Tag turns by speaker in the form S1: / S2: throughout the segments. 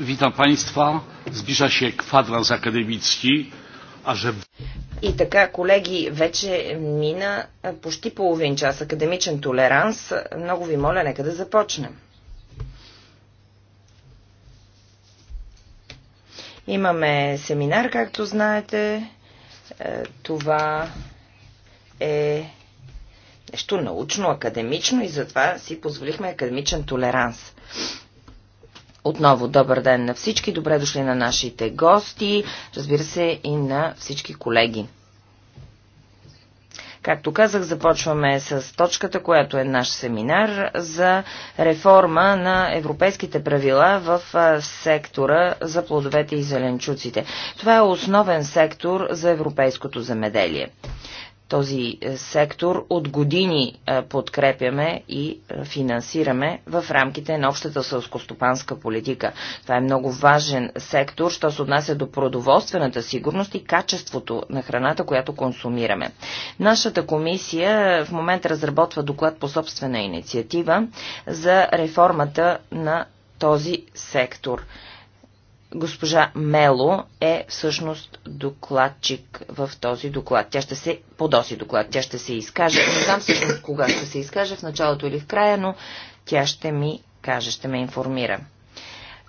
S1: Witam Państwa. Zbliża się kwadrans akademicki, a że...
S2: И така, колеги, вече мина почти половин час академичен толеранс. Много ви моля, нека да започнем. Имаме семинар, както знаете. Това е нещо научно, академично и затова си позволихме академичен толеранс. Отново добър ден на всички, добре дошли на нашите гости, разбира се и на всички колеги. Както казах, започваме с точката, която е наш семинар за реформа на европейските правила в сектора за плодовете и зеленчуците. Това е основен сектор за европейското земеделие този е, сектор от години е, подкрепяме и е, финансираме в рамките на общата сълскостопанска политика. Това е много важен сектор, що се отнася до продоволствената сигурност и качеството на храната, която консумираме. Нашата комисия в момента разработва доклад по собствена инициатива за реформата на този сектор. Госпожа Мело е всъщност докладчик в този доклад. Тя ще се, по доклад, тя ще се изкаже. Не знам всъщност кога ще се изкаже, в началото или в края, но тя ще ми каже, ще ме информира.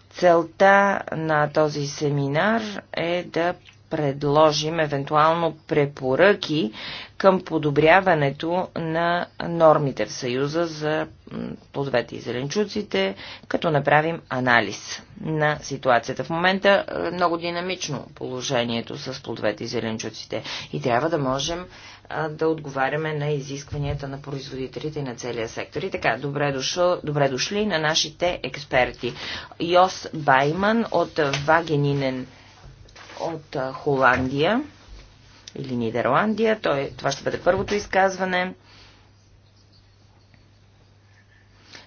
S2: Целта на този семинар е да предложим евентуално препоръки към подобряването на нормите в Съюза за плодовете и зеленчуците, като направим анализ на ситуацията. В момента е много динамично положението с плодовете и зеленчуците и трябва да можем да отговаряме на изискванията на производителите и на целия сектор. И така, добре, дошъл, добре дошли на нашите експерти. Йос Байман от Вагенинен от Холандия или Нидерландия. Той, това ще бъде първото изказване.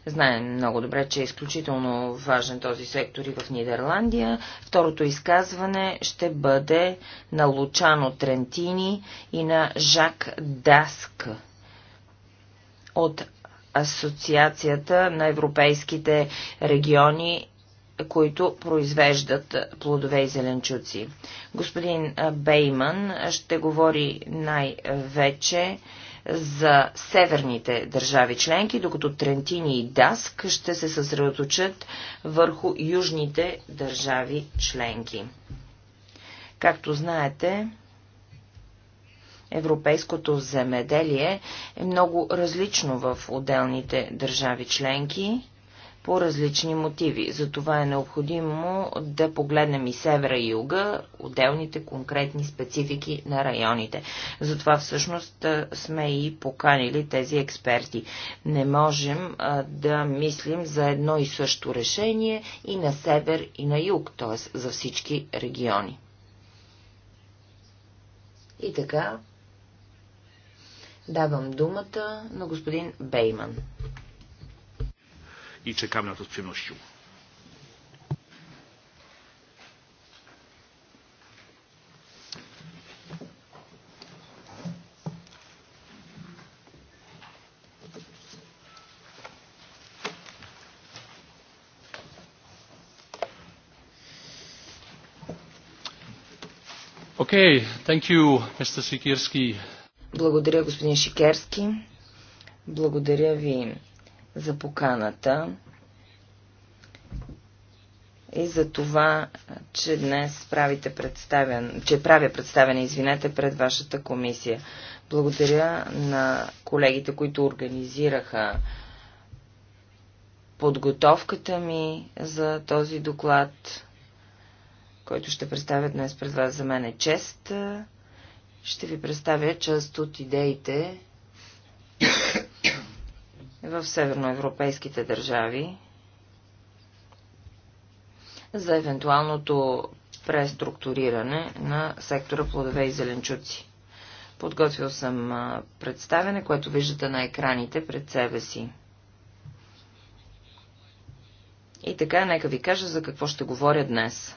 S2: Знаем много добре, че е изключително важен този сектор и в Нидерландия. Второто изказване ще бъде на Лучано Трентини и на Жак Даск от Асоциацията на европейските региони които произвеждат плодове и зеленчуци. Господин Бейман ще говори най-вече за северните държави членки, докато Трентини и Даск ще се съсредоточат върху южните държави членки. Както знаете, европейското земеделие е много различно в отделните държави членки по различни мотиви. Затова е необходимо да погледнем и севера и юга, отделните конкретни специфики на районите. Затова всъщност сме и поканили тези експерти. Не можем да мислим за едно и също решение и на север и на юг, т.е. за всички региони. И така, давам думата на господин Бейман i czekamy na to z przyjemnością.
S3: Okay, thank you, Mr. Sikirski.
S2: Благодаря, господин Шикерски. Благодаря ви за поканата и за това, че днес правите представен, че правя представяне, извинете, пред вашата комисия. Благодаря на колегите, които организираха подготовката ми за този доклад, който ще представя днес пред вас. За мен е чест. Ще ви представя част от идеите, в северноевропейските държави за евентуалното преструктуриране на сектора плодове и зеленчуци. Подготвил съм представяне, което виждате на екраните пред себе си. И така, нека ви кажа за какво ще говоря днес.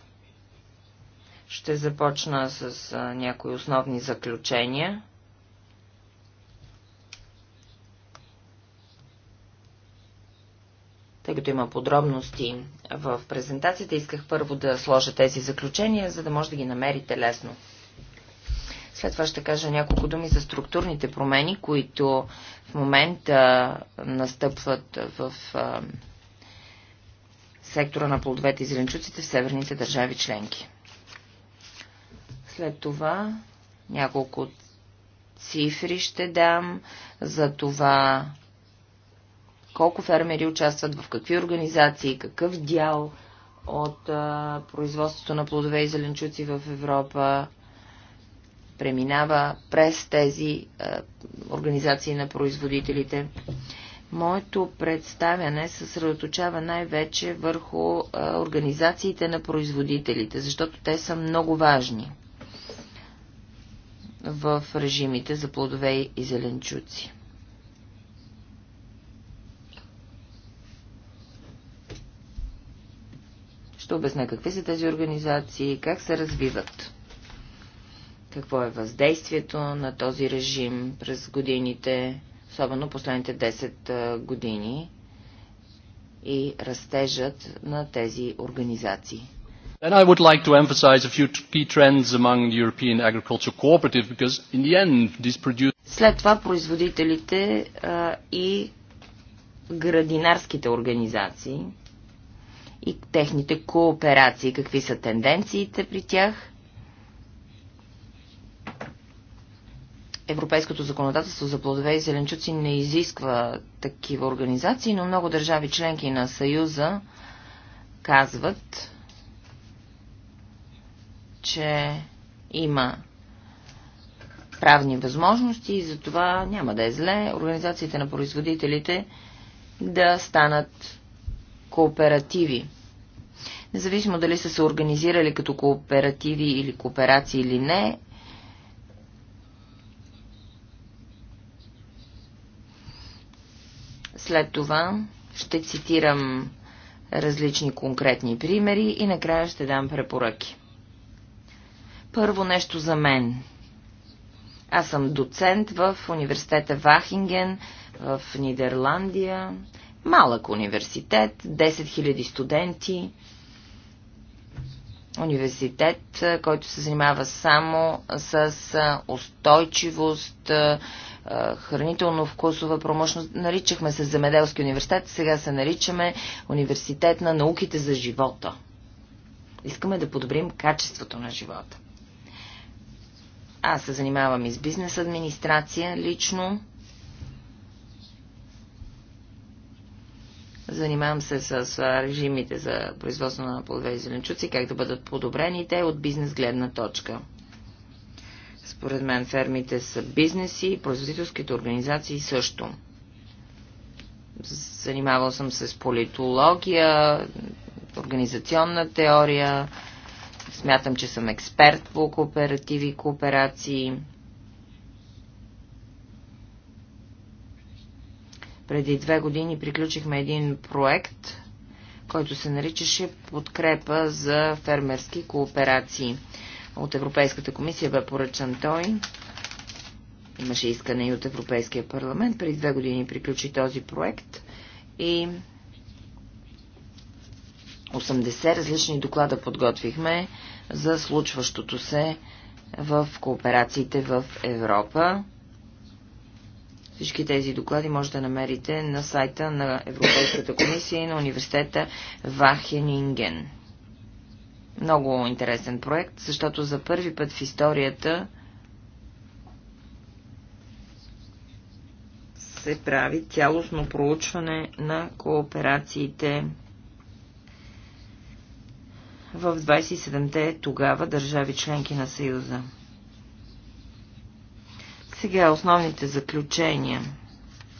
S2: Ще започна с някои основни заключения – тъй като има подробности в презентацията, исках първо да сложа тези заключения, за да може да ги намерите лесно. След това ще кажа няколко думи за структурните промени, които в момента настъпват в сектора на плодовете и зеленчуците в северните държави членки. След това няколко цифри ще дам за това колко фермери участват, в какви организации, какъв дял от а, производството на плодове и зеленчуци в Европа преминава през тези а, организации на производителите. Моето представяне се съсредоточава най-вече върху а, организациите на производителите, защото те са много важни в режимите за плодове и зеленчуци. Ще обясня какви са тези организации, как се развиват, какво е въздействието на този режим през годините, особено последните 10 години и растежът на тези организации.
S3: And I would like to emphasize a few key trends among the European Agriculture Cooperative, because in the end, these produce...
S2: След това производителите а, и градинарските организации и техните кооперации. Какви са тенденциите при тях? Европейското законодателство за плодове и зеленчуци не изисква такива организации, но много държави членки на Съюза казват, че има правни възможности и затова няма да е зле организациите на производителите да станат кооперативи. Независимо дали са се организирали като кооперативи или кооперации или не, след това ще цитирам различни конкретни примери и накрая ще дам препоръки. Първо нещо за мен. Аз съм доцент в университета Вахинген в Нидерландия. Малък университет, 10 000 студенти университет, който се занимава само с устойчивост, хранително-вкусова промощност. Наричахме се Земеделски университет, сега се наричаме Университет на науките за живота. Искаме да подобрим качеството на живота. Аз се занимавам и с бизнес администрация лично. Занимавам се с режимите за производство на плодове и зеленчуци, как да бъдат подобрени те от бизнес гледна точка. Според мен фермите са бизнеси, производителските организации също. Занимавал съм се с политология, организационна теория, смятам, че съм експерт по кооперативи и кооперации. Преди две години приключихме един проект, който се наричаше Подкрепа за фермерски кооперации. От Европейската комисия бе поръчан той. Имаше искане и от Европейския парламент. Преди две години приключи този проект и 80 различни доклада подготвихме за случващото се в кооперациите в Европа. Всички тези доклади може да намерите на сайта на Европейската комисия и на университета Вахенинген. Много интересен проект, защото за първи път в историята се прави цялостно проучване на кооперациите в 27-те тогава държави членки на Съюза. Сега основните заключения.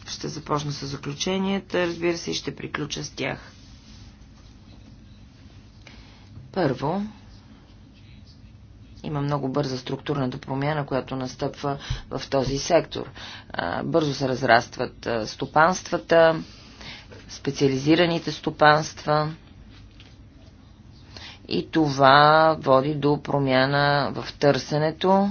S2: Ще започна с заключенията, разбира се, и ще приключа с тях. Първо, има много бърза структурната промяна, която настъпва в този сектор. Бързо се разрастват стопанствата, специализираните стопанства и това води до промяна в търсенето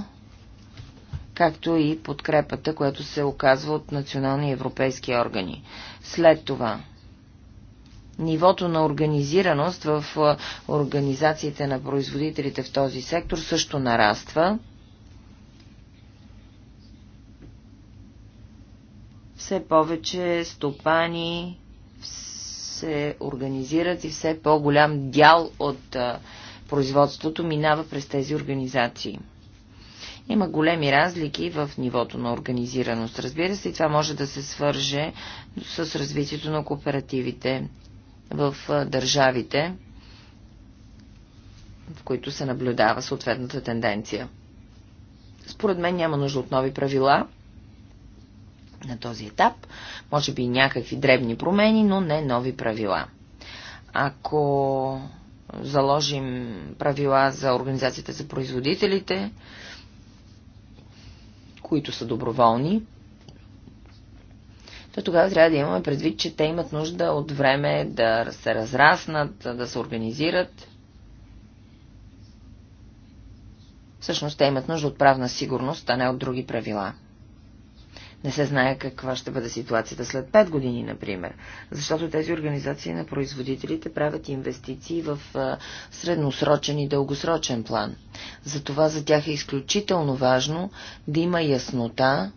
S2: както и подкрепата, която се оказва от национални европейски органи. След това нивото на организираност в организациите на производителите в този сектор също нараства. Все повече стопани се организират и все по-голям дял от производството минава през тези организации. Има големи разлики в нивото на организираност, разбира се, и това може да се свърже с развитието на кооперативите в държавите, в които се наблюдава съответната тенденция. Според мен няма нужда от нови правила на този етап, може би някакви дребни промени, но не нови правила. Ако заложим правила за организацията за производителите, които са доброволни, то тогава трябва да имаме предвид, че те имат нужда от време да се разраснат, да се организират. Всъщност те имат нужда от правна сигурност, а не от други правила. Не се знае каква ще бъде ситуацията след 5 години, например, защото тези организации на производителите правят инвестиции в средносрочен и дългосрочен план. Затова за тях е изключително важно да има яснота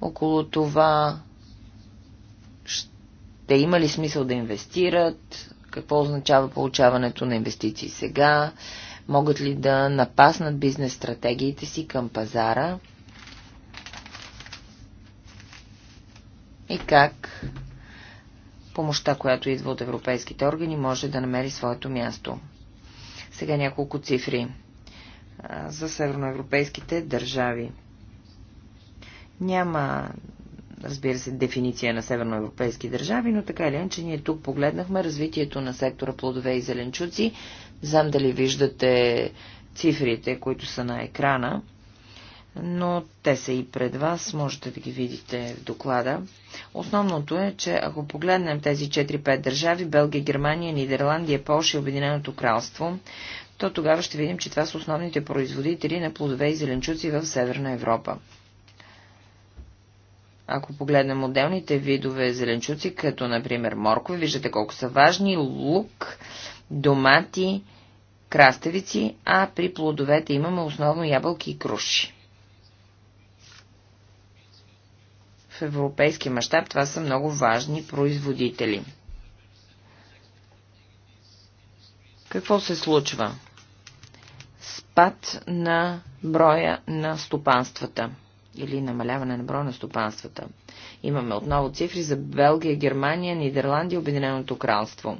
S2: около това, ще има ли смисъл да инвестират, какво означава получаването на инвестиции сега, могат ли да напаснат бизнес стратегиите си към пазара – и как помощта, която идва от европейските органи, може да намери своето място. Сега няколко цифри за северноевропейските държави. Няма, разбира се, дефиниция на северноевропейски държави, но така или иначе ние тук погледнахме развитието на сектора плодове и зеленчуци. Знам дали виждате цифрите, които са на екрана но те са и пред вас, можете да ги видите в доклада. Основното е, че ако погледнем тези 4-5 държави, Белгия, Германия, Нидерландия, Польша и Обединеното кралство, то тогава ще видим, че това са основните производители на плодове и зеленчуци в Северна Европа. Ако погледнем отделните видове зеленчуци, като например моркови, виждате колко са важни, лук, домати, краставици, а при плодовете имаме основно ябълки и круши. В европейски мащаб това са много важни производители. Какво се случва? Спад на броя на стопанствата или намаляване на броя на стопанствата. Имаме отново цифри за Белгия, Германия, Нидерландия и Обединеното кралство.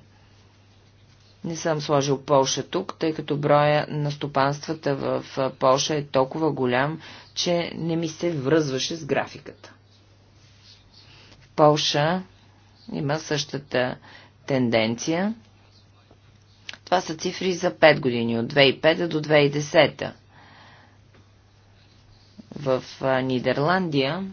S2: Не съм сложил Полша тук, тъй като броя на стопанствата в Полша е толкова голям, че не ми се връзваше с графиката. Полша има същата тенденция. Това са цифри за 5 години, от 2005 до 2010. В Нидерландия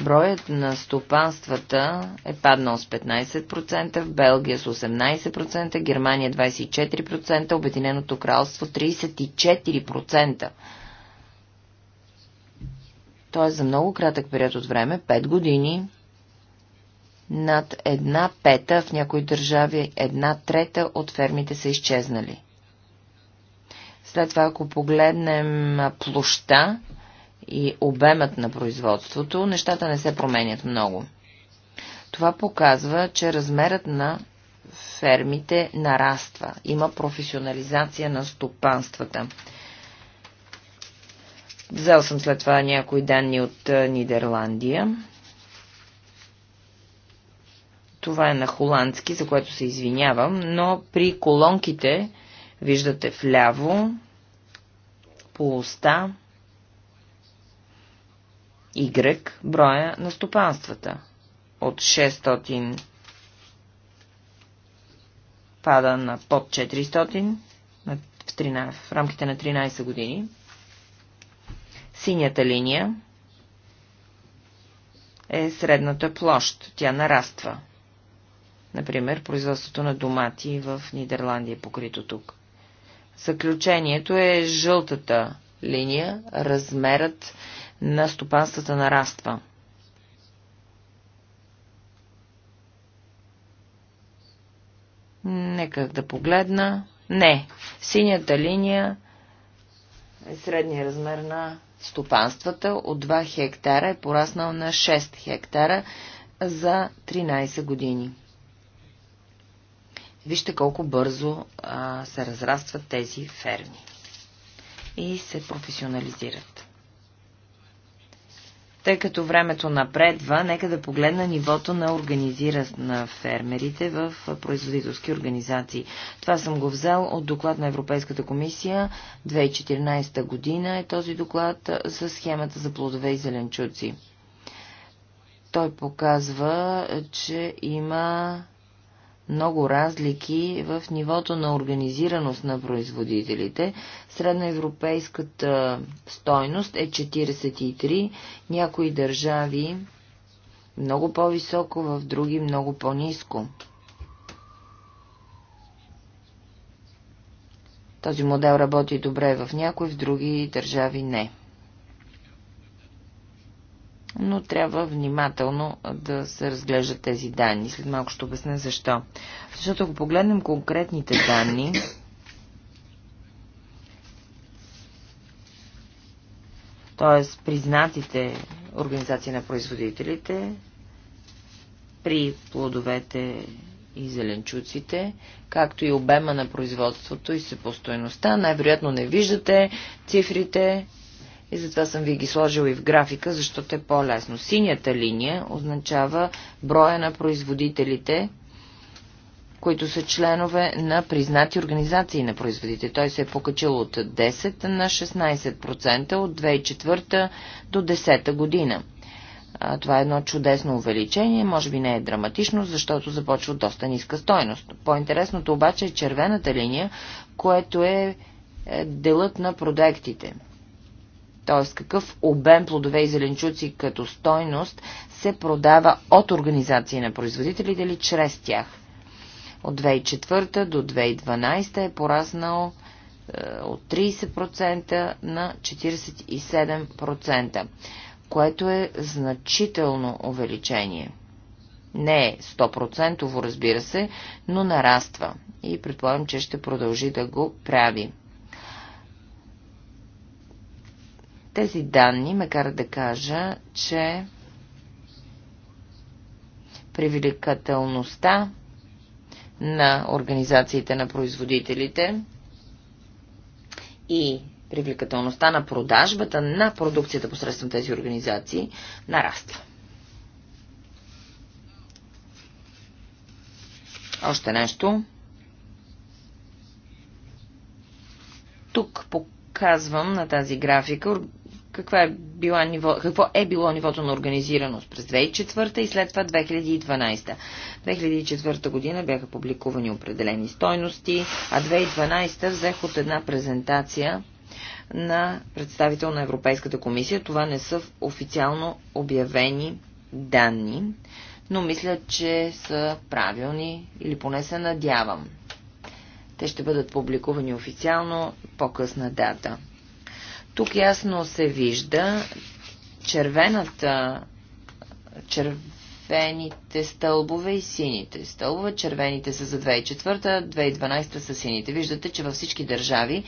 S2: броят на стопанствата е паднал с 15%, в Белгия с 18%, Германия 24%, Обединеното кралство 34%. Тоест за много кратък период от време, 5 години, над една пета, в някои държави една трета от фермите са изчезнали. След това, ако погледнем площа и обемът на производството, нещата не се променят много. Това показва, че размерът на фермите нараства. Има професионализация на стопанствата. Взел съм след това някои данни от Нидерландия. Това е на холандски, за което се извинявам, но при колонките виждате вляво, по уста, Y броя на стопанствата. От 600 пада на под 400 в, 13, в рамките на 13 години. Синята линия е средната площ. Тя нараства. Например, производството на домати в Нидерландия е покрито тук. Заключението е жълтата линия, размерът на стопанствата нараства. Нека да погледна. Не, синята линия е средния размер на стопанствата. От 2 хектара е пораснал на 6 хектара за 13 години. Вижте колко бързо а, се разрастват тези ферми и се професионализират. Тъй като времето напредва, нека да погледна нивото на организира на фермерите в производителски организации. Това съм го взел от доклад на Европейската комисия 2014 година е този доклад за схемата за плодове и зеленчуци. Той показва, че има много разлики в нивото на организираност на производителите. Средноевропейската стойност е 43, някои държави много по-високо, в други много по-низко. Този модел работи добре в някои, в други държави не трябва внимателно да се разглеждат тези данни. След малко ще обясня защо. Защото ако погледнем конкретните данни, т.е. признатите организации на производителите при плодовете и зеленчуците, както и обема на производството и съпостойността, Най-вероятно не виждате цифрите, и затова съм ви ги сложил и в графика, защото е по-лесно. Синята линия означава броя на производителите, които са членове на признати организации на производите. Той се е покачил от 10 на 16% от 2004 до 10 година. Това е едно чудесно увеличение, може би не е драматично, защото започва доста ниска стойност. По-интересното обаче е червената линия, което е, е делът на проектите – т.е. какъв обем плодове и зеленчуци като стойност се продава от организации на производителите или чрез тях. От 2004 до 2012 е пораснал е, от 30% на 47%, което е значително увеличение. Не е 100%, разбира се, но нараства и предполагам, че ще продължи да го прави. Тези данни ме карат да кажа, че привлекателността на организациите на производителите и привлекателността на продажбата на продукцията посредством тези организации нараства. Още нещо. Тук показвам на тази графика каква е била ниво, какво е било нивото на организираност през 2004 и след това 2012. 2004 година бяха публикувани определени стойности, а 2012 взех от една презентация на представител на Европейската комисия. Това не са официално обявени данни, но мисля, че са правилни или поне се надявам. Те ще бъдат публикувани официално по-късна дата. Тук ясно се вижда червената, червените стълбове и сините стълбове. Червените са за 2004, 2012 са сините. Виждате, че във всички държави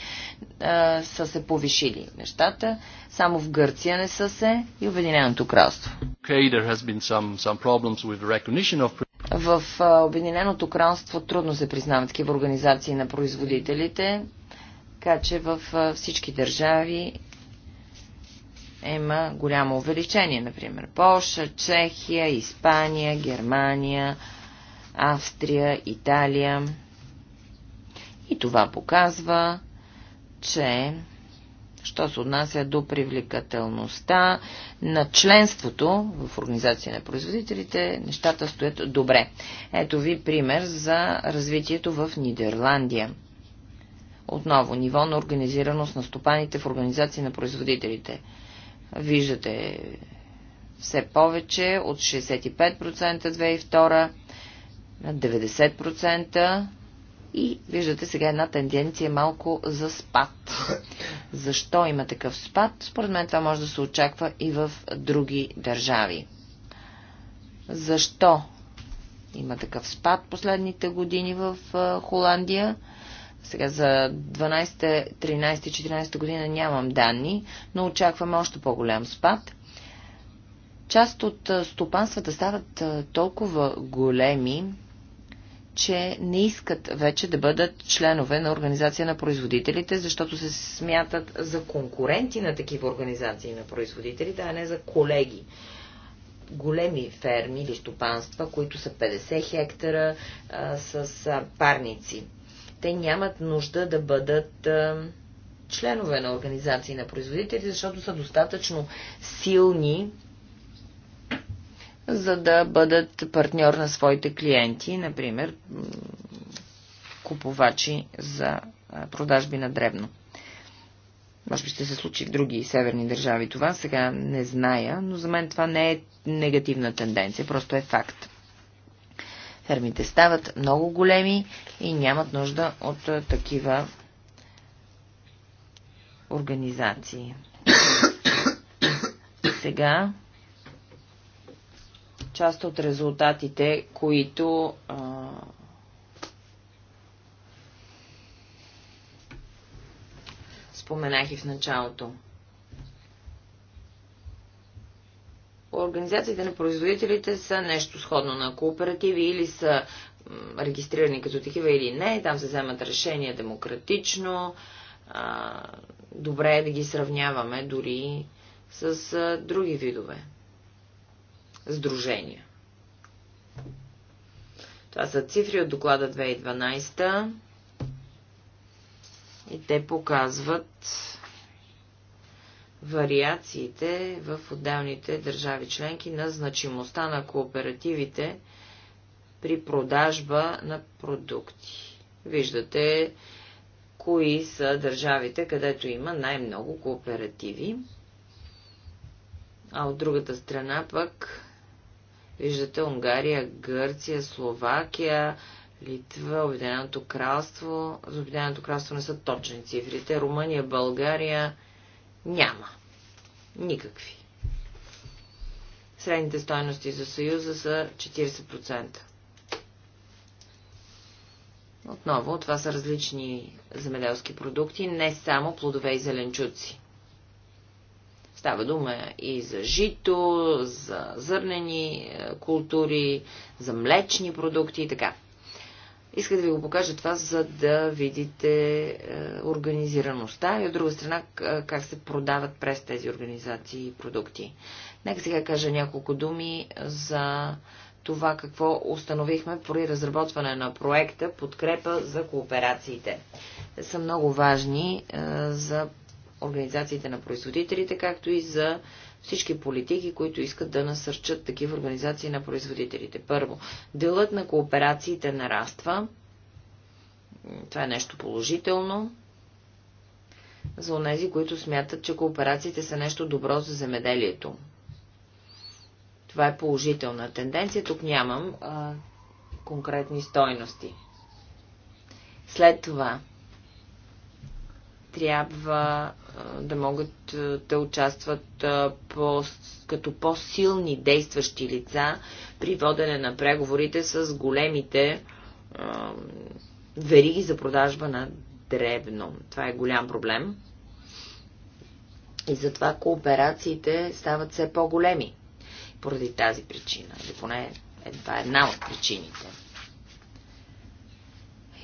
S2: а, са се повишили нещата. Само в Гърция не са се и Обединеното
S3: кралство. Okay, there has been some, some problems with recognition of...
S2: В Обединеното кралство трудно се признават такива организации на производителите. Така че в всички държави има голямо увеличение. Например, Польша, Чехия, Испания, Германия, Австрия, Италия. И това показва, че що се отнася до привлекателността на членството в Организация на производителите, нещата стоят добре. Ето ви пример за развитието в Нидерландия. Отново, ниво на организираност на стопаните в организации на производителите. Виждате все повече от 65% 2002 на 90% и виждате сега една тенденция малко за спад. Защо има такъв спад? Според мен това може да се очаква и в други държави. Защо има такъв спад последните години в Холандия? Сега за 12, 13, 14 година нямам данни, но очакваме още по-голям спад. Част от стопанствата стават толкова големи, че не искат вече да бъдат членове на Организация на производителите, защото се смятат за конкуренти на такива организации на производителите, а не за колеги. Големи ферми или стопанства, които са 50 хектара а, с парници те нямат нужда да бъдат членове на организации на производители, защото са достатъчно силни, за да бъдат партньор на своите клиенти, например купувачи за продажби на дребно. Може би ще се случи в други северни държави това, сега не зная, но за мен това не е негативна тенденция, просто е факт. Фермите стават много големи и нямат нужда от такива организации. Сега част от резултатите, които а, споменах и в началото. Организациите на производителите са нещо сходно на кооперативи или са регистрирани като такива или не. Там се вземат решения демократично. Добре е да ги сравняваме дори с други видове сдружения. Това са цифри от доклада 2012 и те показват вариациите в отделните държави членки на значимостта на кооперативите при продажба на продукти. Виждате кои са държавите, където има най-много кооперативи. А от другата страна пък виждате Унгария, Гърция, Словакия, Литва, Обединеното кралство. За Обединеното кралство не са точни цифрите. Румъния, България, няма. Никакви. Средните стойности за Съюза са 40%. Отново, това са различни земеделски продукти, не само плодове и зеленчуци. Става дума и за жито, за зърнени е, култури, за млечни продукти и така. Иска да ви го покажа това, за да видите е, организираността и от друга страна е, как се продават през тези организации и продукти. Нека сега кажа няколко думи за това какво установихме при разработване на проекта Подкрепа за кооперациите. Те са много важни е, за организациите на производителите, както и за всички политики, които искат да насърчат такива организации на производителите. Първо, делът на кооперациите нараства. Това е нещо положително за онези, които смятат, че кооперациите са нещо добро за земеделието. Това е положителна тенденция. Тук нямам а, конкретни стойности. След това трябва да могат да участват по, като по-силни действащи лица при водене на преговорите с големите вериги за продажба на дребно. Това е голям проблем. И затова кооперациите стават все по-големи. Поради тази причина. Или поне е една от причините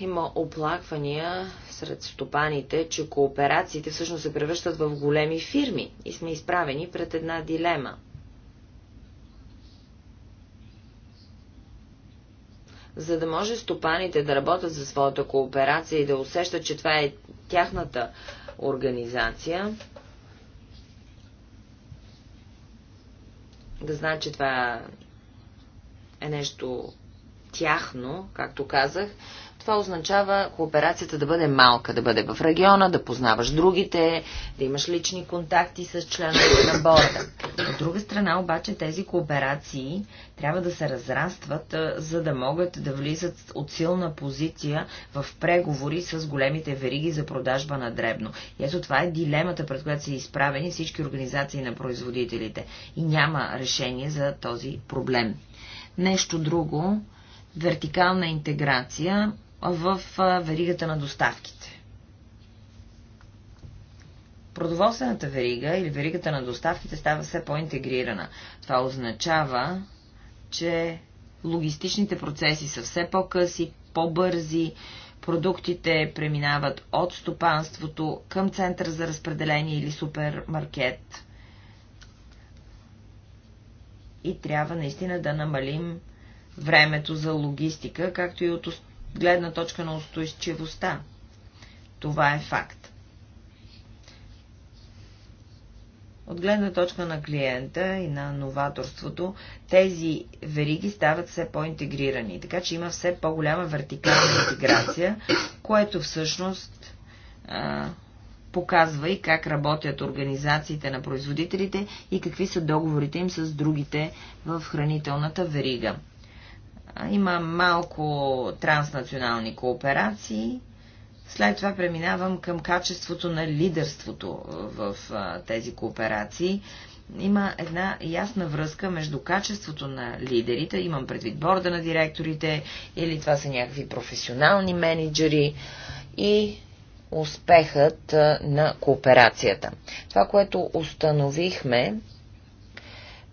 S2: има оплаквания сред стопаните, че кооперациите всъщност се превръщат в големи фирми и сме изправени пред една дилема. За да може стопаните да работят за своята кооперация и да усещат, че това е тяхната организация, да знаят, че това е нещо тяхно, както казах, това означава кооперацията да бъде малка, да бъде в региона, да познаваш другите, да имаш лични контакти с членовете на борда. От друга страна обаче тези кооперации трябва да се разрастват, за да могат да влизат от силна позиция в преговори с големите вериги за продажба на дребно. И ето това е дилемата, пред която са изправени всички организации на производителите. И няма решение за този проблем. Нещо друго, вертикална интеграция в веригата на доставките. Продоволствената верига или веригата на доставките става все по-интегрирана. Това означава, че логистичните процеси са все по-къси, по-бързи, продуктите преминават от стопанството към център за разпределение или супермаркет. И трябва наистина да намалим времето за логистика, както и от гледна точка на устойчивостта. Това е факт. От гледна точка на клиента и на новаторството, тези вериги стават все по-интегрирани, така че има все по-голяма вертикална интеграция, което всъщност а, показва и как работят организациите на производителите и какви са договорите им с другите в хранителната верига. Има малко транснационални кооперации. След това преминавам към качеството на лидерството в тези кооперации. Има една ясна връзка между качеството на лидерите, имам предвид борда на директорите, или това са някакви професионални менеджери, и успехът на кооперацията. Това, което установихме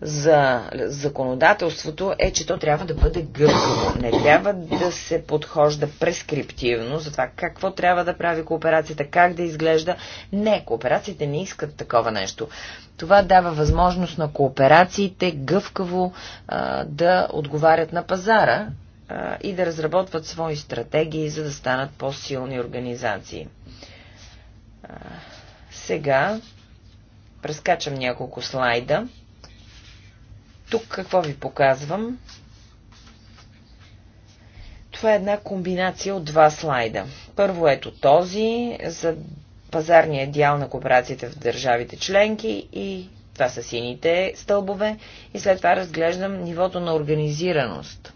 S2: за законодателството е, че то трябва да бъде гъвкаво. Не трябва да се подхожда прескриптивно за това какво трябва да прави кооперацията, как да изглежда. Не, кооперациите не искат такова нещо. Това дава възможност на кооперациите гъвкаво а, да отговарят на пазара а, и да разработват свои стратегии, за да станат по-силни организации. А, сега прескачам няколко слайда тук какво ви показвам? Това е една комбинация от два слайда. Първо ето този за пазарния дял на кооперациите в държавите членки и това са сините стълбове и след това разглеждам нивото на организираност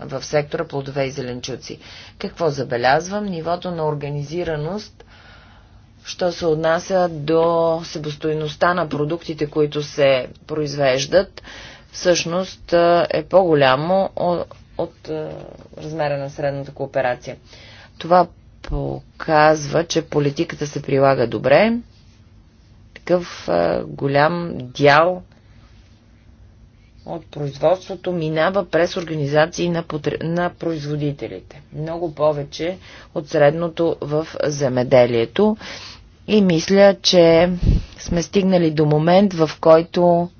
S2: в сектора плодове и зеленчуци. Какво забелязвам? Нивото на организираност, що се отнася до себестоиността на продуктите, които се произвеждат, всъщност е по-голямо от размера на средната кооперация. Това показва, че политиката се прилага добре. Такъв голям дял от производството минава през организации на, потр... на производителите. Много повече от средното в земеделието. И мисля, че сме стигнали до момент, в който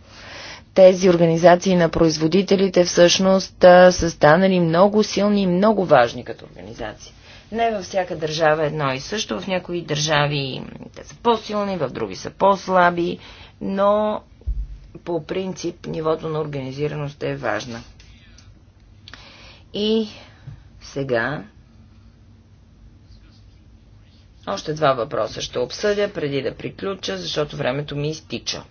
S2: тези организации на производителите всъщност са станали много силни и много важни като организации. Не във всяка държава едно и също. В някои държави те са по-силни, в други са по-слаби, но по принцип нивото на организираност е важна. И сега още два въпроса ще обсъдя преди да приключа, защото времето ми изтича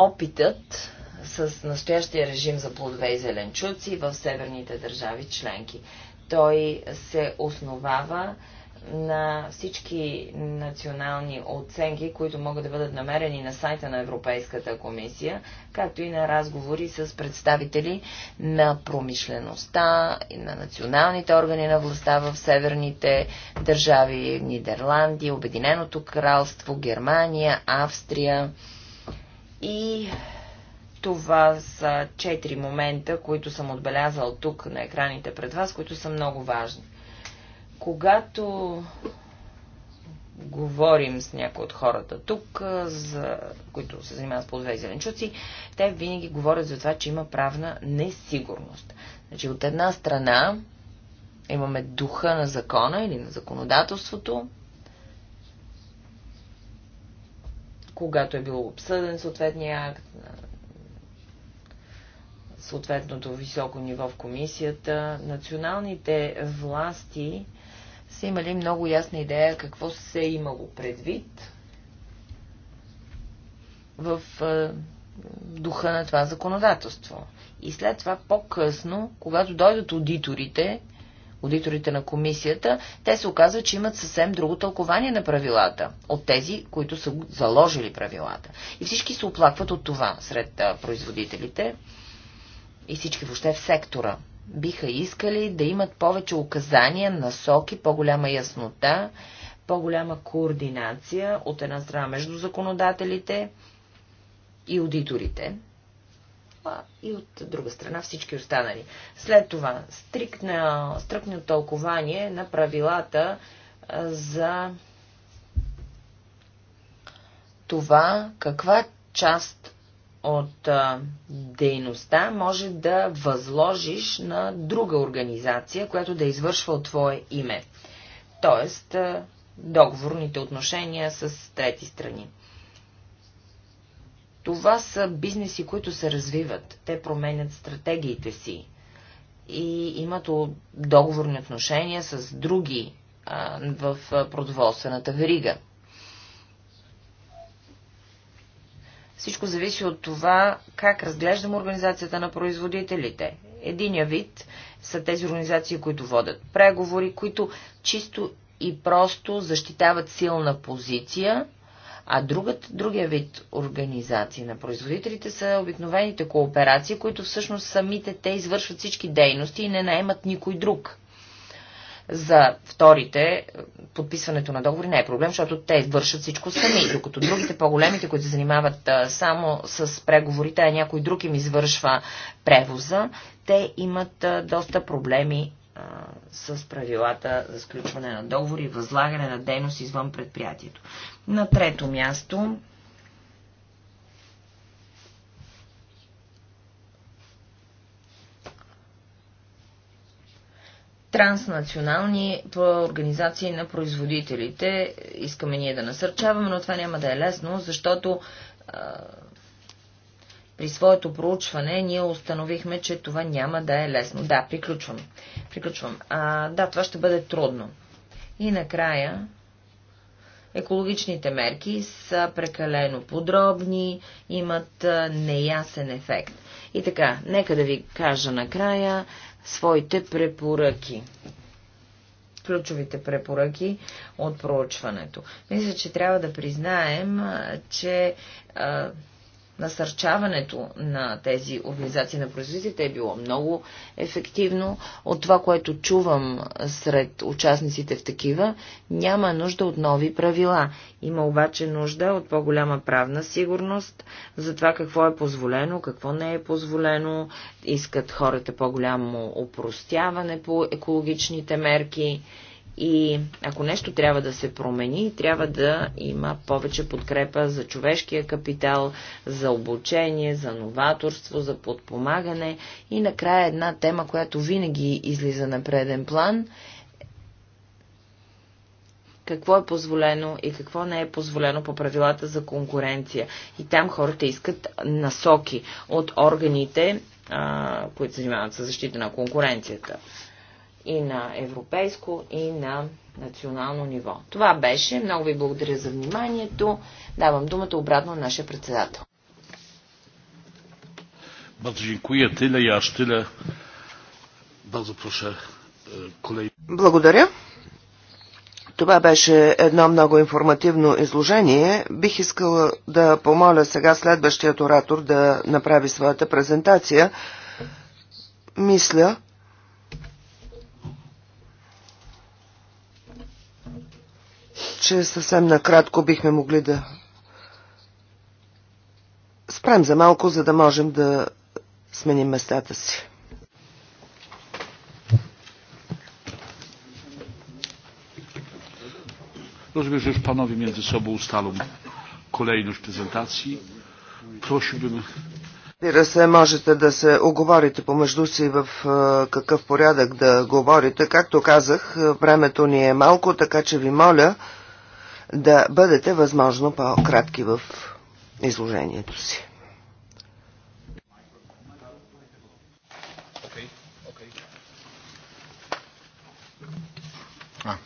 S2: опитът с настоящия режим за плодове и зеленчуци в северните държави членки. Той се основава на всички национални оценки, които могат да бъдат намерени на сайта на Европейската комисия, както и на разговори с представители на промишлеността и на националните органи на властта в северните държави Нидерландия, Обединеното кралство, Германия, Австрия и това са четири момента, които съм отбелязал тук на екраните пред вас, които са много важни. Когато говорим с някои от хората тук, за, които се занимават с плодове и зеленчуци, те винаги говорят за това, че има правна несигурност. Значи, от една страна имаме духа на закона или на законодателството, когато е бил обсъден съответния акт, съответното високо ниво в комисията, националните власти са имали много ясна идея какво се е имало предвид в духа на това законодателство. И след това по-късно, когато дойдат аудиторите, аудиторите на комисията, те се оказва, че имат съвсем друго тълкование на правилата от тези, които са заложили правилата. И всички се оплакват от това сред производителите и всички въобще в сектора. Биха искали да имат повече указания, насоки, по-голяма яснота, по-голяма координация от една страна между законодателите и аудиторите и от друга страна всички останали. След това, стрикна, стръкно тълкование на правилата за това каква част от а, дейността може да възложиш на друга организация, която да извършва от твое име. Тоест, а, договорните отношения с трети страни. Това са бизнеси, които се развиват. Те променят стратегиите си и имат договорни отношения с други в продоволствената верига. Всичко зависи от това, как разглеждам организацията на производителите. Единия вид са тези организации, които водят преговори, които чисто и просто защитават силна позиция а другът, другия вид организации на производителите са обикновените кооперации, които всъщност самите те извършват всички дейности и не наемат никой друг. За вторите, подписването на договори не е проблем, защото те вършат всичко сами, докато другите по-големите, които се занимават само с преговорите, а някой друг им извършва превоза, те имат доста проблеми а, с правилата за сключване на договори и възлагане на дейност извън предприятието. На трето място транснационални организации на производителите. Искаме ние да насърчаваме, но това няма да е лесно, защото при своето проучване ние установихме, че това няма да е лесно. Да, приключвам. Приключвам. А, да, това ще бъде трудно. И накрая, екологичните мерки са прекалено подробни, имат неясен ефект. И така, нека да ви кажа накрая своите препоръки ключовите препоръки от проучването. Мисля, че трябва да признаем, че а, насърчаването на тези организации на производителите е било много ефективно. От това, което чувам сред участниците в такива, няма нужда от нови правила. Има обаче нужда от по-голяма правна сигурност за това какво е позволено, какво не е позволено. Искат хората по-голямо опростяване по екологичните мерки и ако нещо трябва да се промени, трябва да има повече подкрепа за човешкия капитал, за обучение, за новаторство, за подпомагане. И накрая една тема, която винаги излиза на преден план какво е позволено и какво не е позволено по правилата за конкуренция. И там хората искат насоки от органите, а, които се занимават с защита на конкуренцията и на европейско, и на национално ниво. Това беше. Много ви благодаря за вниманието. Давам думата обратно на нашия
S1: председател. E, благодаря. Това беше едно много информативно изложение. Бих искала да помоля сега следващият оратор да направи своята презентация. Мисля, че съвсем накратко бихме могли да спрем за малко, за да можем да сменим местата си.
S2: Rozumiem, że już panowie między sobą ustalą kolejność prezentacji.
S3: Prosiłbym...
S1: możecie da się можете да се оговорите помежду си в какъв порядък да говорите. Както казах, времето ни е малко, така че ви моля да бъдете възможно по-кратки в изложението си. Ah,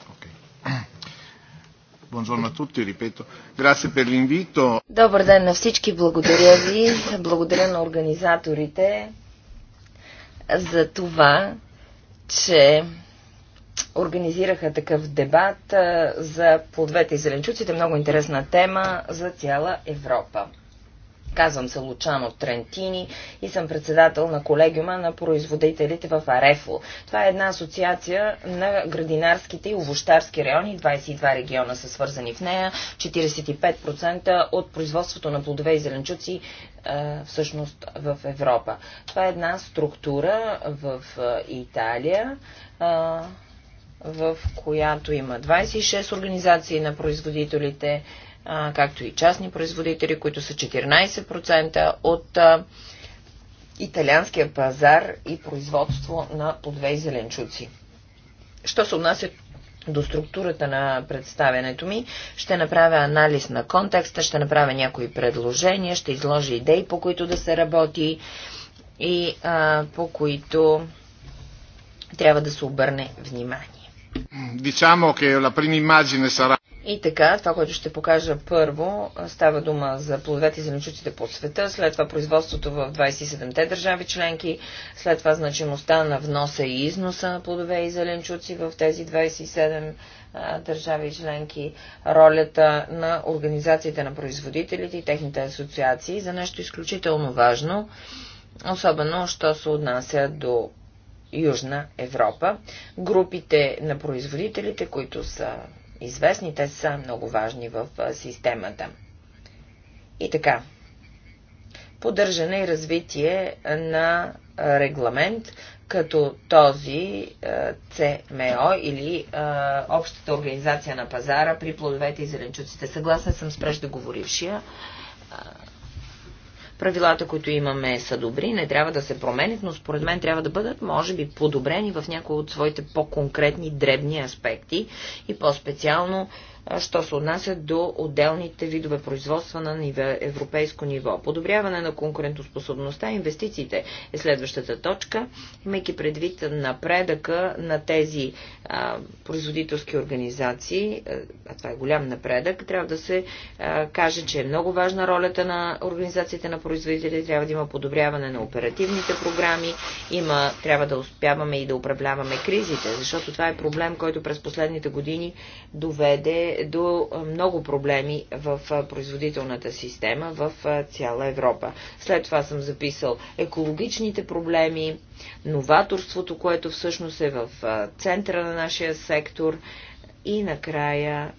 S3: Добър
S2: ден на всички, благодаря ви. Благодаря на организаторите за това, че организираха такъв дебат а, за плодовете и зеленчуците. Много интересна тема за цяла Европа. Казвам се Лучано Трентини и съм председател на колегиума на производителите в Арефо. Това е една асоциация на градинарските и овощарски райони. 22 региона са свързани в нея. 45% от производството на плодове и зеленчуци всъщност в Европа. Това е една структура в Италия, в която има 26 организации на производителите, както и частни производители, които са 14% от италианския пазар и производство на подве и зеленчуци. Що се отнася до структурата на представянето ми, ще направя анализ на контекста, ще направя някои предложения, ще изложа идеи, по които да се работи и а, по които трябва да се обърне внимание. И така, това, което ще покажа първо, става дума за плодовете и зеленчуците по света, след това производството в 27-те държави членки, след това значимостта на вноса и износа на плодове и зеленчуци в тези 27 държави членки, ролята на организациите на производителите и техните асоциации за нещо изключително важно, особено, що се отнася до Южна Европа. Групите на производителите, които са известни, те са много важни в системата. И така, поддържане и развитие на регламент, като този ЦМО или а, Общата организация на пазара при плодовете и зеленчуците. Съгласна съм с преждеговорившия. Правилата, които имаме, са добри, не трябва да се променят, но според мен трябва да бъдат, може би, подобрени в някои от своите по-конкретни дребни аспекти и по-специално що се отнасят до отделните видове производства на ниве, европейско ниво. Подобряване на конкурентоспособността и инвестициите е следващата точка, имайки предвид напредъка на тези а, производителски организации, а това е голям напредък, трябва да се а, каже, че е много важна ролята на организациите на производители, трябва да има подобряване на оперативните програми, има, трябва да успяваме и да управляваме кризите, защото това е проблем, който през последните години доведе до много проблеми в производителната система в цяла Европа. След това съм записал екологичните проблеми, новаторството, което всъщност е в центъра на нашия сектор и накрая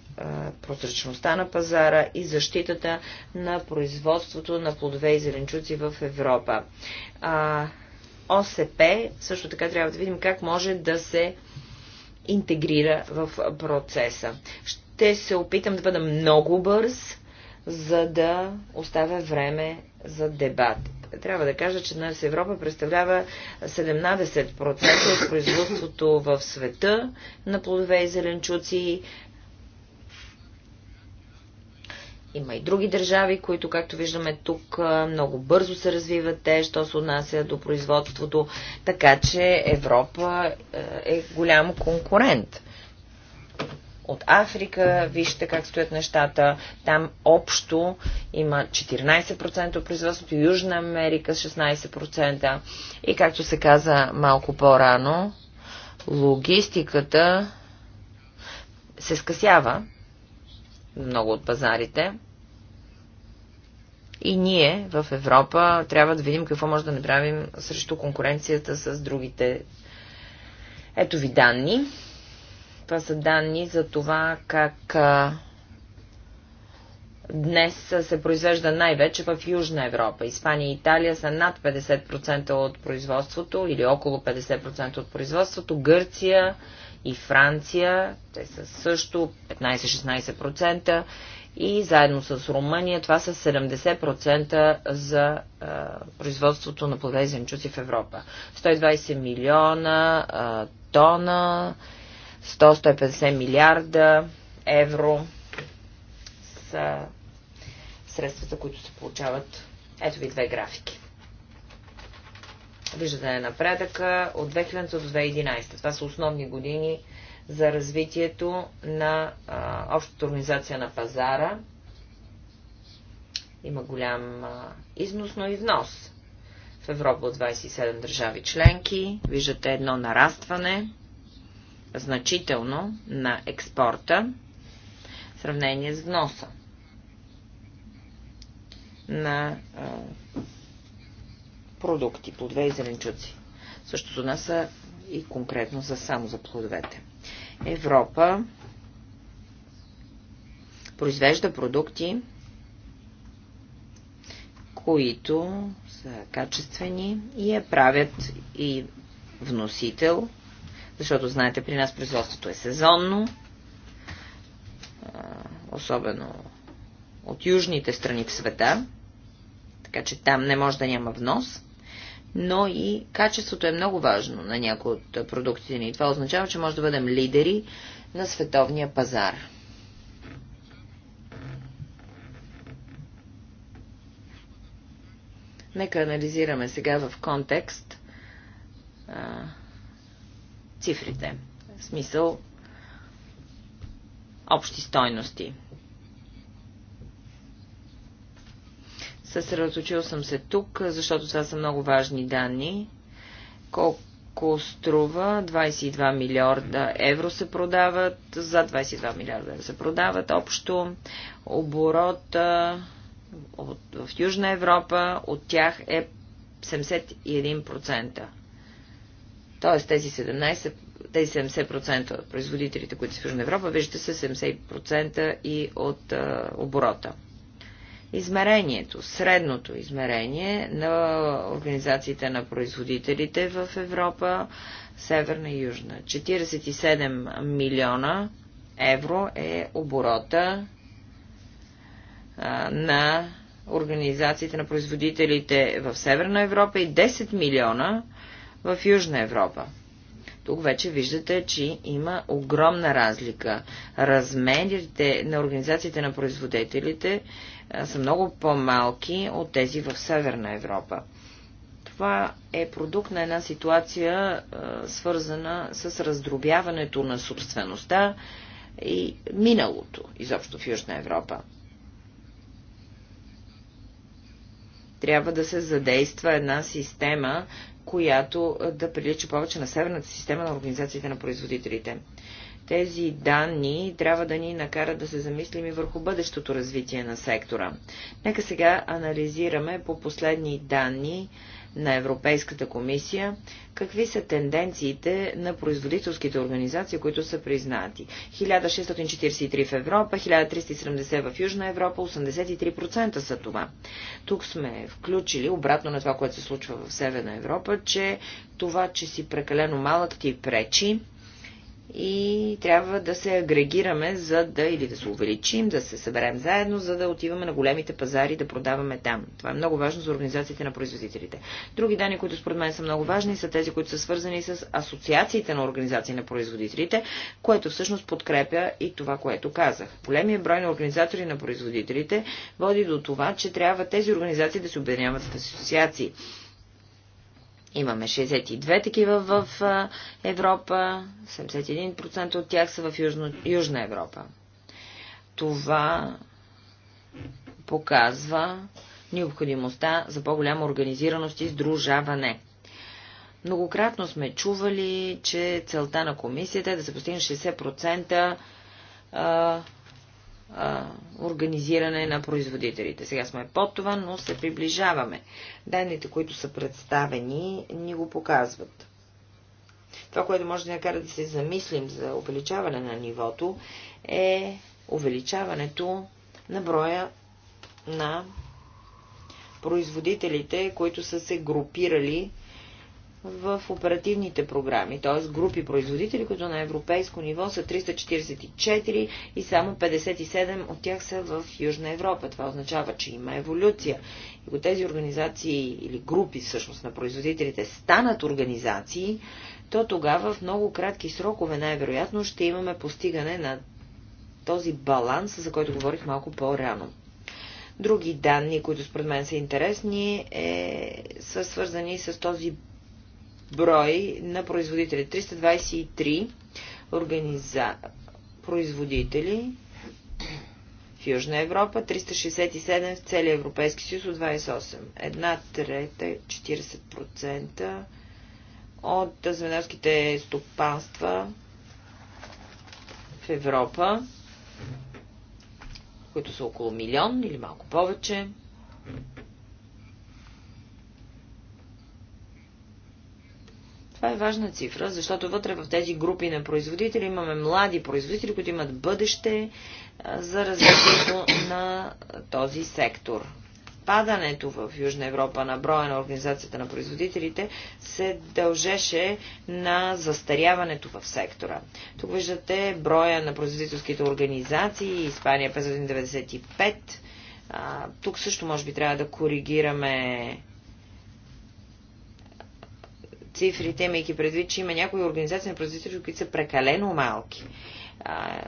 S2: прозрачността на пазара и защитата на производството на плодове и зеленчуци в Европа. ОСП също така трябва да видим как може да се интегрира в процеса. Ще се опитам да бъда много бърз, за да оставя време за дебат. Трябва да кажа, че днес Европа представлява 17% от производството в света на плодове и зеленчуци, Има и други държави, които, както виждаме тук, много бързо се развиват те, що се отнася до производството, така че Европа е голям конкурент. От Африка, вижте как стоят нещата, там общо има 14% от производството, Южна Америка 16% и както се каза малко по-рано, логистиката се скъсява много от пазарите. И ние в Европа трябва да видим какво може да направим срещу конкуренцията с другите. Ето ви данни. Това са данни за това как днес се произвежда най-вече в Южна Европа. Испания и Италия са над 50% от производството или около 50% от производството. Гърция и Франция, те са също 15-16%, и заедно с Румъния това са 70% за а, производството на плодове и зеленчуци в Европа. 120 милиона а, тона, 100-150 милиарда евро са средствата, които се получават. Ето ви две графики. Виждате напредъка от 2000 до 2011. Това са основни години за развитието на а, общата организация на пазара. Има голям а, износ, но и внос. В Европа от 27 държави членки виждате едно нарастване значително на експорта в сравнение с вноса на а, продукти, плодове и зеленчуци. Същото нас са и конкретно за само за плодовете. Европа произвежда продукти, които са качествени и я правят и вносител, защото знаете, при нас производството е сезонно, особено от южните страни в света, така че там не може да няма внос но и качеството е много важно на някои от продукциите ни. Това означава, че може да бъдем лидери на световния пазар. Нека анализираме сега в контекст а, цифрите. В смисъл общи стойности. Съсредоточил съм се тук, защото това са много важни данни. Колко струва? 22 милиарда евро се продават, за 22 милиарда се продават общо. Оборота от, в Южна Европа от тях е 71%. Тоест тези 17 тези 70% от производителите, които са в Южна Европа, виждате се 70% и от а, оборота измерението, средното измерение на организациите на производителите в Европа, Северна и Южна. 47 милиона евро е оборота а, на организациите на производителите в Северна Европа и 10 милиона в Южна Европа. Тук вече виждате, че има огромна разлика. Размерите на организациите на производителите са много по-малки от тези в Северна Европа. Това е продукт на една ситуация, свързана с раздробяването на собствеността и миналото, изобщо в Южна Европа. Трябва да се задейства една система, която да прилича повече на северната система на организациите на производителите. Тези данни трябва да ни накарат да се замислим и върху бъдещото развитие на сектора. Нека сега анализираме по последни данни на Европейската комисия, какви са тенденциите на производителските организации, които са признати. 1643 в Европа, 1370 в Южна Европа, 83% са това. Тук сме включили, обратно на това, което се случва в Северна Европа, че това, че си прекалено малък ти пречи, и трябва да се агрегираме, за да или да се увеличим, да се съберем заедно, за да отиваме на големите пазари да продаваме там. Това е много важно за организациите на производителите. Други данни, които според мен са много важни, са тези, които са свързани с асоциациите на организации на производителите, което всъщност подкрепя и това, което казах. Големия брой на организатори на производителите води до това, че трябва тези организации да се обединяват в асоциации. Имаме 62 такива в Европа, 71% от тях са в Южно, Южна Европа. Това показва необходимостта за по-голяма организираност и сдружаване. Многократно сме чували, че целта на комисията е да се постигне 60% а, организиране на производителите. Сега сме под това, но се приближаваме. Данните, които са представени, ни го показват. Това, което може да накара да се замислим за увеличаване на нивото, е увеличаването на броя на производителите, които са се групирали в оперативните програми, т.е. групи производители, които на европейско ниво са 344 и само 57 от тях са в Южна Европа. Това означава, че има еволюция. И ако тези организации или групи всъщност на производителите станат организации, то тогава в много кратки срокове най-вероятно ще имаме постигане на този баланс, за който говорих малко по-рано. Други данни, които според мен са интересни, е, са свързани с този брой на производители. 323 организа... производители в Южна Европа, 367 в целия Европейски съюз от 28. Една трета, 40% от земеделските стопанства в Европа, които са около милион или малко повече, Това е важна цифра, защото вътре в тези групи на производители имаме млади производители, които имат бъдеще за развитието на този сектор. Падането в Южна Европа на броя на Организацията на производителите се дължеше на застаряването в сектора. Тук виждате броя на производителските организации, Испания 595. А, тук също може би трябва да коригираме цифрите, имайки предвид, че има някои организации на производители, които са прекалено малки. А,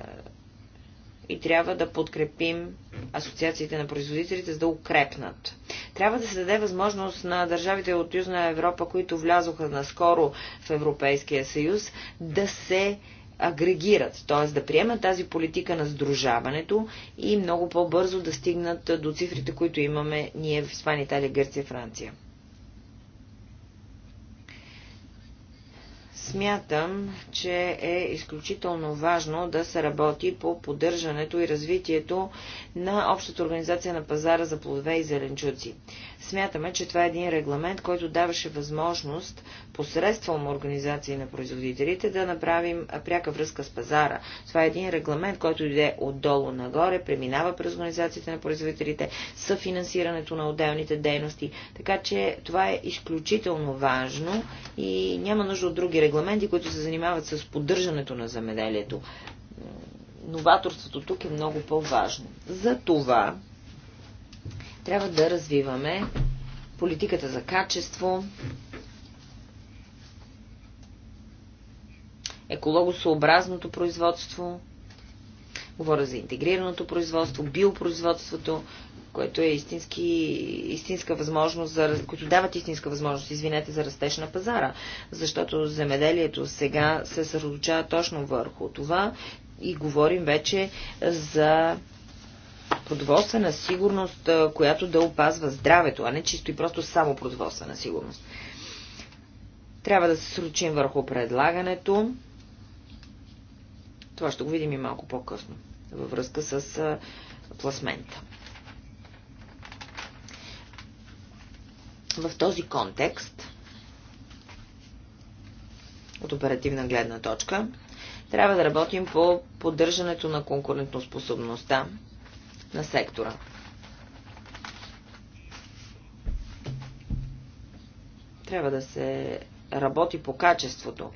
S2: и трябва да подкрепим асоциациите на производителите, за да укрепнат. Трябва да се даде възможност на държавите от Южна Европа, които влязоха наскоро в Европейския съюз, да се агрегират, т.е. да приемат тази политика на сдружаването и много по-бързо да стигнат до цифрите, които имаме ние в Испания, Италия, Гърция, Франция. Смятам, че е изключително важно да се работи по поддържането и развитието на общата организация на пазара за плодове и зеленчуци. Смятаме, че това е един регламент, който даваше възможност посредством организации на производителите да направим пряка връзка с пазара. Това е един регламент, който иде отдолу нагоре, преминава през организациите на производителите, съфинансирането на отделните дейности. Така че това е изключително важно и няма нужда от други регламенти регламенти, които се занимават с поддържането на замеделието. Новаторството тук е много по-важно. За това трябва да развиваме политиката за качество, екологосообразното производство, говоря за интегрираното производство, биопроизводството, което е истински, истинска възможност, за, които дават истинска възможност, извинете, за растеж на пазара. Защото земеделието сега се съсредоточава точно върху това и говорим вече за продоволствена сигурност, която да опазва здравето, а не чисто и просто само продоволствена сигурност. Трябва да се сручим върху предлагането. Това ще го видим и малко по-късно във връзка с пластмента. В този контекст, от оперативна гледна точка, трябва да работим по поддържането на конкурентоспособността на сектора. Трябва да се работи по качеството.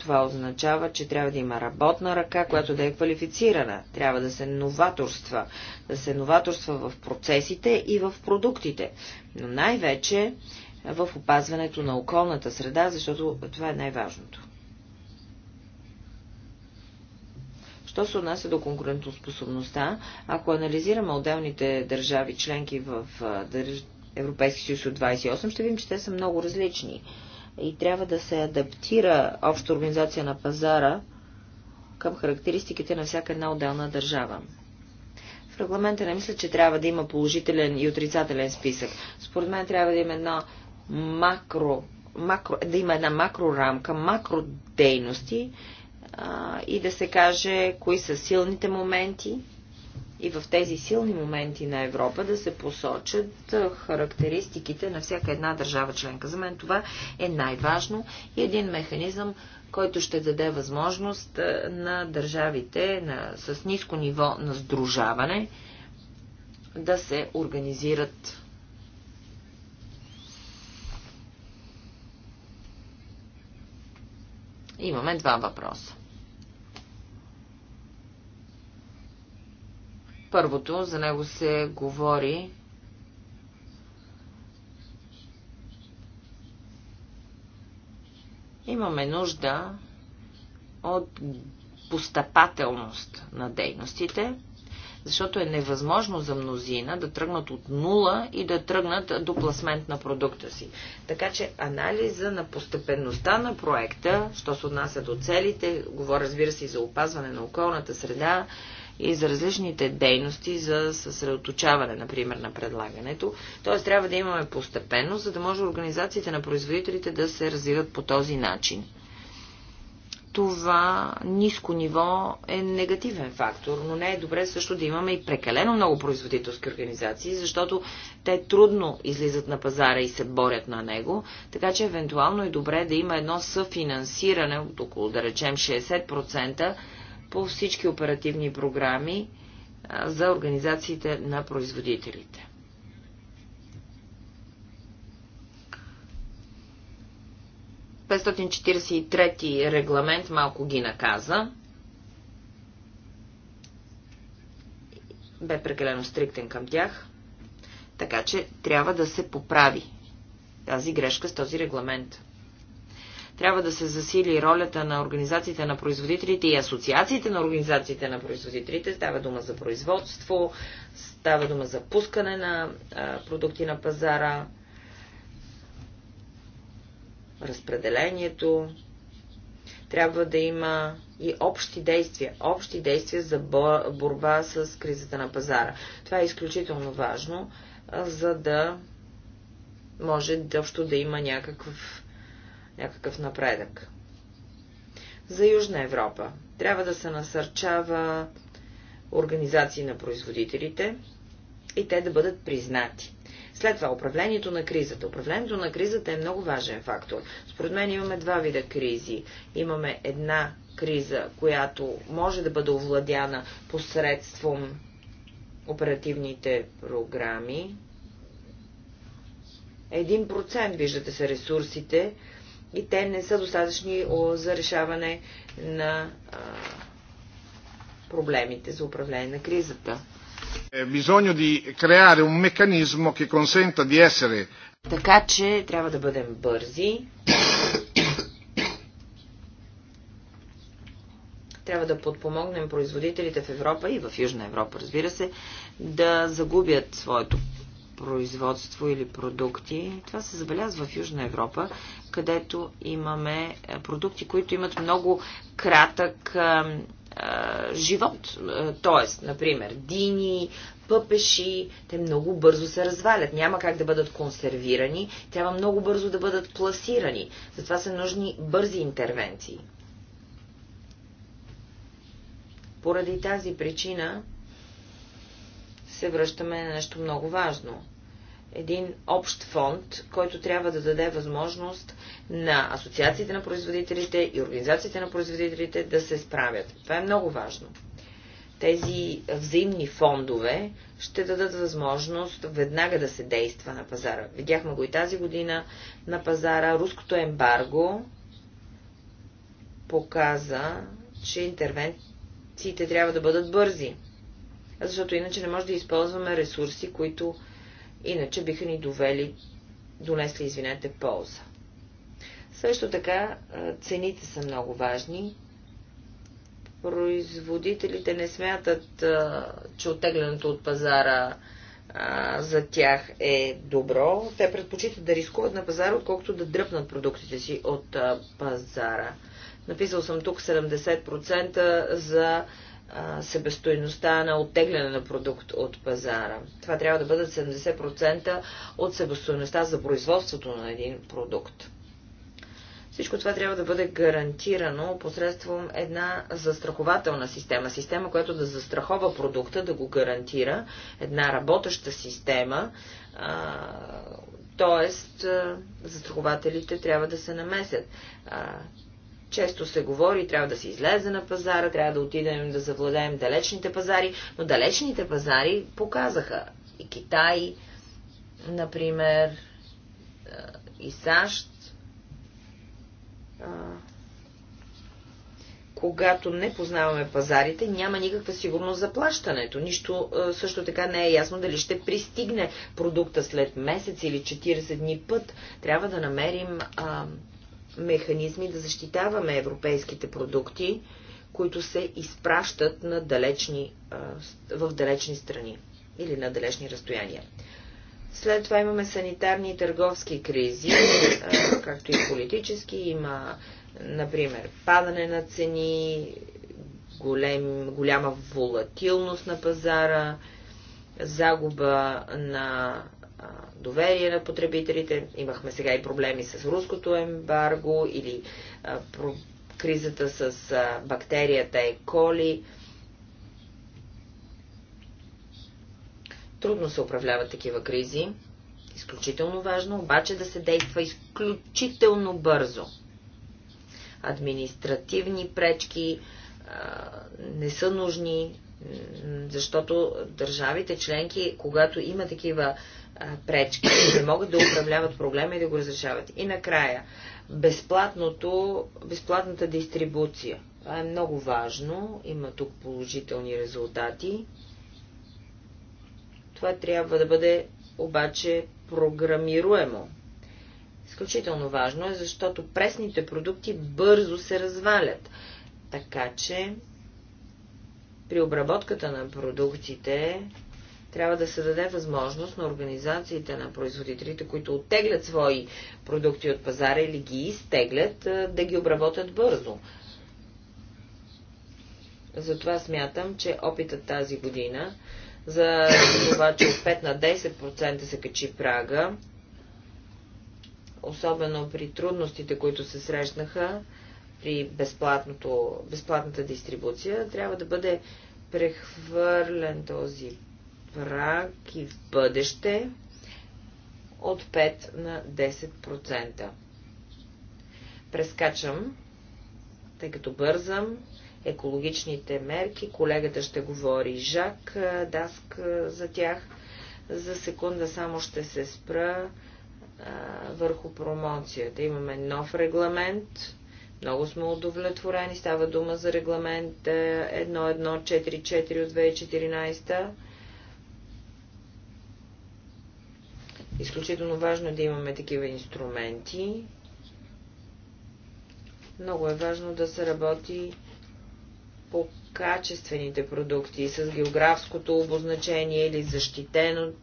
S2: Това означава, че трябва да има работна ръка, която да е квалифицирана. Трябва да се новаторства. Да се новаторства в процесите и в продуктите. Но най-вече в опазването на околната среда, защото това е най-важното. Що се отнася до конкурентоспособността, ако анализираме отделните държави членки в Европейския съюз от 28, ще видим, че те са много различни и трябва да се адаптира обща организация на пазара към характеристиките на всяка една отделна държава. В регламента не мисля, че трябва да има положителен и отрицателен списък. Според мен трябва да има една макро, макро да има една макро макродейности а, и да се каже кои са силните моменти, и в тези силни моменти на Европа да се посочат характеристиките на всяка една държава членка. За мен това е най-важно и един механизъм, който ще даде възможност на държавите на, с ниско ниво на сдружаване да се организират Имаме два въпроса. Първото, за него се говори Имаме нужда от постъпателност на дейностите, защото е невъзможно за мнозина да тръгнат от нула и да тръгнат до пласмент на продукта си. Така че анализа на постепенността на проекта, що се отнася до целите, говоря разбира се и за опазване на околната среда, и за различните дейности за съсредоточаване, например, на предлагането. Тоест трябва да имаме постепенно, за да може организациите на производителите да се развиват по този начин. Това ниско ниво е негативен фактор, но не е добре също да имаме и прекалено много производителски организации, защото те трудно излизат на пазара и се борят на него, така че евентуално е добре да има едно съфинансиране от около, да речем, 60% по всички оперативни програми за организациите на производителите. ти регламент малко ги наказа. Бе прекалено стриктен към тях. Така че трябва да се поправи тази грешка с този регламент. Трябва да се засили ролята на организациите на производителите и асоциациите на организациите на производителите. Става дума за производство, става дума за пускане на продукти на пазара, разпределението. Трябва да има и общи действия. Общи действия за борба с кризата на пазара. Това е изключително важно, за да може дъвщо да има някакъв някакъв напредък. За Южна Европа трябва да се насърчава организации на производителите и те да бъдат признати. След това управлението на кризата. Управлението на кризата е много важен фактор. Според мен имаме два вида кризи. Имаме една криза, която може да бъде овладяна посредством оперативните програми. Един процент, виждате се, ресурсите и те не са достатъчни за решаване на проблемите за управление на кризата. Е, Bisogno
S3: di creare un meccanismo che consenta
S2: di essere. Така че трябва да бъдем бързи. трябва да подпомогнем производителите в Европа и в Южна Европа, разбира се, да загубят своето производство или продукти. Това се забелязва в Южна Европа, където имаме е, продукти, които имат много кратък а, е, а, е, живот. Тоест, например, дини, пъпеши, те много бързо се развалят. Няма как да бъдат консервирани, трябва много бързо да бъдат пласирани. Затова са нужни бързи интервенции. Поради тази причина се връщаме на нещо много важно. Един общ фонд, който трябва да даде възможност на асоциациите на производителите и организациите на производителите да се справят. Това е много важно. Тези взаимни фондове ще дадат възможност веднага да се действа на пазара. Видяхме го и тази година на пазара. Руското ембарго показа, че интервенциите трябва да бъдат бързи защото иначе не може да използваме ресурси, които иначе биха ни довели, донесли, извинете, полза. Също така цените са много важни. Производителите не смятат, че оттеглянето от пазара за тях е добро. Те предпочитат да рискуват на пазара, отколкото да дръпнат продуктите си от пазара. Написал съм тук 70% за себестоиността на оттегляне на продукт от пазара. Това трябва да бъдат 70% от себестоиността за производството на един продукт. Всичко това трябва да бъде гарантирано посредством една застрахователна система. Система, която да застрахова продукта, да го гарантира. Една работеща система. Тоест, застрахователите трябва да се намесят. Често се говори, трябва да се излезе на пазара, трябва да отидем да завладеем далечните пазари, но далечните пазари показаха и Китай, например, и САЩ, когато не познаваме пазарите, няма никаква сигурност за плащането. Нищо също така не е ясно дали ще пристигне продукта след месец или 40 дни път. Трябва да намерим а, механизми да защитаваме европейските продукти, които се изпращат на далечни, в далечни страни или на далечни разстояния. След това имаме санитарни и търговски кризи, както и политически. Има, например, падане на цени, голем, голяма волатилност на пазара, загуба на доверие на потребителите. Имахме сега и проблеми с руското ембарго или кризата с бактерията Е. коли. Трудно се управляват такива кризи. Изключително важно, обаче да се действа изключително бързо. Административни пречки а, не са нужни, защото държавите членки, когато има такива пречки, да могат да управляват проблема и да го разрешават. И накрая, безплатното, безплатната дистрибуция. Това е много важно, има тук положителни резултати. Това трябва да бъде обаче програмируемо. Изключително важно е, защото пресните продукти бързо се развалят. Така че при обработката на продуктите трябва да се даде възможност на организациите на производителите, които оттеглят свои продукти от пазара или ги изтеглят, да ги обработят бързо. Затова смятам, че опитът тази година за това, че от 5 на 10% се качи прага, особено при трудностите, които се срещнаха при безплатната дистрибуция, трябва да бъде прехвърлен този прак и в бъдеще от 5 на 10%. Прескачам, тъй като бързам, екологичните мерки, колегата ще говори Жак Даск за тях. За секунда само ще се спра а, върху промоцията. Имаме нов регламент, много сме удовлетворени. Става дума за регламент 1144 от 2014 Изключително важно е да имаме такива инструменти. Много е важно да се работи по качествените продукти, с географското обозначение или защитеното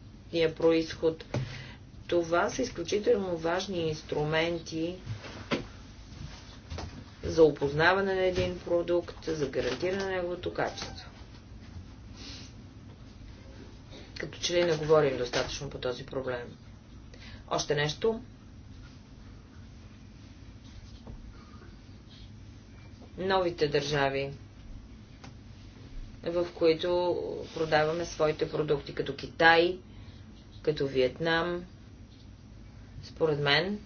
S2: происход. Това са изключително важни инструменти за опознаване на един продукт, за гарантиране на неговото качество. Като че ли не говорим достатъчно по този проблем. Още нещо? Новите държави, в които продаваме своите продукти, като Китай, като Виетнам, според мен,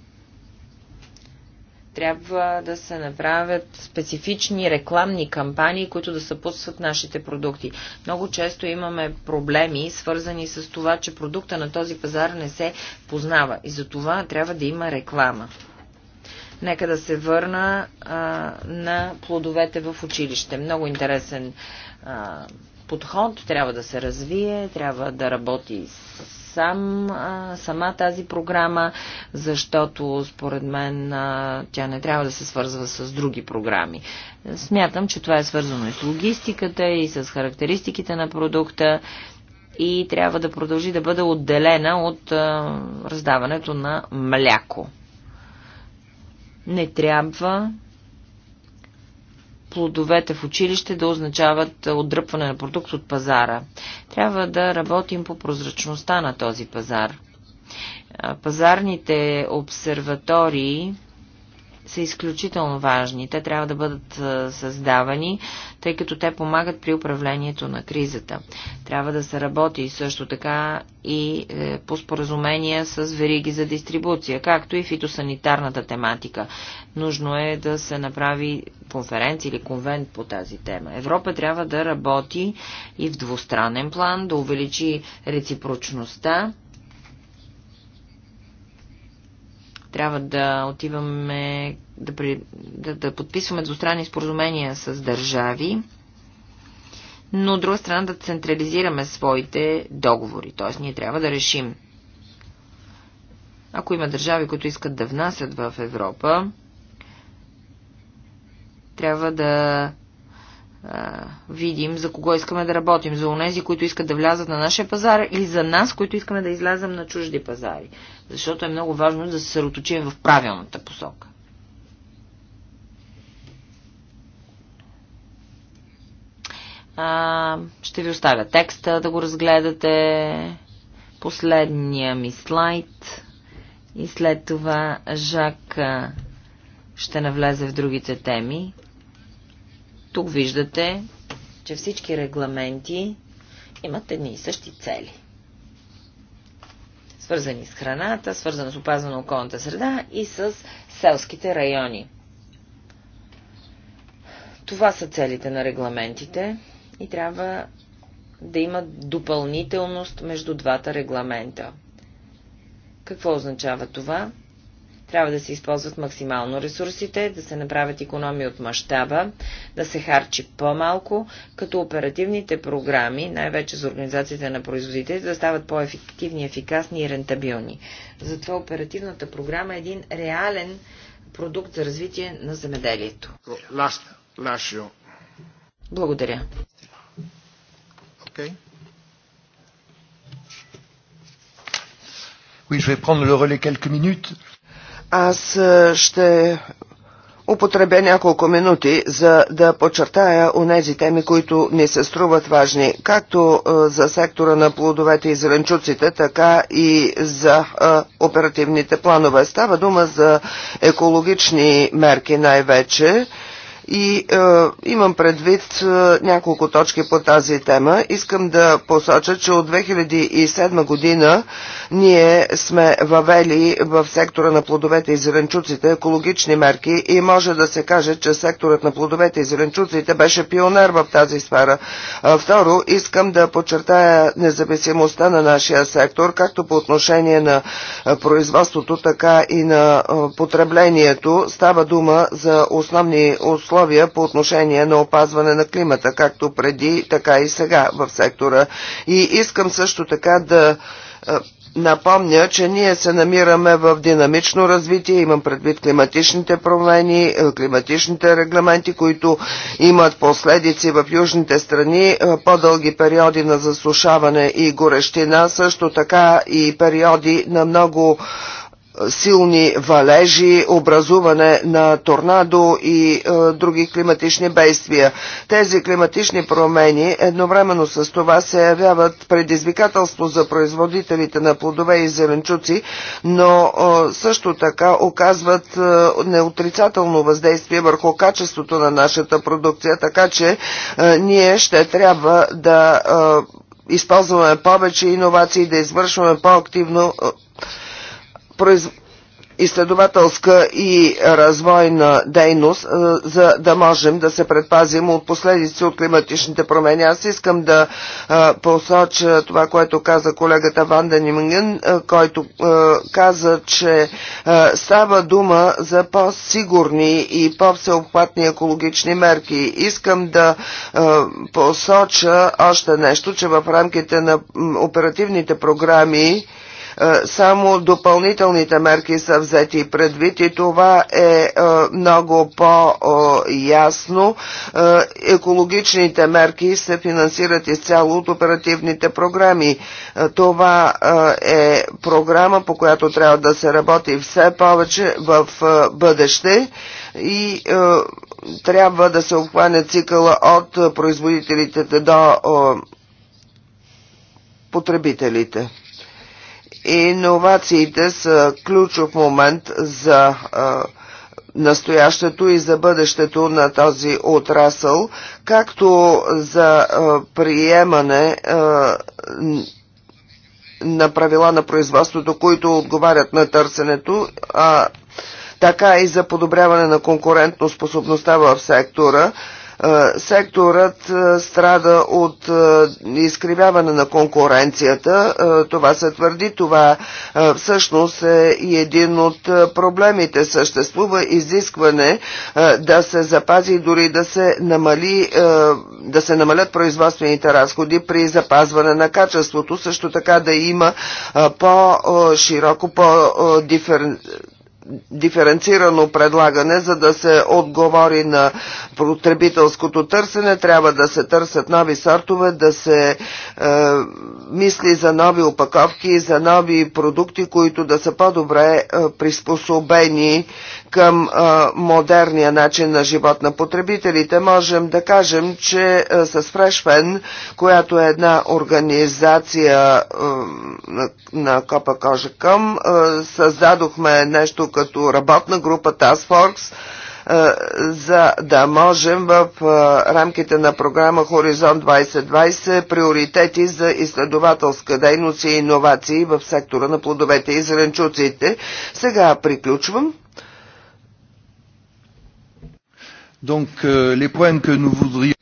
S2: трябва да се направят специфични рекламни кампании, които да съпутстват нашите продукти. Много често имаме проблеми, свързани с това, че продукта на този пазар не се познава и за това трябва да има реклама. Нека да се върна а, на плодовете в училище. Много интересен а, подход трябва да се развие, трябва да работи с сам, а, сама тази програма, защото според мен а, тя не трябва да се свързва с други програми. Смятам, че това е свързано и с логистиката, и с характеристиките на продукта и трябва да продължи да бъде отделена от а, раздаването на мляко. Не трябва плодовете в училище да означават отдръпване на продукт от пазара. Трябва да работим по прозрачността на този пазар. Пазарните обсерватории са изключително важни. Те трябва да бъдат създавани, тъй като те помагат при управлението на кризата. Трябва да се работи също така и е, по споразумения с вериги за дистрибуция, както и фитосанитарната тематика. Нужно е да се направи конференция или конвент по тази тема. Европа трябва да работи и в двустранен план, да увеличи реципрочността Трябва да отиваме да, при, да, да подписваме двустранни споразумения с държави, но от друга страна да централизираме своите договори. Т.е. ние трябва да решим. Ако има държави, които искат да внасят в Европа, трябва да видим за кого искаме да работим. За онези, които искат да влязат на нашия пазар или за нас, които искаме да излязем на чужди пазари. Защото е много важно да се съроточим в правилната посока. А, ще ви оставя текста да го разгледате. Последния ми слайд. И след това Жак ще навлезе в другите теми. Тук виждате, че всички регламенти имат едни и същи цели. Свързани с храната, свързани с опазване на околната среда и с селските райони. Това са целите на регламентите и трябва да има допълнителност между двата регламента. Какво означава това? Трябва да се използват максимално ресурсите, да се направят економии от мащаба, да се харчи по-малко, като оперативните програми, най-вече за организацията на производителите, да стават по-ефективни, ефикасни и рентабилни. Затова оперативната програма е един реален продукт за развитие на земеделието. Благодаря. Okay. Oui, je vais prendre le relais quelques minutes.
S1: Аз е, ще употребя няколко минути, за да подчертая онези теми, които ни се струват важни, както е, за сектора на плодовете и зеленчуците, така и за е, оперативните планове. Става дума за екологични мерки най-вече и е, имам предвид е, няколко точки по тази тема. Искам да посоча, че от 2007 година ние сме въвели в сектора на плодовете и зеленчуците екологични мерки и може да се каже, че секторът на плодовете и зеленчуците беше пионер в тази сфера. Е, второ, искам да подчертая независимостта на нашия сектор, както по отношение на е, производството, така и на е, потреблението. Става дума за основни условия условия по отношение на опазване на климата, както преди, така и сега в сектора. И искам също така да е, Напомня, че ние се намираме в динамично развитие, имам предвид климатичните промени, е, климатичните регламенти, които имат последици в южните страни, е, по-дълги периоди на засушаване и горещина, също така и периоди на много силни валежи, образуване на торнадо и е, други климатични бействия. Тези климатични промени едновременно с това се явяват предизвикателство за производителите на плодове и зеленчуци, но е, също така оказват е, неотрицателно въздействие върху качеството на нашата продукция, така че е, ние ще трябва да е, използваме повече иновации, да извършваме по-активно е, произ... изследователска и развойна дейност, за да можем да се предпазим от последици от климатичните промени. Аз искам да посоча това, което каза колегата Ванда Нимген, който каза, че става дума за по-сигурни и по-всеобхватни екологични мерки. Искам да посоча още нещо, че в рамките на оперативните програми е, само допълнителните мерки са взети предвид и това е, е много по-ясно. Е, екологичните мерки се финансират изцяло от оперативните програми. Това е програма, по която трябва да се работи все повече в бъдеще и трябва да се обхване цикъла от производителите до потребителите. Иновациите са ключов момент за а, настоящето и за бъдещето на този отрасъл, както за а, приемане а, на правила на производството, които отговарят на търсенето, а така и за подобряване на конкурентно способността в сектора. Е, секторът е, страда от е, изкривяване на конкуренцията. Това се твърди, това всъщност е и един от проблемите. Съществува изискване да се запази и дори да се, намали, да се намалят производствените разходи при запазване на качеството, също така да има по-широко, по-диференцирано диференцирано предлагане, за да се отговори на потребителското търсене, трябва да се търсят нови сортове, да се е, мисли за нови опаковки, за нови продукти, които да са по-добре е, приспособени към е, модерния начин на живот на потребителите. Можем да кажем, че е, с Freshfen, която е една организация е, на, на Копа Кожа Към, е, създадохме нещо, като работна група Task Force, е, за да можем в е, рамките на програма Хоризонт 2020 приоритети за изследователска дейност и иновации в сектора на плодовете и зеленчуците. Сега приключвам.
S2: Donc, euh, les points que nous voudrions...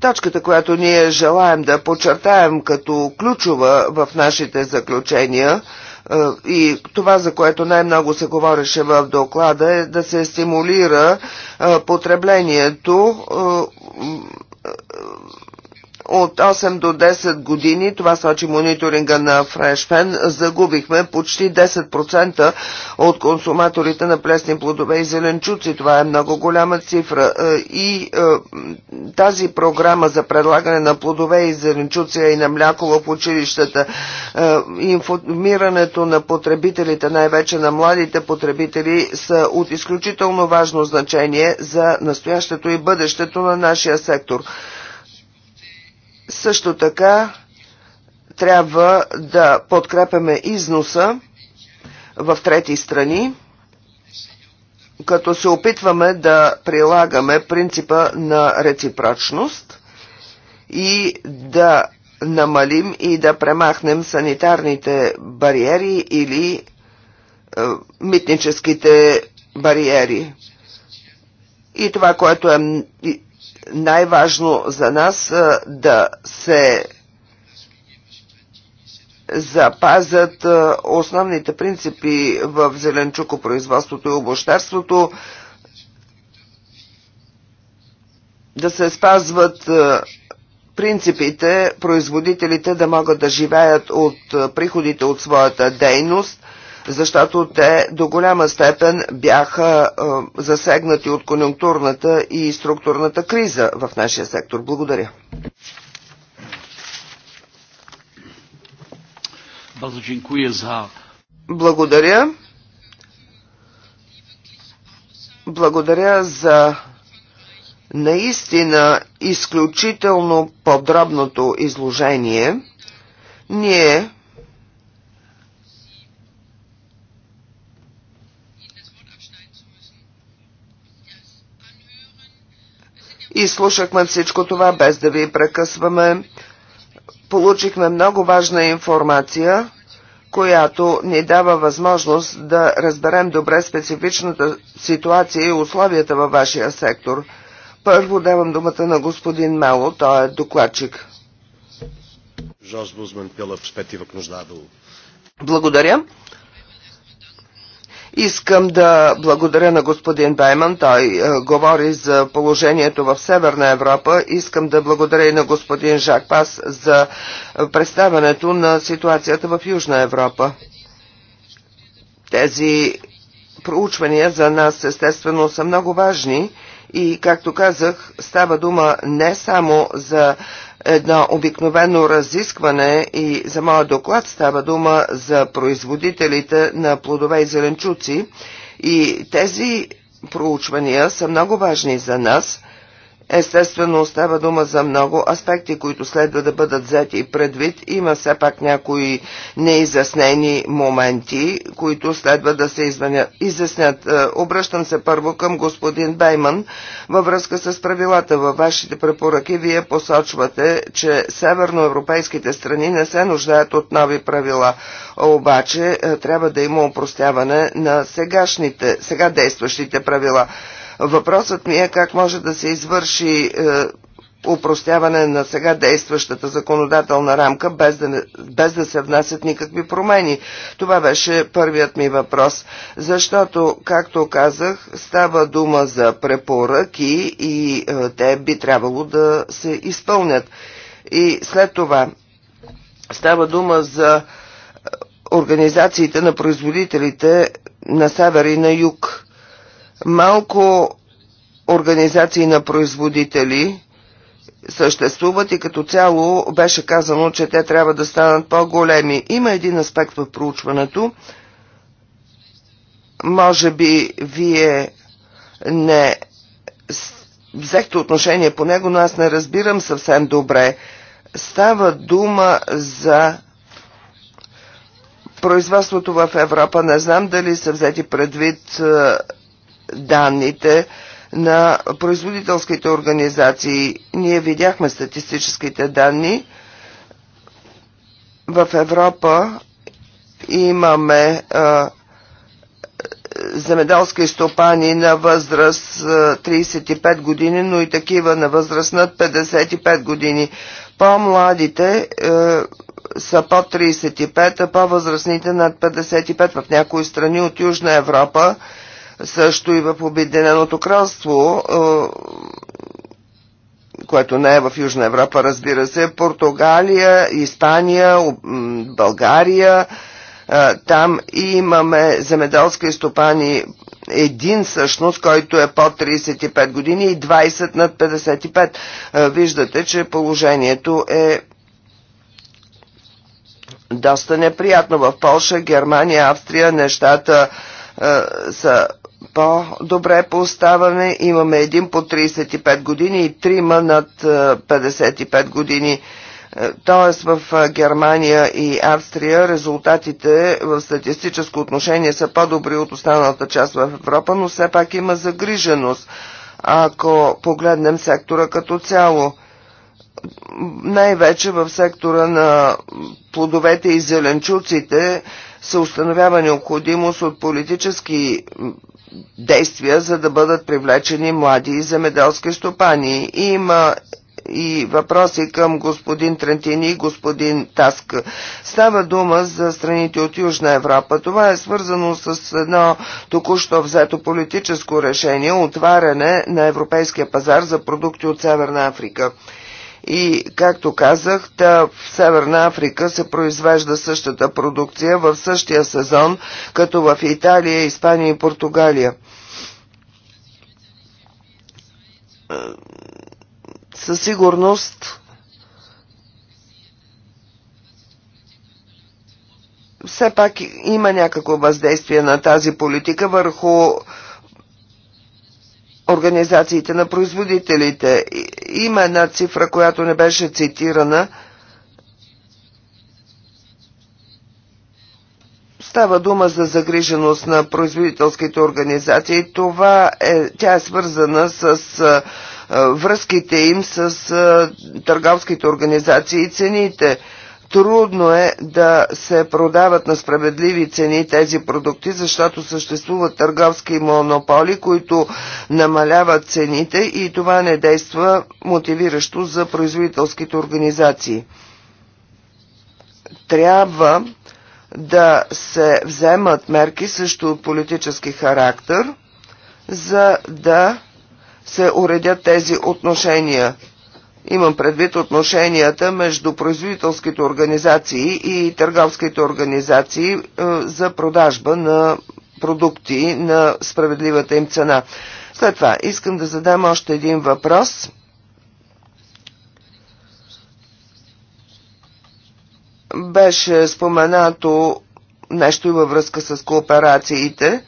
S1: Точката, която ние желаем да подчертаем като ключова в нашите заключения – е, и това, за което най-много се говореше в доклада, е да се стимулира е, потреблението е, от 8 до 10 години, това сочи мониторинга на Фрешфен, загубихме почти 10% от консуматорите на плесни плодове и зеленчуци. Това е много голяма цифра. Е, и е, тази програма за предлагане на плодове и зеленчуци и на мляко в училищата, е, информирането на потребителите, най-вече на младите потребители, са от изключително важно значение за настоящето и бъдещето на нашия сектор. Също така трябва да подкрепяме износа в трети страни, като се опитваме да прилагаме принципа на реципрочност и да намалим и да премахнем санитарните бариери или е, митническите бариери. И това, което е най-важно за нас да се запазят основните принципи в зеленчукопроизводството и обощарството, да се спазват принципите производителите да могат да живеят от приходите от своята дейност, защото те до голяма степен бяха е, засегнати от конъюнктурната и структурната криза в нашия сектор. Благодаря. Благодаря. Благодаря за наистина изключително подробното изложение. Ние и слушахме всичко това без да ви прекъсваме. Получихме много важна информация, която ни дава възможност да разберем добре специфичната ситуация и условията във вашия сектор. Първо давам думата на господин Мало, той е докладчик. Благодаря. Искам да благодаря на господин Байман. Той е, говори за положението в Северна Европа. Искам да благодаря и на господин Жак Пас за е, представянето на ситуацията в Южна Европа. Тези проучвания за нас естествено са много важни и, както казах, става дума не само за е, едно обикновено разискване и за моя доклад става дума за производителите на плодове и зеленчуци и тези проучвания са много важни за нас, Естествено остава дума за много аспекти, които следва да бъдат взети предвид. Има все пак някои неизяснени моменти, които следва да се изяснят. Е, обръщам се първо към господин Бейман. Във връзка с правилата във вашите препоръки, вие посочвате, че северноевропейските страни не се нуждаят от нови правила. Обаче е, трябва да има упростяване на сегашните, сега действащите правила. Въпросът ми е как може да се извърши е, упростяване на сега действащата законодателна рамка, без да, без да се внасят никакви промени. Това беше първият ми въпрос, защото, както казах, става дума за препоръки и е, те би трябвало да се изпълнят. И след това става дума за е, организациите на производителите на север и на юг. Малко организации на производители съществуват и като цяло беше казано, че те трябва да станат по-големи. Има един аспект в проучването. Може би вие не взехте отношение по него, но аз не разбирам съвсем добре. Става дума за производството в Европа. Не знам дали са взети предвид е, данните на производителските организации. Ние видяхме статистическите данни. В Европа имаме земеделски стопани на възраст 35 години, но и такива на възраст над 55 години. По-младите е, са под 35, а по-възрастните над 55. В някои страни от Южна Европа също и в Обединеното кралство, е, което не е в Южна Европа, разбира се, Португалия, Испания, България, е, там имаме земеделски стопани един същност, който е под 35 години и 20 над 55. Е, виждате, че положението е доста неприятно. В Польша, Германия, Австрия нещата е, са по-добре поставане. Имаме един по 35 години и трима над 55 е, години. Е, тоест в е, Германия и Австрия резултатите в статистическо отношение са по-добри от останалата част в Европа, но все пак има загриженост, ако погледнем сектора като цяло най-вече в сектора на плодовете и зеленчуците се установява необходимост от политически действия, за да бъдат привлечени млади земеделски стопани. И има и въпроси към господин Трентини и господин Таск. Става дума за страните от Южна Европа. Това е свързано с едно току-що взето политическо решение – отваряне на европейския пазар за продукти от Северна Африка. И, както казах, та в Северна Африка се произвежда същата продукция в същия сезон, като в Италия, Испания и Португалия със сигурност все пак има някакво въздействие на тази политика върху организациите на производителите. Има една цифра, която не беше цитирана. Става дума за загриженост на производителските организации. Това е, тя е свързана с връзките им с търговските организации и цените. Трудно е да се продават на справедливи цени тези продукти, защото съществуват търговски монополи, които намаляват цените и това не действа мотивиращо за производителските организации. Трябва да се вземат мерки също от политически характер, за да се уредят тези отношения. Имам предвид отношенията между производителските организации и търговските организации е, за продажба на продукти на справедливата им цена. След това искам да задам още един въпрос. Беше споменато нещо и във връзка с кооперациите.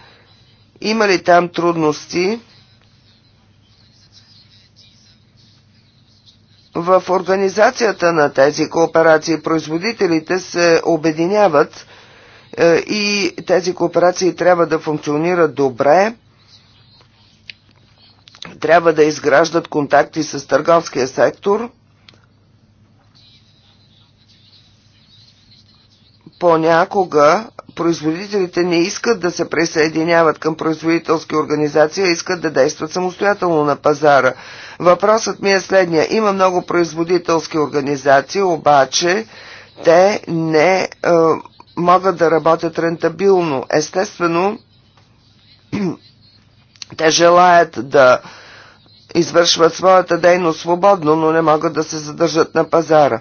S1: Има ли там трудности? В организацията на тези кооперации производителите се обединяват е, и тези кооперации трябва да функционират добре, трябва да изграждат контакти с търговския сектор. Понякога производителите не искат да се присъединяват към производителски организации, а искат да действат самостоятелно на пазара. Въпросът ми е следния. Има много производителски организации, обаче те не е, могат да работят рентабилно. Естествено, те желаят да извършват своята дейност свободно, но не могат да се задържат на пазара.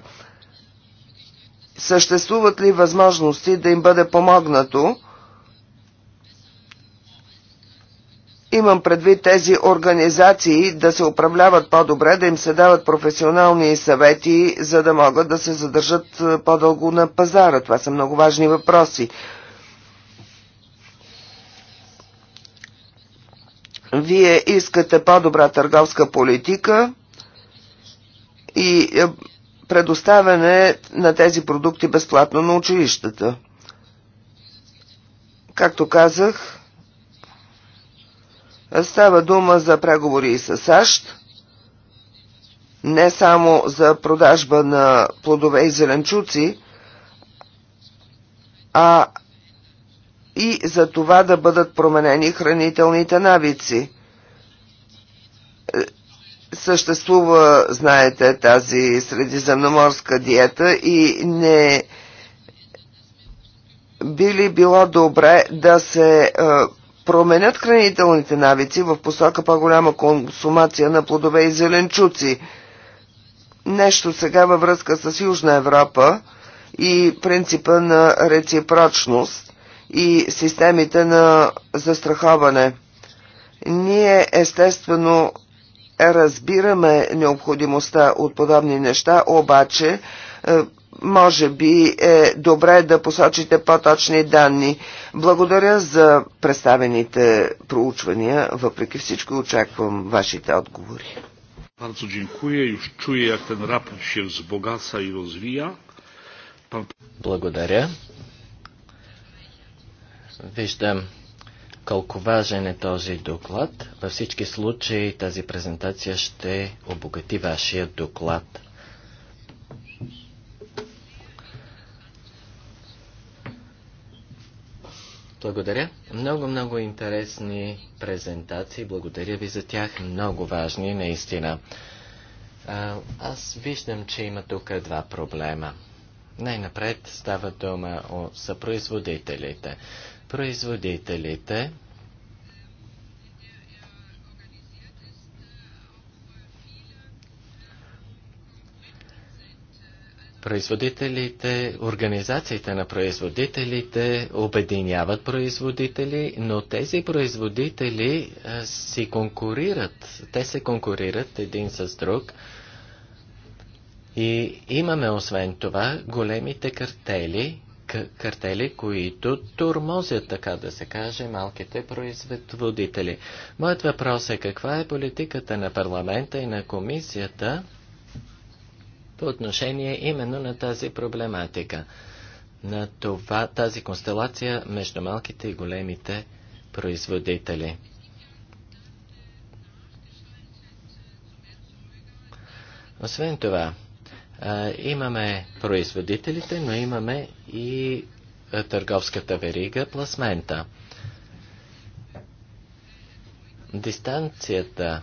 S1: Съществуват ли възможности да им бъде помогнато? Имам предвид тези организации да се управляват по-добре, да им се дават професионални съвети, за да могат да се задържат е, по-дълго на пазара. Това са много важни въпроси. Вие искате по-добра търговска политика и е, предоставяне на тези продукти безплатно на училищата. Както казах, Става дума за преговори и с САЩ, не само за продажба на плодове и зеленчуци, а и за това да бъдат променени хранителните навици. Съществува, знаете, тази средиземноморска диета и не били било добре да се е, променят хранителните навици в посока по-голяма консумация на плодове и зеленчуци. Нещо сега във връзка с Южна Европа и принципа на реципрочност и системите на застраховане. Ние естествено разбираме необходимостта от подобни неща, обаче е, може би е добре да посочите по-точни данни. Благодаря за представените проучвания. Въпреки всичко очаквам вашите отговори.
S2: Bardzo dziękuję. Już czuję, jak ten raport się wzbogaca i rozwija.
S3: Pan... Благодаря. Виждам колко важен е този доклад. Във всички случаи тази презентация ще обогати вашия доклад. Благодаря. Много, много интересни презентации. Благодаря ви за тях. Много важни, наистина. Аз виждам, че има тук два проблема. Най-напред става дума о, съпроизводителите. производителите. Производителите производителите, организациите на производителите обединяват производители, но тези производители си конкурират. Те се конкурират един с друг. И имаме освен това големите картели, картели, които турмозят, така да се каже, малките производители. Моят въпрос е каква е политиката на парламента и на комисията по отношение именно на тази проблематика, на това, тази констелация между малките и големите производители. Освен това, имаме производителите, но имаме и търговската верига пласмента. Дистанцията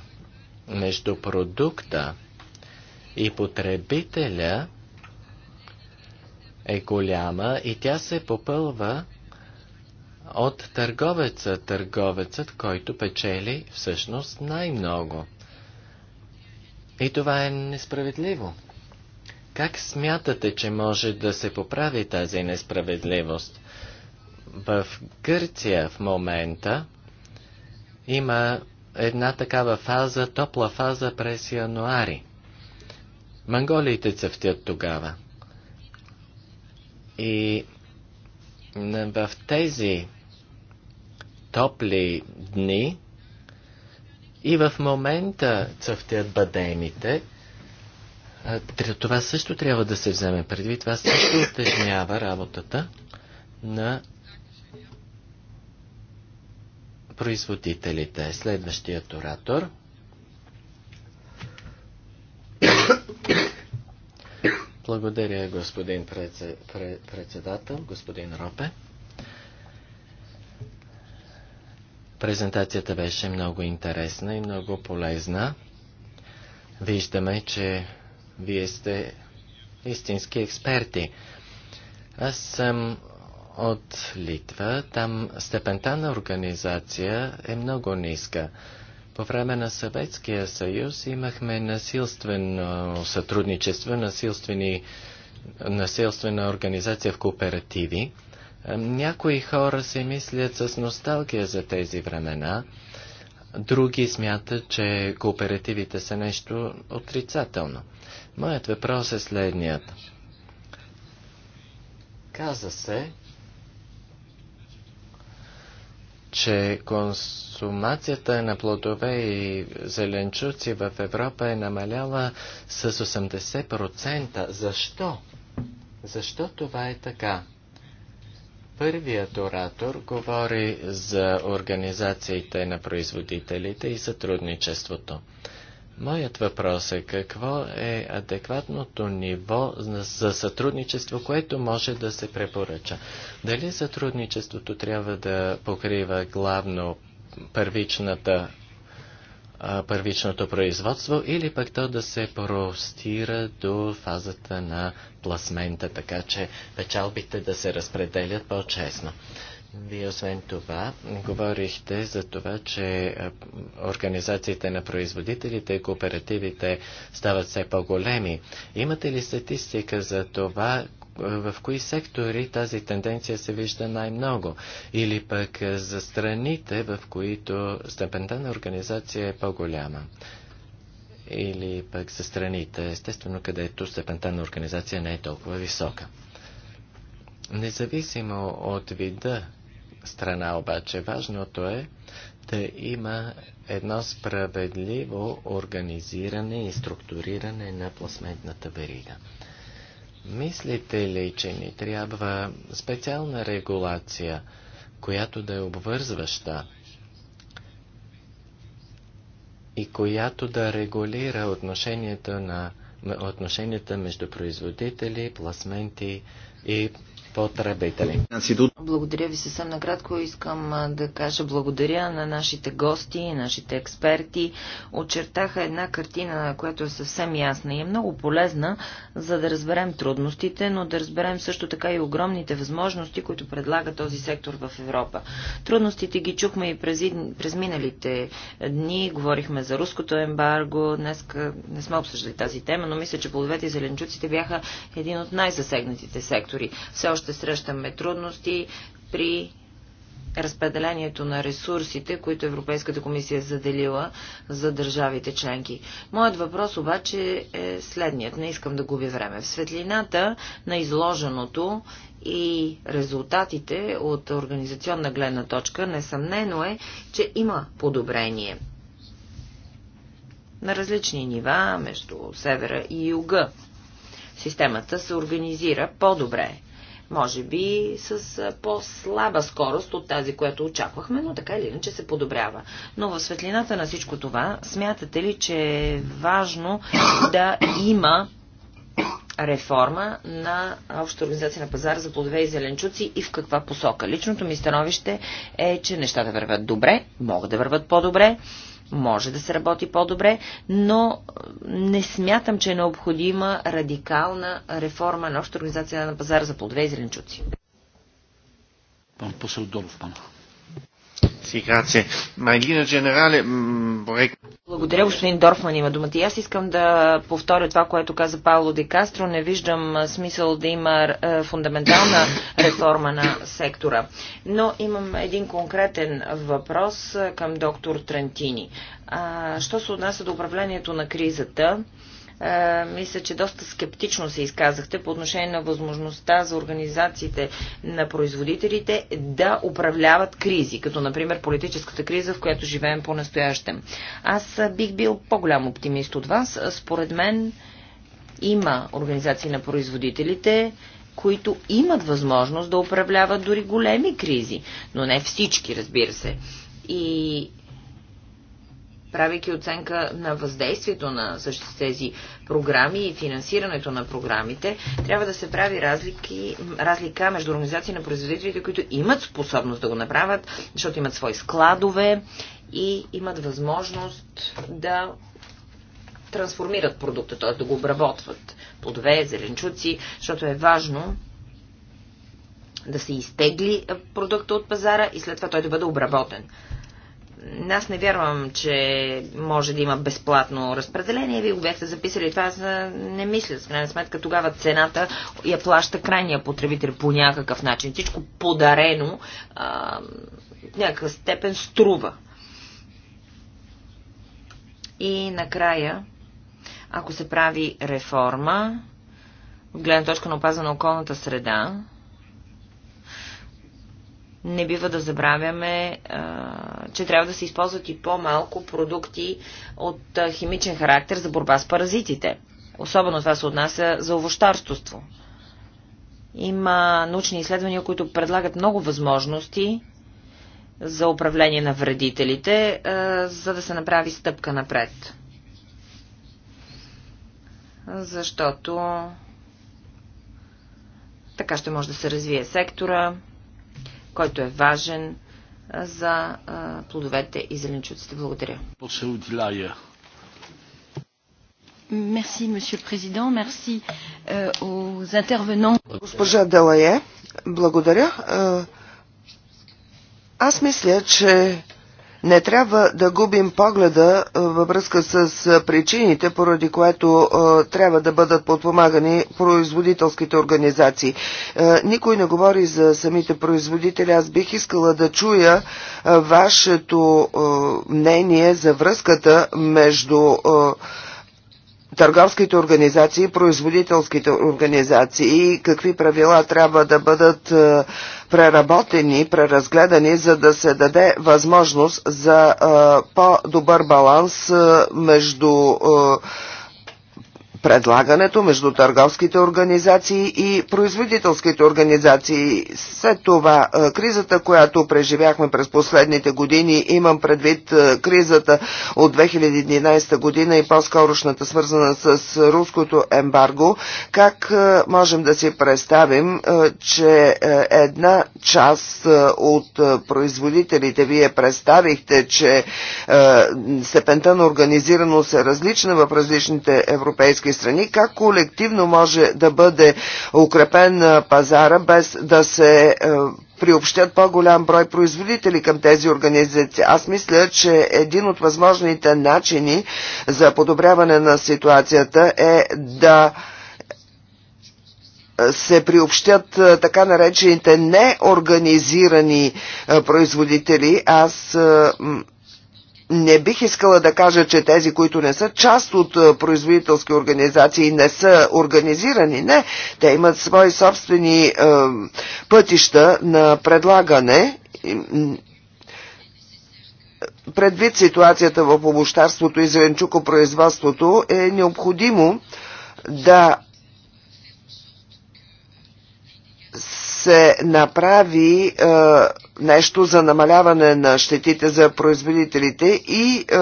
S3: между продукта и потребителя е голяма и тя се попълва от търговеца, търговецът, който печели всъщност най-много. И това е несправедливо. Как смятате, че може да се поправи тази несправедливост? В Гърция в момента има една такава фаза, топла фаза през януари. Манголиите цъфтят тогава. И в тези топли дни и в момента цъфтят бадемите. Това също трябва да се вземе предвид. Това също отежнява работата на производителите. Следващият оратор. Благодаря, господин председател, господин Ропе. Презентацията беше много интересна и много полезна. Виждаме, че вие сте истински експерти. Аз съм от Литва. Там степента на организация е много ниска. По време на Съветския съюз имахме насилствено сътрудничество, насилствени, насилствена организация в кооперативи. Някои хора се мислят с носталгия за тези времена, други смятат, че кооперативите са нещо отрицателно. Моят въпрос е следният. Каза се, че консумацията на плодове и зеленчуци в Европа е намаляла с 80%. Защо? Защо това е така? Първият оратор говори за организациите на производителите и сътрудничеството. Моят въпрос е какво е адекватното ниво за сътрудничество, което може да се препоръча? Дали сътрудничеството трябва да покрива главно първичната първичното производство или пък то да се простира до фазата на пласмента, така че печалбите да се разпределят по-честно. Вие освен това говорихте за това, че организациите на производителите и кооперативите стават все по-големи. Имате ли статистика за това, в кои сектори тази тенденция се вижда най-много? Или пък за страните, в които степента на организация е по-голяма? Или пък за страните, естествено, където степента на организация не е толкова висока? Независимо от вида страна обаче важното е да има едно справедливо организиране и структуриране на пластментната верига. Мислите ли, че ни трябва специална регулация, която да е обвързваща и която да регулира отношенията, на, отношенията между производители, пластменти и потребители.
S2: Благодаря ви съвсем накратко. Искам да кажа благодаря на нашите гости, нашите експерти. Очертаха една картина, която е съвсем ясна и е много полезна, за да разберем трудностите, но да разберем също така и огромните възможности, които предлага този сектор в Европа. Трудностите ги чухме и през, през миналите дни. Говорихме за руското ембарго. Днес не сме обсъждали тази тема, но мисля, че плодовете и зеленчуците бяха един от най-засегнатите сектори. Все още срещаме трудности при разпределението на ресурсите, които Европейската комисия е заделила за държавите членки. Моят въпрос обаче е следният. Не искам да губя време. В светлината на изложеното и резултатите от организационна гледна точка, несъмнено е, че има подобрение на различни нива между севера и юга. Системата се организира по-добре може би с по-слаба скорост от тази, която очаквахме, но така или иначе се подобрява. Но в светлината на всичко това, смятате ли, че е важно да има реформа на Общата организация на пазара за плодове и зеленчуци и в каква посока. Личното ми становище е, че нещата върват добре, могат да върват по-добре може да се работи по-добре, но не смятам, че е необходима радикална реформа на общата организация на пазара за плодове и зеленчуци.
S3: Пан посел Долов, пана. Mm, Благодаря,
S2: господин Дорфман има думата. И аз искам да повторя това, което каза Пауло Де Кастро. Не виждам смисъл да има фундаментална реформа на сектора. Но имам един конкретен въпрос към доктор Трентини. що се отнася до управлението на кризата, е, мисля, че доста скептично се изказахте по отношение на възможността за организациите на производителите да управляват кризи, като например политическата криза, в която живеем по-настоящем. Аз е, бих бил по-голям оптимист от вас. Според мен има организации на производителите, които имат възможност да управляват дори големи кризи, но не всички, разбира се. И правейки оценка на въздействието на същите тези програми и финансирането на програмите, трябва да се прави разлики, разлика между организации на производителите, които имат способност да го направят, защото имат свои складове и имат възможност да трансформират продукта, т.е. да го обработват плодове, зеленчуци, защото е важно да се изтегли продукта от пазара и след това той да бъде обработен аз не вярвам, че може да има безплатно разпределение. Вие го бяхте записали. Това аз не мисля. С крайна сметка тогава цената я плаща крайния потребител по някакъв начин. Всичко подарено в някаква степен струва. И накрая, ако се прави реформа, от гледна точка на опазване на околната среда, не бива да забравяме, че трябва да се използват и по-малко продукти от химичен характер за борба с паразитите. Особено това се отнася за овощарството. Има научни изследвания, които предлагат много възможности за управление на вредителите, за да се направи стъпка напред. Защото така ще може да се развие сектора който е важен за плодовете и зеленчуците. Благодаря. Merci, Monsieur le Président. Merci euh, aux
S1: intervenants. Госпожа Делае, благодаря. Аз мисля, че не трябва да губим погледа във връзка с причините, поради което трябва да бъдат подпомагани производителските организации. Никой не говори за самите производители. Аз бих искала да чуя вашето мнение за връзката между търговските организации, производителските организации и какви правила трябва да бъдат е, преработени, преразгледани, за да се даде възможност за е, по-добър баланс е, между предлагането между търговските организации и производителските организации. След това е, кризата, която преживяхме през последните години, имам предвид е, кризата от 2011 година и по-скорошната свързана с руското ембарго, как е, можем да си представим, че една част от производителите вие представихте, че степента на организираност е различна в различните европейски всички страни, как колективно може да бъде укрепен пазара без да се е, приобщат по-голям брой производители към тези организации. Аз мисля, че един от възможните начини за подобряване на ситуацията е да е, се приобщят е, така наречените неорганизирани производители. Аз не бих искала да кажа, че тези, които не са част от производителски организации, не са организирани. Не, те имат свои собствени е, пътища на предлагане. Предвид ситуацията в обощарството и зеленчукопроизводството е необходимо да се направи е, нещо за намаляване на щетите за производителите и е,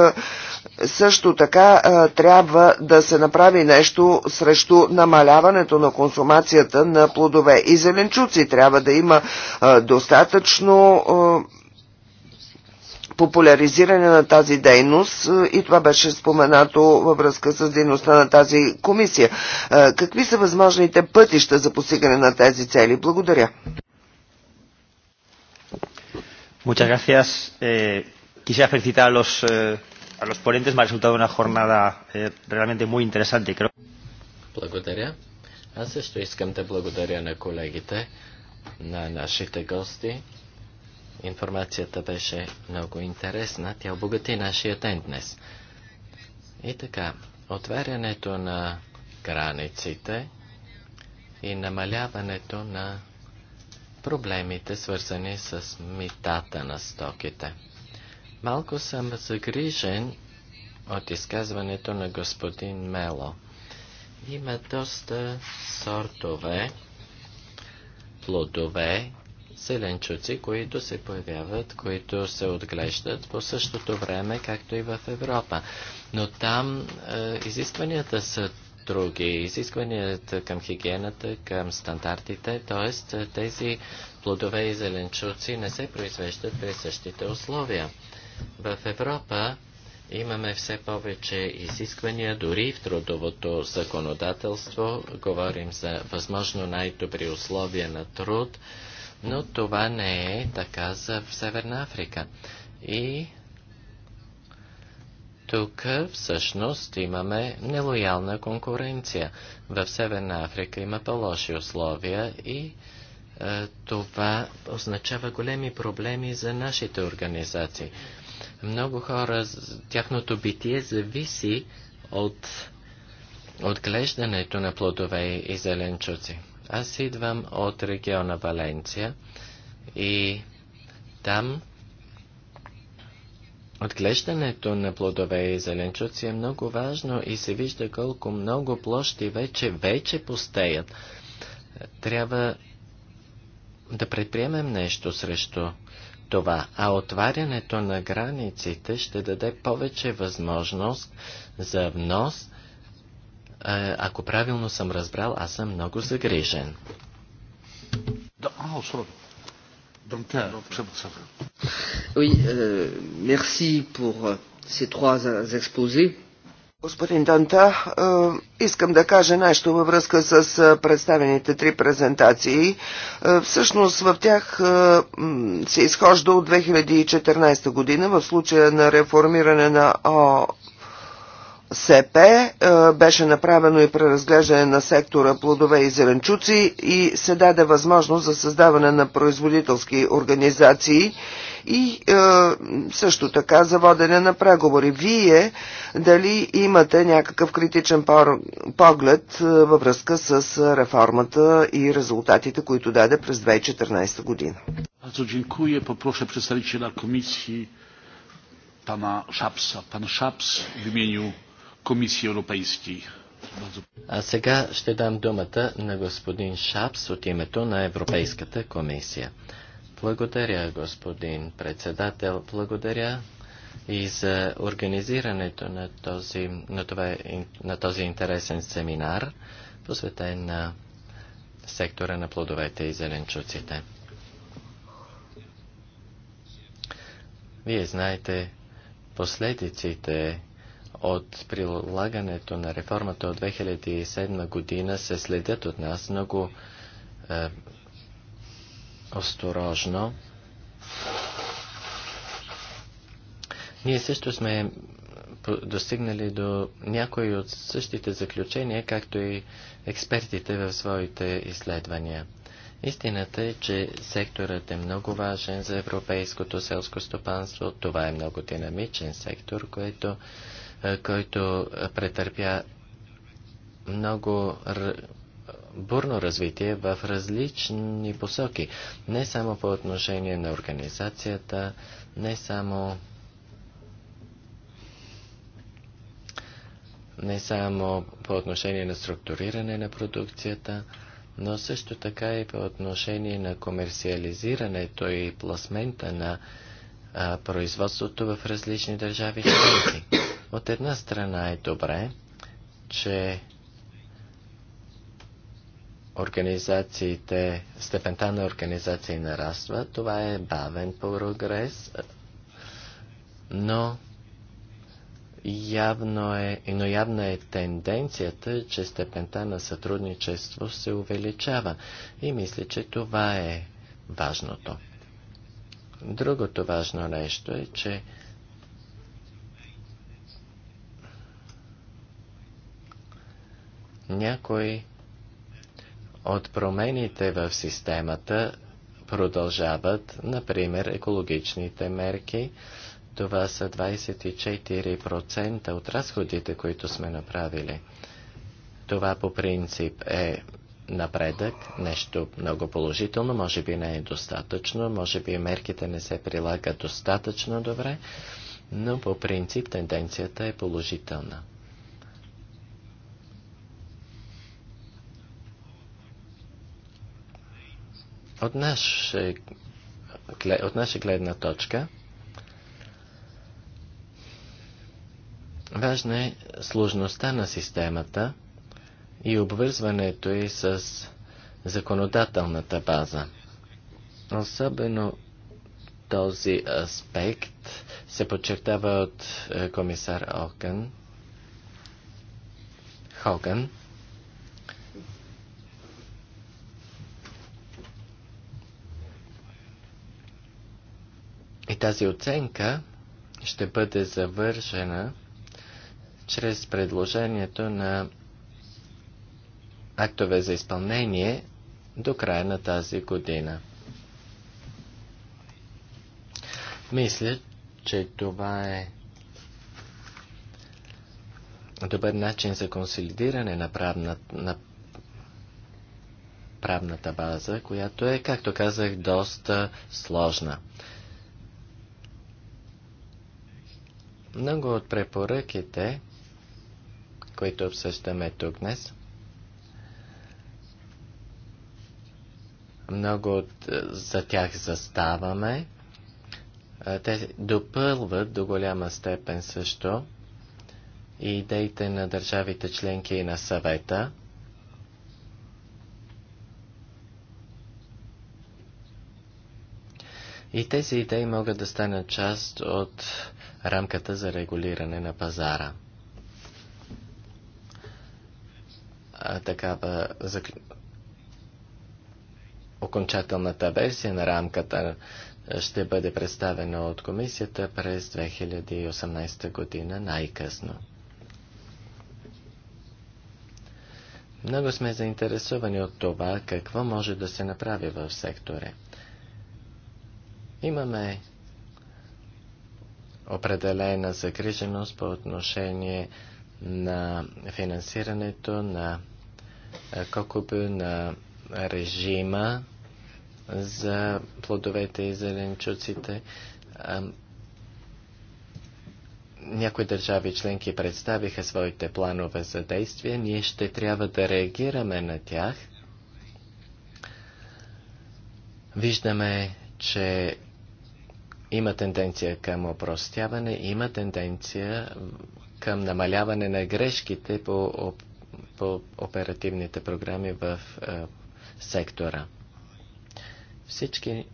S1: също така е, трябва да се направи нещо срещу намаляването на консумацията на плодове и зеленчуци. Трябва да има е, достатъчно е, популяризиране на тази дейност е, и това беше споменато във връзка с дейността на тази комисия. Е, какви са възможните пътища за постигане на тези цели? Благодаря.
S3: Muchas gracias. Eh, quisiera felicitar a los, eh, a los ponentes. Me ha resultado una jornada eh, realmente muy interesante. Creo... Благодаря. Аз също искам да благодаря на колегите, на нашите гости. Информацията беше много интересна. Тя обогати нашия ден днес. И така, отварянето на границите и намаляването на проблемите, свързани с митата на стоките. Малко съм загрижен от изказването на господин Мело. Има доста сортове, плодове, Зеленчуци, които се появяват, които се отглеждат по същото време, както и в Европа. Но там е, изискванията са други, изискванията към хигиената, към стандартите, т.е. тези плодове и зеленчуци не се произвеждат при същите условия. В Европа имаме все повече изисквания, дори в трудовото законодателство. Говорим за възможно най-добри условия на труд но това не е така за в Северна Африка. И тук всъщност имаме нелоялна конкуренция. В Северна Африка има по-лоши условия и е, това означава големи проблеми за нашите организации. Много хора, тяхното битие зависи от отглеждането на плодове и зеленчуци. Аз идвам от региона Валенция и там Отглеждането на плодове и зеленчуци е много важно и се вижда колко много площи вече, вече постеят. Трябва да предприемем нещо срещу това, а отварянето на границите ще даде повече възможност за внос ако правилно съм разбрал, аз съм много загрижен.
S1: Oui, euh, merci pour euh, ces trois exposés. Господин Данта, э, искам да кажа нещо във връзка с э, представените три презентации. Э, всъщност в тях се изхожда от 2014 година в случая на реформиране на СП е, беше направено и преразглеждане на сектора плодове и зеленчуци и се даде възможност за създаване на производителски организации и е, също така за водене на преговори. Вие дали имате някакъв критичен поглед е, във връзка с реформата и резултатите, които даде през 2014 година?
S3: Bardzo dziękuję. попроша представителя комисии pana Szapsa. Pan Szaps w imieniu
S1: Комисия Европейски.
S3: А сега ще дам думата на господин Шапс от името на Европейската комисия. Благодаря, господин председател. Благодаря и за организирането на този, на това, на този интересен семинар, посветен на сектора на плодовете и зеленчуците. Вие знаете последиците от прилагането на реформата от 2007 година се следят от нас много е, осторожно. Ние също сме достигнали до някои от същите заключения, както и експертите в своите изследвания. Истината е, че секторът е много важен за европейското селско стопанство. Това е много динамичен сектор, което е, който претърпя много бурно развитие в различни посоки. Не само по отношение на организацията, не само не само по отношение на структуриране на продукцията, но също така и по отношение на комерциализирането и пласмента на а, производството в различни държави членки. От една страна е добре, че организациите, степента на организации нараства. Това е бавен прогрес, но явно е, но явна е тенденцията, че степента на сътрудничество се увеличава. И мисля, че това е важното. Другото важно нещо е, че Някои от промените в системата продължават, например, екологичните мерки. Това са 24% от разходите, които сме направили. Това по принцип е напредък, нещо много положително, може би не е достатъчно, може би мерките не се прилагат достатъчно добре, но по принцип тенденцията е положителна. От, наше, от наша гледна точка, важна е сложността на системата и обвързването й с законодателната база. Особено този аспект се подчертава от е, комисар Окън, Хоган. тази оценка ще бъде завършена чрез предложението на актове за изпълнение до края на тази година. Мисля, че това е добър начин за консолидиране на, правна, на правната база, която е, както казах, доста сложна. Много от препоръките, които обсъждаме тук днес, много от, е, за тях заставаме. Е, те допълват до голяма степен също и идеите на държавите членки и на съвета. И тези идеи могат да станат част от рамката за регулиране на пазара. А, такава за... окончателната версия на рамката ще бъде представена от комисията през 2018 година най-късно. Много сме заинтересовани от това, какво може да се направи в сектора. Имаме определена загриженост по отношение на финансирането на кокобю на режима за плодовете и зеленчуците. Някои държави членки представиха своите планове за действие. Ние ще трябва да реагираме на тях. Виждаме, че има тенденция към опростяване, има тенденция към намаляване на грешките по, по оперативните програми в е, сектора. Всички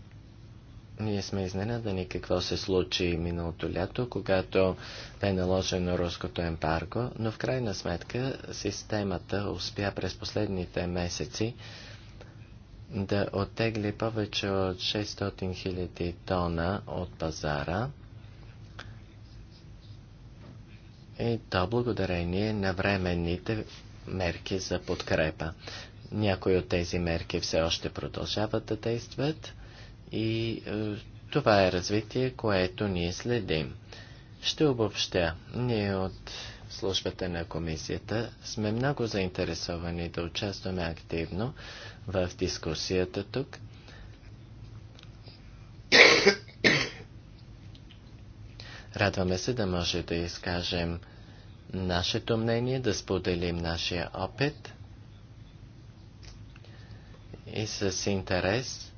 S3: ние сме изненадани какво се случи миналото лято, когато бе наложено руското ембарго, но в крайна сметка системата успя през последните месеци да оттегли повече от 600 000 тона от пазара и то благодарение на временните мерки за подкрепа. Някои от тези мерки все още продължават да действат и е, това е развитие, което ние следим. Ще обобщя. Ние от службата на комисията сме много заинтересовани да участваме активно в дискусията тук. Радваме се да може да изкажем нашето мнение, да споделим нашия опит и с интерес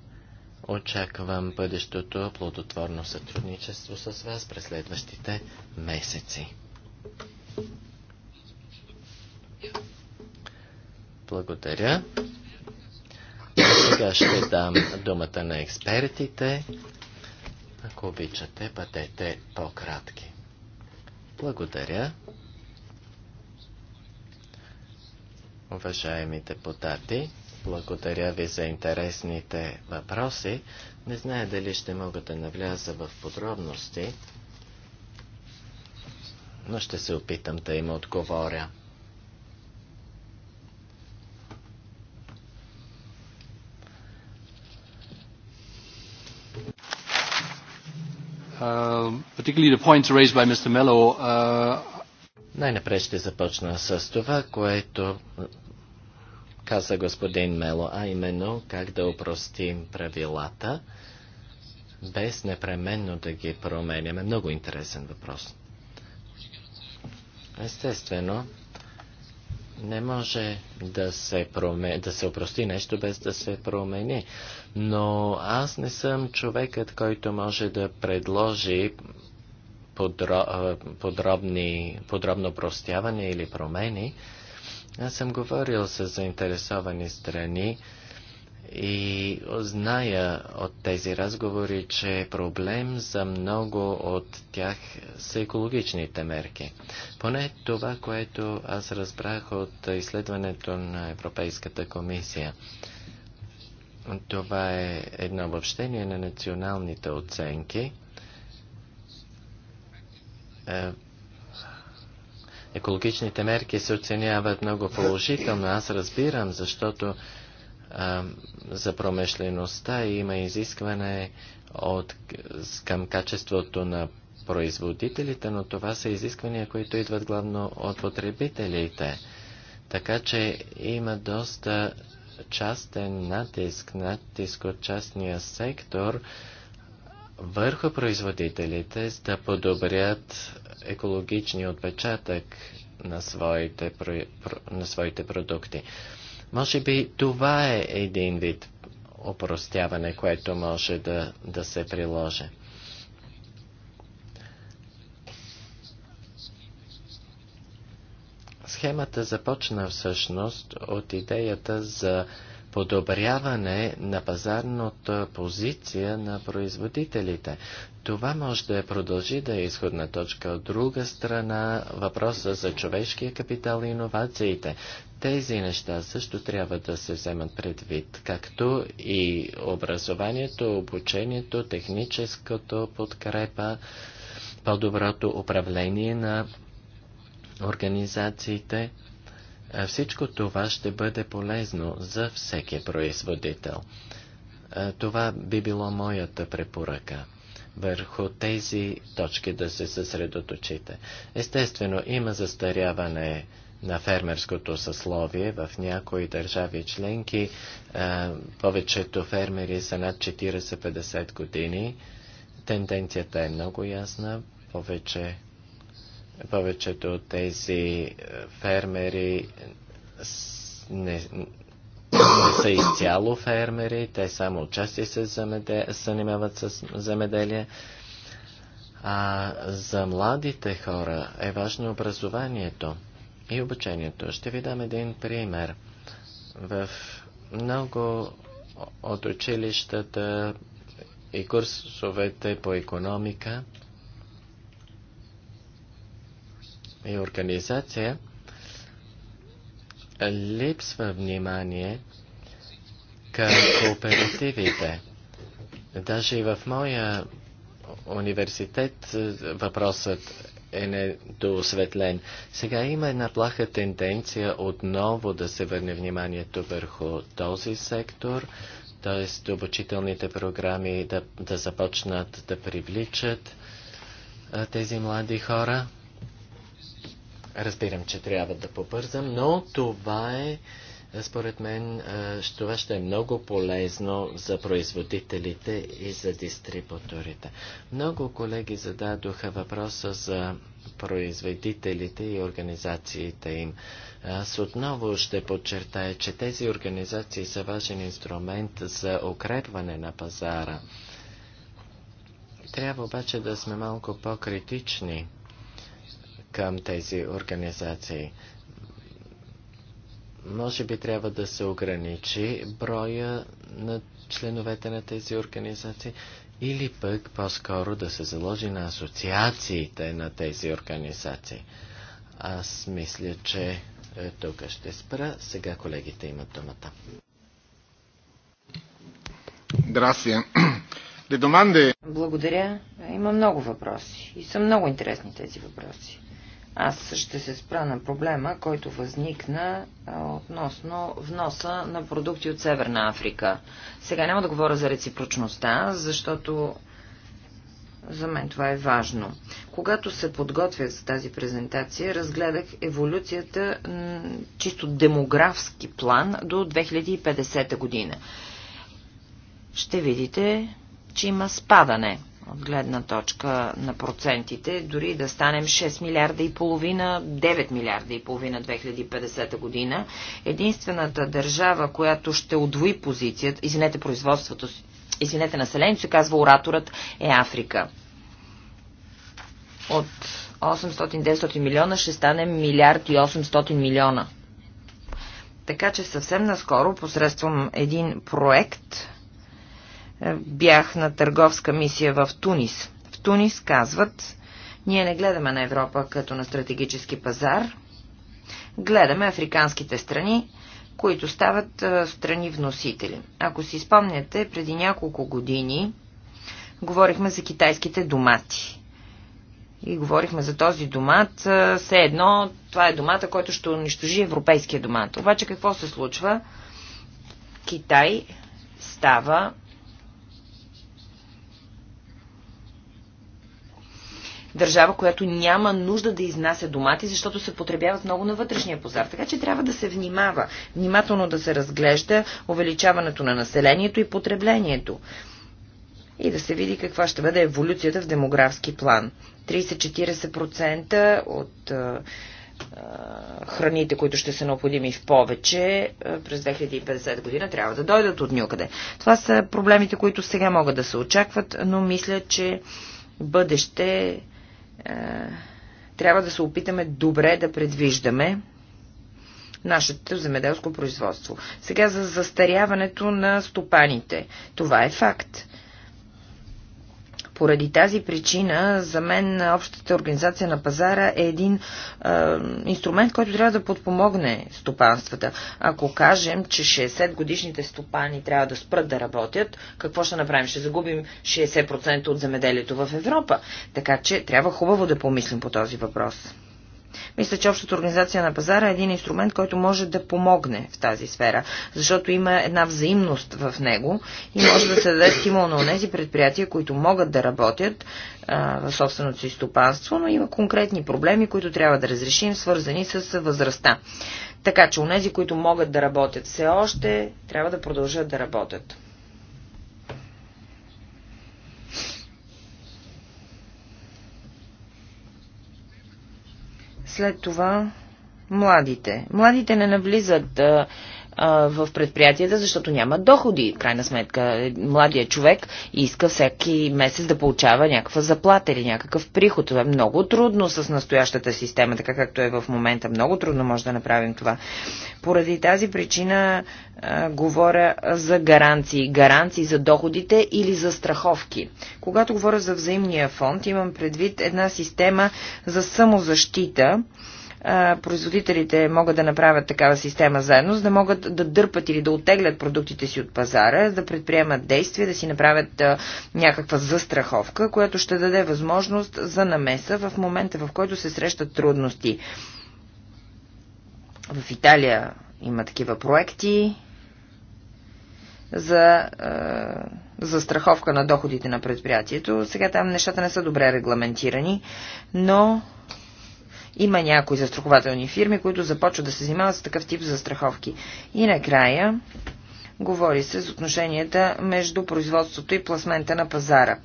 S3: очаквам бъдещото плодотворно сътрудничество с вас през следващите месеци. Благодаря. Сега ще дам думата на експертите. Ако обичате, бъдете по-кратки. Благодаря. Уважаеми депутати, благодаря ви за интересните въпроси. Не зная дали ще мога да навляза в подробности, но ще се опитам да им отговоря. Um, uh, Най-напред ще започна с това, което каза господин Мело, а именно как да упростим правилата, без непременно да ги променяме. Много интересен въпрос. Естествено, не може да се, проме... да се опрости нещо без да се промени. Но аз не съм човекът, който може да предложи подро... подробни... подробно простяване или промени. Аз съм говорил с заинтересовани страни и зная от тези разговори, че е проблем за много от тях са екологичните мерки. Поне това, което аз разбрах от изследването на Европейската комисия. Това е едно обобщение на националните оценки. Е, екологичните мерки се оценяват много положително. Аз разбирам, защото за промишлеността и има изискване от, към качеството на производителите, но това са изисквания, които идват главно от потребителите. Така че има доста частен натиск, натиск от частния сектор върху производителите да подобрят екологичния отпечатък на своите, на своите продукти. Може би това е един вид опростяване, което може да, да се приложи. Схемата започна всъщност от идеята за подобряване на пазарната позиция на производителите. Това може да продължи да е изходна точка. От друга страна, въпроса за човешкия капитал и иновациите. Тези неща също трябва да се вземат предвид, както и образованието, обучението, техническото подкрепа, по-доброто управление на организациите. Всичко това ще бъде полезно за всеки производител. Това би било моята препоръка. Върху тези точки да се съсредоточите. Естествено, има застаряване на фермерското съсловие в някои държави членки. Повечето фермери са над 40-50 години. Тенденцията е много ясна. Повече повечето от тези е, фермери не, не са изцяло фермери, те само отчасти се занимават с замеделие. А за младите хора е важно образованието и обучението. Ще ви дам един пример. В много от училищата и курсовете по економика и организация, липсва внимание към кооперативите. Даже и в моя университет е, въпросът е недоосветлен. Сега има една плаха тенденция отново да се върне вниманието върху този сектор, т.е. обучителните програми да, да започнат да привличат тези млади хора. Разбирам, че трябва да побързам, но това е, според мен, е, това ще е много полезно за производителите и за дистрибуторите. Много колеги зададоха въпроса за производителите и организациите им. Аз отново ще подчертая, че тези организации са важен инструмент за укрепване на пазара. Трябва обаче да сме малко по-критични към тези организации. Може би трябва да се ограничи броя на членовете на тези организации или пък по-скоро да се заложи на асоциациите на тези организации. Аз мисля, че е, тук ще спра. Сега колегите имат думата. Благодаря. Има
S2: много въпроси и са много интересни тези въпроси. Аз ще се спра на проблема, който възникна относно вноса на продукти от Северна Африка. Сега няма да говоря за реципрочността, защото за мен това е важно. Когато се подготвях за тази презентация, разгледах еволюцията чисто демографски план до 2050 година. Ще видите, че има спадане от гледна точка на процентите, дори да станем 6 милиарда и половина, 9 милиарда и половина 2050 година. Единствената държава, която ще удвои позицията, извинете производството, извинете населението, се казва ораторът, е Африка. От 800-900 милиона ще стане милиард и 800 милиона. Така че съвсем наскоро, посредством един проект, е, бях на търговска мисия в Тунис. В Тунис казват, ние не гледаме на Европа като на стратегически пазар, гледаме африканските страни, които стават е, страни вносители. Ако си спомняте, преди няколко години говорихме за китайските домати. И говорихме за този домат, е, все едно, това е домата, който ще унищожи европейския домат. Обаче какво се случва? Китай става държава, която няма нужда да изнася домати, защото се потребяват много на вътрешния пазар. Така че трябва да се внимава, внимателно да се разглежда увеличаването на населението и потреблението и да се види каква ще бъде еволюцията в демографски план. 30-40% от а, храните, които ще са необходими в повече през 2050 година, трябва да дойдат от някъде. Това са проблемите, които сега могат да се очакват, но мисля, че бъдеще е, трябва да се опитаме добре да предвиждаме нашето земеделско производство. Сега за застаряването на стопаните. Това е факт. Поради тази причина, за мен общата организация на пазара е един е, инструмент, който трябва да подпомогне стопанствата. Ако кажем, че 60 годишните стопани трябва да спрат да работят, какво ще направим? Ще загубим 60% от земеделието в Европа. Така че трябва хубаво да помислим по този въпрос. Мисля, че общата организация на пазара е един инструмент, който може да помогне в тази сфера, защото има една взаимност в него и може да се даде стимул на тези предприятия, които могат да работят в собственото си стопанство, но има конкретни проблеми, които трябва да разрешим, свързани с възрастта. Така че онези, които могат да работят все още, трябва да продължат да работят.
S1: След това
S2: младите. Младите не навлизат в предприятията, защото няма доходи. Крайна сметка, е, младия човек иска всеки месец да получава някаква заплата или някакъв приход. Това е много трудно с настоящата система, така както е в момента. Много трудно може да направим това. Поради тази причина а, говоря за гаранции. Гаранции за доходите или за страховки. Когато говоря за взаимния фонд, имам предвид една система за самозащита, производителите могат да направят такава система заедно, за да могат да дърпат или да отеглят продуктите си от пазара, да предприемат действия, да си направят някаква застраховка, която ще даде възможност за намеса в момента, в който се срещат трудности. В Италия има такива проекти за, застраховка за страховка на доходите на предприятието. Сега там нещата не са добре регламентирани, но има някои застрахователни фирми, които започват да се занимават с такъв тип застраховки. И накрая, Говори се с отношенията между производството и пласмента на пазара.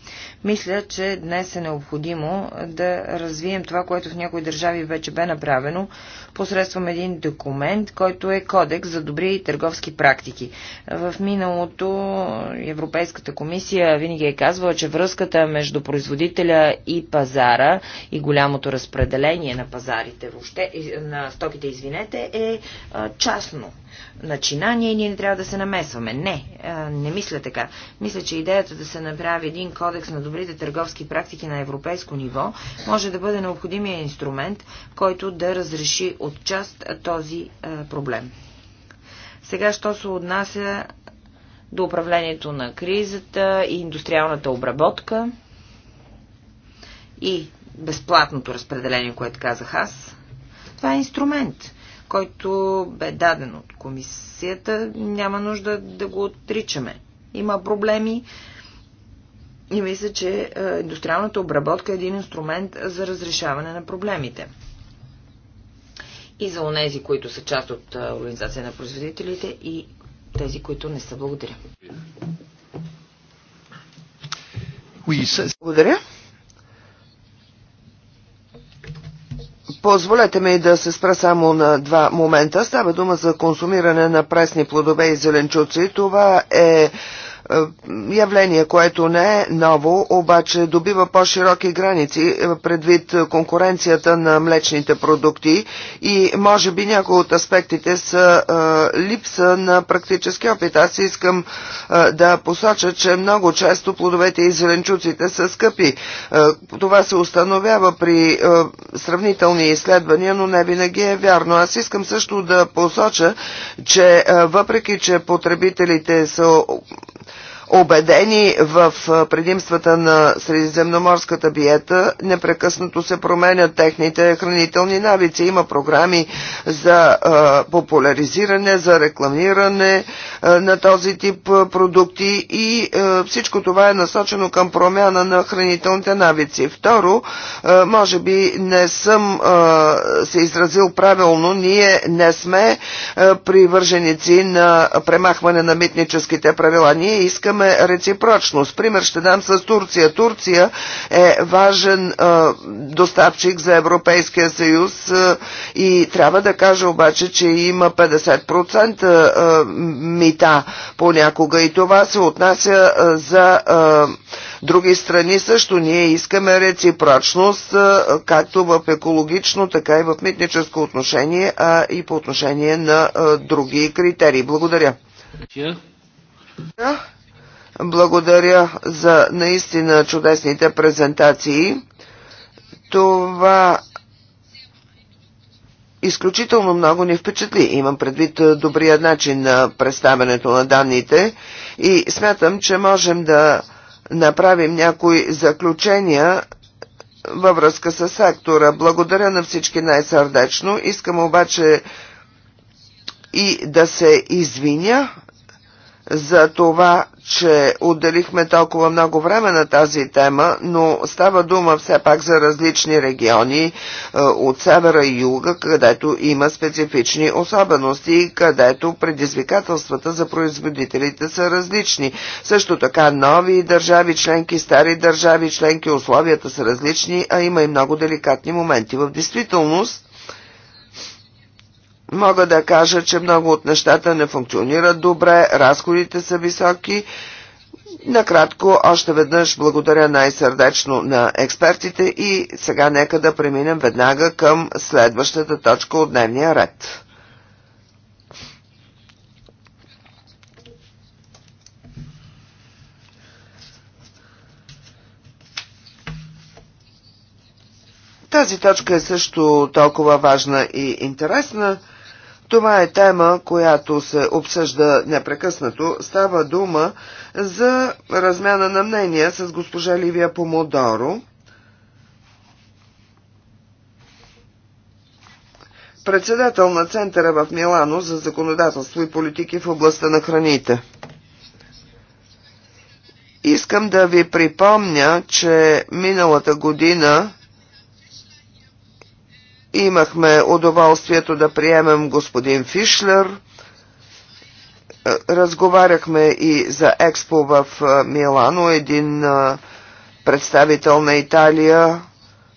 S2: Мисля, че днес е необходимо да развием това, което в някои държави вече бе направено, посредством един документ, който е кодекс за добри търговски практики. В миналото Европейската комисия винаги е казвала, че връзката между производителя и пазара и голямото разпределение на пазарите въобще, на стоките, извинете, е частно начинание и ние не трябва да се намесваме. Не, не мисля така. Мисля, че идеята да се направи един кодекс на добрите търговски практики на европейско ниво може да бъде необходимия инструмент, който да разреши от част този проблем. Сега, що се отнася до управлението на кризата и индустриалната обработка и безплатното разпределение, което казах аз, това е инструмент който бе даден от комисията. Няма нужда да го отричаме. Има проблеми и мисля, че е, индустриалната обработка е един инструмент за разрешаване на проблемите. И за онези, които са част от е, Организация на производителите и тези, които не са. Благодаря.
S1: Благодаря. Позволете ми да се спра само на два момента. Става дума за консумиране на пресни плодове и зеленчуци. Това е е, явление, което не е ново, обаче добива по-широки граници е, предвид конкуренцията на млечните продукти и може би някои от аспектите са а, е, липса на практически опит. Аз искам а, да посоча, че много често плодовете и зеленчуците са скъпи. А, това се установява при сравнителни изследвания, но не винаги е вярно. Аз искам също да посоча, че въпреки, че потребителите са Обедени в предимствата на средиземноморската диета, непрекъснато се променят техните хранителни навици. Има програми за популяризиране, за рекламиране на този тип продукти и всичко това е насочено към промяна на хранителните навици. Второ, може би не съм се изразил правилно, ние не сме привърженици на премахване на митническите правила. Ние искаме имаме реципрочност. Пример ще дам с Турция. Турция е важен доставчик за Европейския съюз и трябва да кажа обаче, че има 50% мита понякога и това се отнася за други страни също. Ние искаме реципрочност както в екологично, така и в митническо отношение, а и по отношение на други критерии. Благодаря. Yeah. Благодаря за наистина чудесните презентации. Това изключително много ни впечатли. Имам предвид е, добрия начин на представянето на данните и смятам, че можем да направим някои заключения във връзка с сектора. Благодаря на всички най-сърдечно. Искам обаче и да се извиня за това, че отделихме толкова много време на тази тема, но става дума все пак за различни региони е, от севера и юга, където има специфични особености, където предизвикателствата за производителите са различни. Също така нови държави членки, стари държави членки, условията са различни, а има и много деликатни моменти. В действителност, Мога да кажа, че много от нещата не функционират добре, разходите са високи. Накратко, още веднъж благодаря най-сърдечно на експертите и сега нека да преминем веднага към следващата точка от дневния ред. Тази точка е също толкова важна и интересна – това е тема, която се обсъжда непрекъснато. Става дума за размяна на мнения с госпожа Ливия Помодоро. Председател на Центъра в Милано за законодателство и политики в областта на храните. Искам да ви припомня, че миналата година Имахме удоволствието да приемем господин Фишлер. Е, разговаряхме и за Експо в е, Милано. Един е, представител на Италия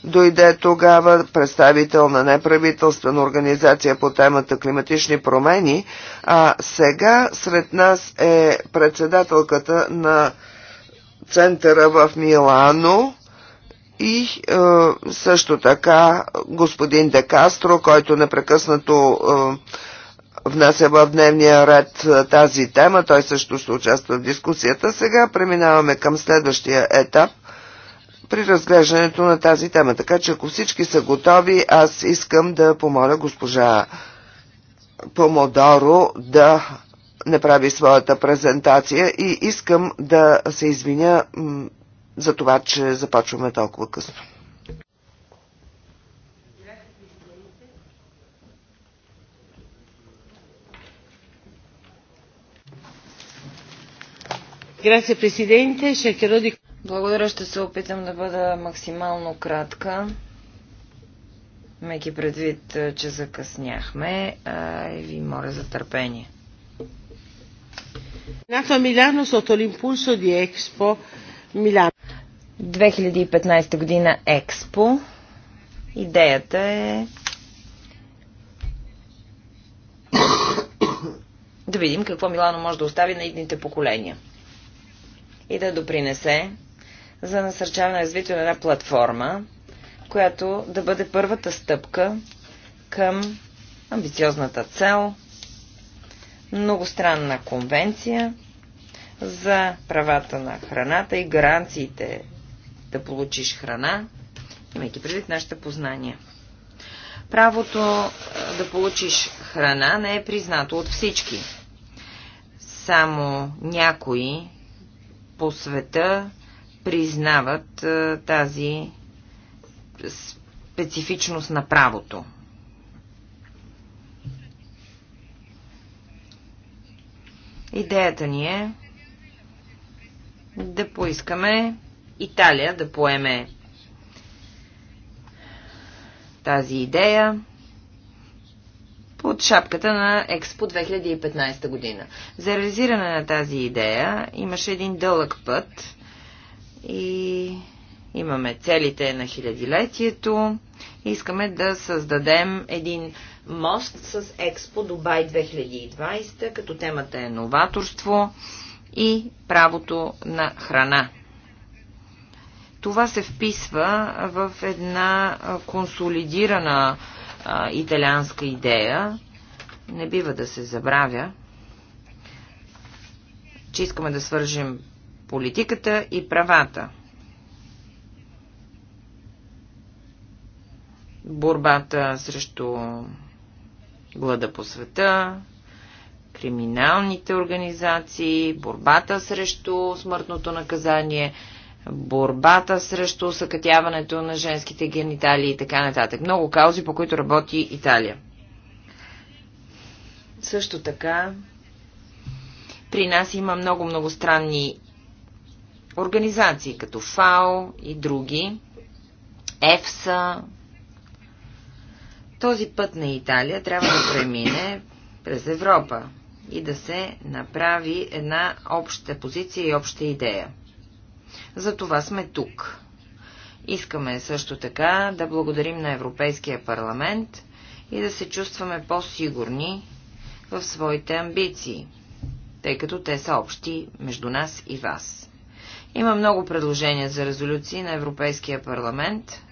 S1: дойде тогава, представител на неправителствена организация по темата климатични промени, а сега сред нас е председателката на центъра в Милано и е, също така господин Де Кастро, който непрекъснато е, внася в дневния ред е, тази тема. Той също ще участва в дискусията. Сега преминаваме към следващия етап при разглеждането на тази тема. Така че ако всички са готови, аз искам да помоля госпожа Помодоро да направи своята презентация и искам да се извиня за това, че започваме толкова късно.
S2: Благодаря, ще се опитам да бъда максимално кратка, меки предвид, е, че закъсняхме и ви моля за търпение.
S1: Нато Милано,
S2: сото импулсо ди Експо Милано. 2015 година Експо. Идеята е да видим какво Милано може да остави на идните поколения и да допринесе за насърчаване на развитие на една платформа, която да бъде първата стъпка към амбициозната цел многостранна конвенция за правата на храната и гаранциите да получиш храна, имайки предвид нашите познания. Правото да получиш храна не е признато от всички. Само някои по света признават тази специфичност на правото. Идеята ни е да поискаме Италия да поеме тази идея под шапката на Експо 2015 година. За реализиране на тази идея имаше един дълъг път и имаме целите на хилядилетието. Искаме да създадем един мост с Експо Дубай 2020, като темата е новаторство и правото на храна. Това се вписва в една консолидирана а, италианска идея. Не бива да се забравя, че искаме да свържим политиката и правата. Борбата срещу глада по света, криминалните организации, борбата срещу смъртното наказание – борбата срещу съкътяването на женските гениталии и така нататък. Много каузи, по които работи Италия. Също така, при нас има много многостранни организации, като ФАО и други, ЕФСА. Този път на Италия трябва да премине през Европа и да се направи една обща позиция и обща идея. За това сме тук. Искаме също така да благодарим на Европейския парламент и да се чувстваме по-сигурни в своите амбиции, тъй като те са общи между нас и вас. Има много предложения за резолюции на Европейския парламент,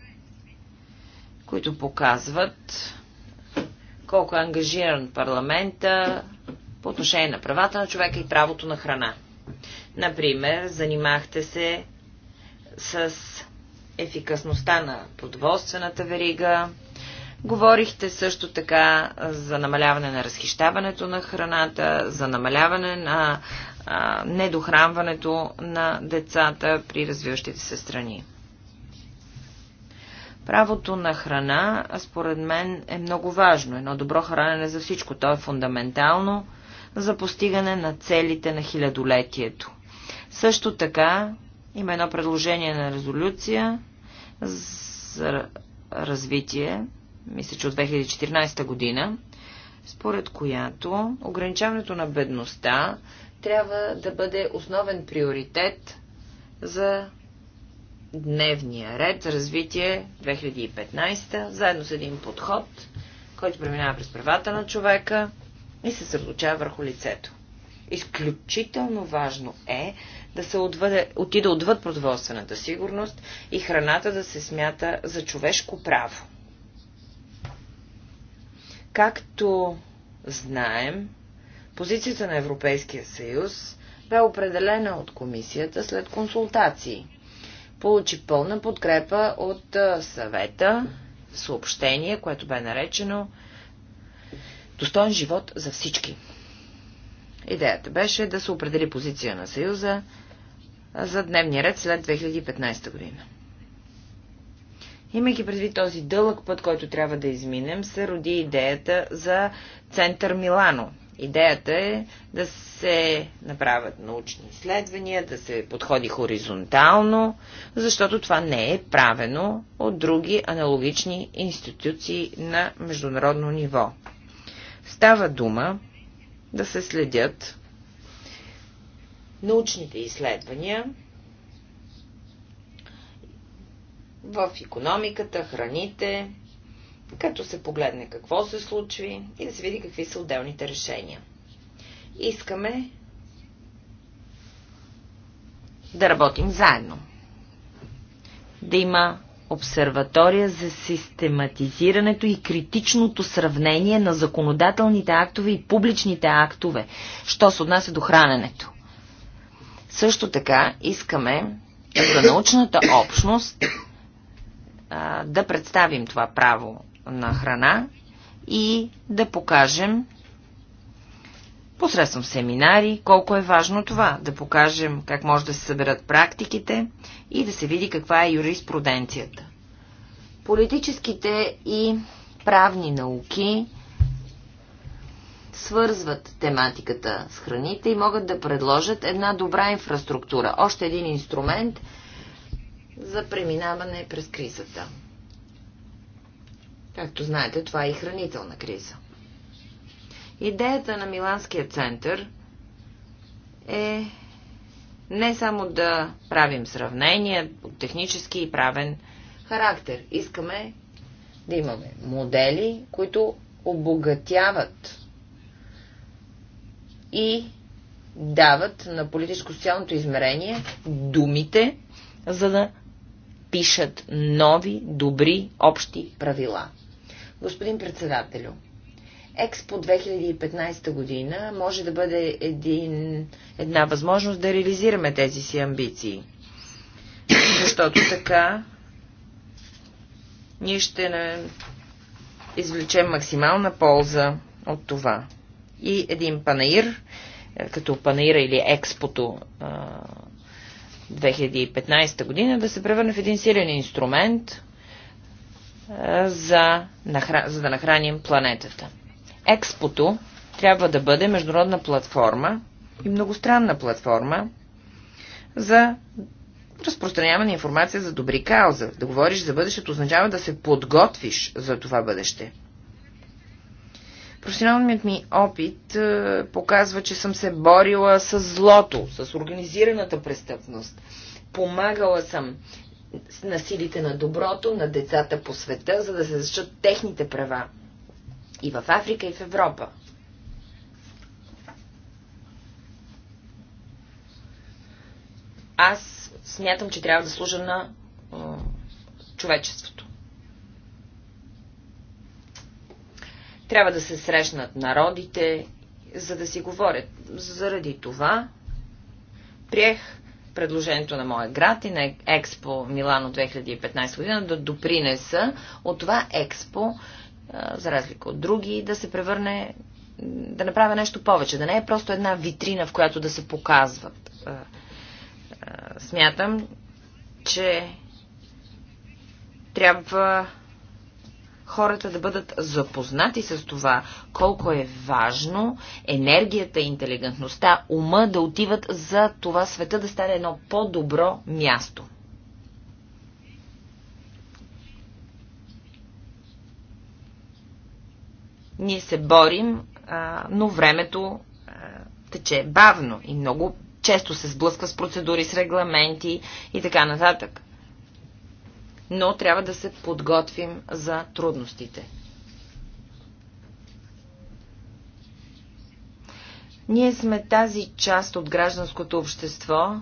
S2: които показват колко е ангажиран парламента по отношение на правата на човека и правото на храна. Например, занимахте се с ефикасността на продоволствената верига, Говорихте също така за намаляване на разхищаването на храната, за намаляване на а, недохранването на децата при развиващите се страни. Правото на храна, според мен, е много важно. Едно добро хранене за всичко. То е фундаментално за постигане на целите на хилядолетието. Също така има едно предложение на резолюция за развитие, мисля, че от 2014 година, според която ограничаването на бедността трябва да бъде основен приоритет за дневния ред за развитие 2015, заедно с един подход, който преминава през правата на човека, и се съсредоточава върху лицето. Изключително важно е да се отвъде, отида отвъд продоволствената сигурност и храната да се смята за човешко право. Както знаем, позицията на Европейския съюз бе определена от комисията след консултации. Получи пълна подкрепа от съвета, съобщение, което бе наречено достоен живот за всички. Идеята беше да се определи позиция на Съюза за дневния ред след 2015 година. Имайки предвид този дълъг път, който трябва да изминем, се роди идеята за център Милано. Идеята е да се направят научни изследвания, да се подходи хоризонтално, защото това не е правено от други аналогични институции на международно ниво. Става дума да се следят научните изследвания в економиката, храните, като се погледне какво се случи и да се види какви са отделните решения. Искаме да работим заедно. Да има обсерватория за систематизирането и критичното сравнение на законодателните актове и публичните актове, що се отнася до храненето. Също така искаме за научната общност да представим това право на храна и да покажем, посредством семинари, колко е важно това, да покажем как може да се съберат практиките и да се види каква е юриспруденцията. Политическите и правни науки свързват тематиката с храните и могат да предложат една добра инфраструктура, още един инструмент за преминаване през кризата. Както знаете, това е и хранителна криза. Идеята на Миланския център е не само да правим сравнения от технически и правен характер. Искаме да имаме модели, които обогатяват и дават на политическо-социалното измерение думите, за да пишат нови, добри, общи правила. Господин председателю, Експо 2015 година може да бъде един, една възможност да реализираме тези си амбиции. Защото така ние ще не извлечем максимална полза от това. И един панаир, като панаира или експото 2015 година, да се превърне в един силен инструмент за, за да нахраним планетата. Експото трябва да бъде международна платформа и многостранна платформа за разпространяване на информация за добри кауза. Да говориш за бъдещето означава да се подготвиш за това бъдеще. Професионалният ми опит е, показва, че съм се борила с злото, с организираната престъпност. Помагала съм на силите на доброто, на децата по света, за да се защитат техните права и в Африка, и в Европа. Аз смятам, че трябва да служа на е, човечеството. Трябва да се срещнат народите, за да си говорят. Заради това приех предложението на моя град и на Експо Милано 2015 година да допринеса от това Експо за разлика от други, да се превърне, да направя нещо повече, да не е просто една витрина, в която да се показват. Смятам, че трябва хората да бъдат запознати с това, колко е важно енергията, интелигентността, ума да отиват за това света да стане едно по-добро място. Ние се борим, а, но времето а, тече бавно и много често се сблъсква с процедури, с регламенти и така нататък. Но трябва да се подготвим за трудностите. Ние сме тази част от гражданското общество,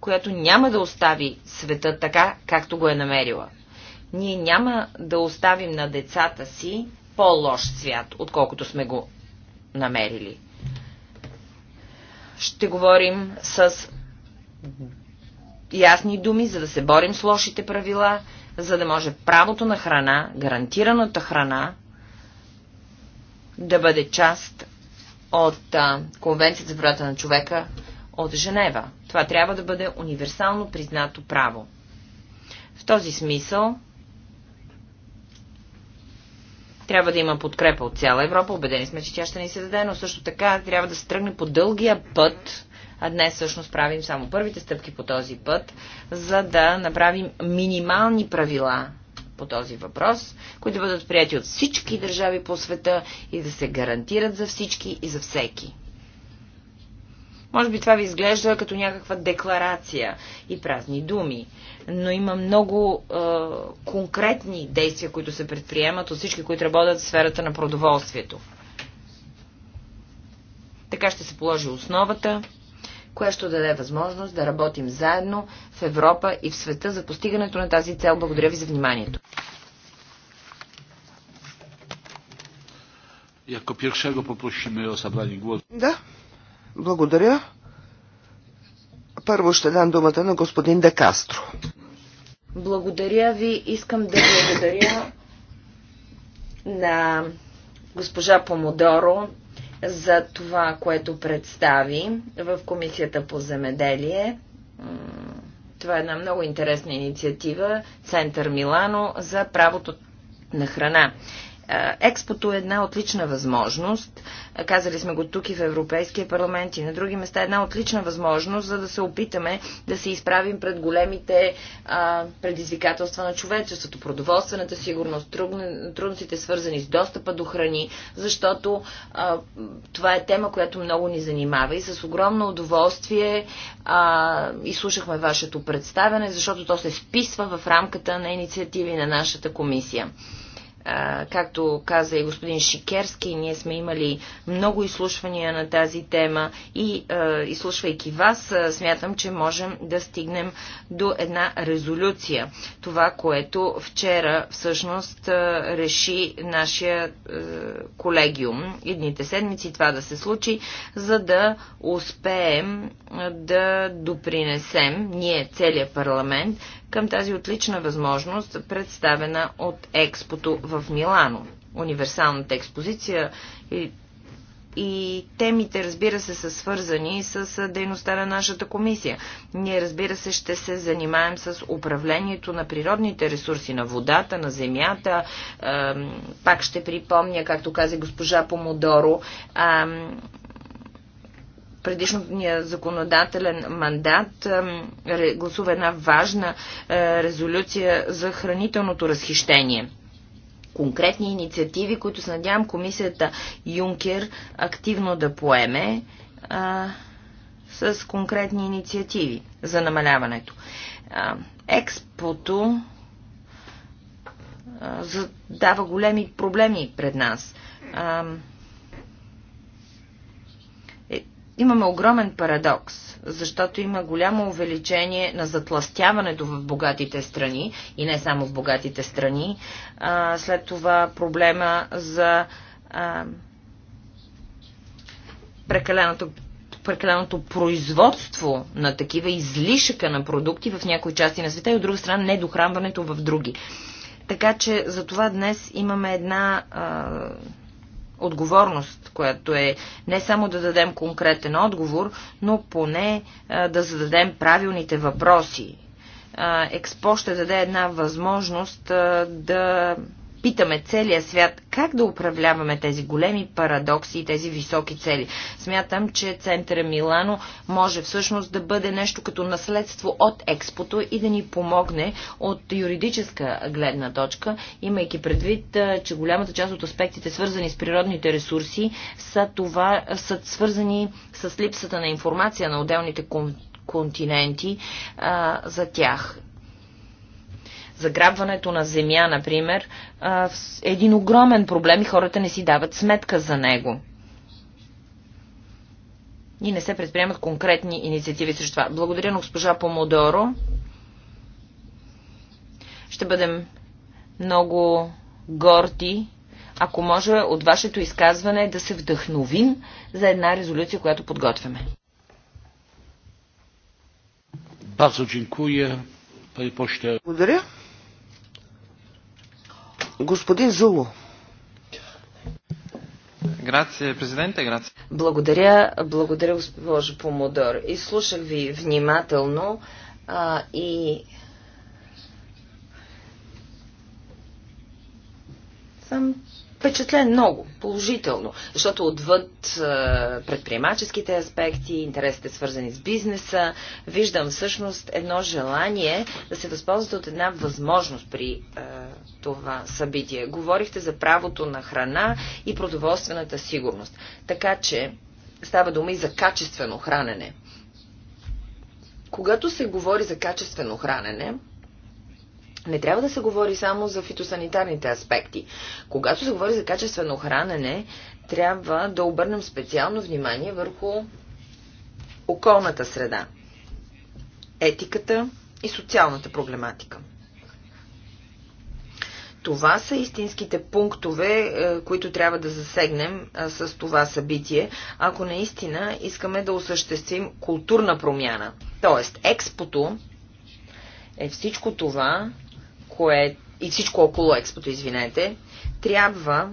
S2: която няма да остави света така, както го е намерила. Ние няма да оставим на децата си по-лош свят, отколкото сме го намерили. Ще говорим с ясни думи, за да се борим с лошите правила, за да може правото на храна, гарантираната храна, да бъде част от а, Конвенцията за правата на човека от Женева. Това трябва да бъде универсално признато право. В този смисъл трябва да има подкрепа от цяла Европа. Обедени сме, че тя ще ни се даде, но също така трябва да се тръгне по дългия път, а днес всъщност правим само първите стъпки по този път, за да направим минимални правила по този въпрос, които бъдат прияти от всички държави по света и да се гарантират за всички и за всеки. Може би това ви изглежда като някаква декларация и празни думи, но има много е, конкретни действия, които се предприемат от всички, които работят в сферата на продоволствието. Така ще се положи основата, която ще даде възможност да работим заедно в Европа и в света за постигането на тази цел. Благодаря ви за вниманието.
S3: Jako pierwszego
S1: poprosimy o zabranie głosu. Da. Благодаря. Първо ще дам думата на господин Де Кастро.
S2: Благодаря ви. Искам да благодаря на госпожа Помодоро за това, което представи в Комисията по земеделие. Това е една много интересна инициатива Център Милано за правото на храна. Е, експото е една отлична възможност. Казали сме го тук и в Европейския парламент и на други места. Една отлична възможност, за да се опитаме да се изправим пред големите а, предизвикателства на човечеството. Продоволствената сигурност, трудностите свързани с достъпа до храни, защото а, това е тема, която много ни занимава и с огромно удоволствие а, изслушахме вашето представяне, защото то се вписва в рамката на инициативи на нашата комисия. Както каза и господин Шикерски, ние сме имали много изслушвания на тази тема и изслушвайки вас, смятам, че можем да стигнем до една резолюция. Това, което вчера всъщност реши нашия колегиум. Едните седмици това да се случи, за да успеем да допринесем ние, целият парламент, към тази отлична възможност, представена от експото в Милано. Универсалната експозиция и, и темите, разбира се, са свързани с дейността на нашата комисия. Ние, разбира се, ще се занимаем с управлението на природните ресурси, на водата, на земята. Пак ще припомня, както каза госпожа Помодоро, предишния законодателен мандат гласува една важна е, резолюция за хранителното разхищение конкретни инициативи, които се надявам комисията Юнкер активно да поеме а, с конкретни инициативи за намаляването. А, експото а, дава големи проблеми пред нас. А, имаме огромен парадокс, защото има голямо увеличение на затластяването в богатите страни и не само в богатите страни. А, след това проблема за а, прекаленото прекаленото производство на такива излишъка на продукти в някои части на света и от друга страна недохранването в други. Така че за това днес имаме една а, отговорност, която е не само да дадем конкретен отговор, но поне а, да зададем правилните въпроси. А, Експо ще даде една възможност а, да питаме целия свят как да управляваме тези големи парадокси и тези високи цели. Смятам, че центъра Милано може всъщност да бъде нещо като наследство от експото и да ни помогне от юридическа гледна точка, имайки предвид, че голямата част от аспектите, свързани с природните ресурси, са, това, са свързани с липсата на информация на отделните континенти а, за тях заграбването на земя, например, е един огромен проблем и хората не си дават сметка за него. И не се предприемат конкретни инициативи срещу това. Благодаря на госпожа Помодоро. Ще бъдем много горди, ако може от вашето изказване да се вдъхновим за една резолюция, която подготвяме.
S1: Bardzo dziękuję. Panie pośle. Благодаря. Господин Зулу. Грация,
S2: грация. Благодаря, благодаря, госпожо Помодор. И слушах ви внимателно а, и сам впечатлен много, положително, защото отвъд е, предприемаческите аспекти, интересите свързани с бизнеса, виждам всъщност едно желание да се възползвате от една възможност при е, това събитие. Говорихте за правото на храна и продоволствената сигурност. Така че става дума и за качествено хранене. Когато се говори за качествено хранене, не трябва да се говори само за фитосанитарните аспекти. Когато се говори за качествено хранене, трябва да обърнем специално внимание върху околната среда, етиката и социалната проблематика. Това са истинските пунктове, е, които трябва да засегнем е, с това събитие, ако наистина искаме да осъществим културна промяна. Тоест, експото е всичко това, кое, и всичко около експото, извинете, трябва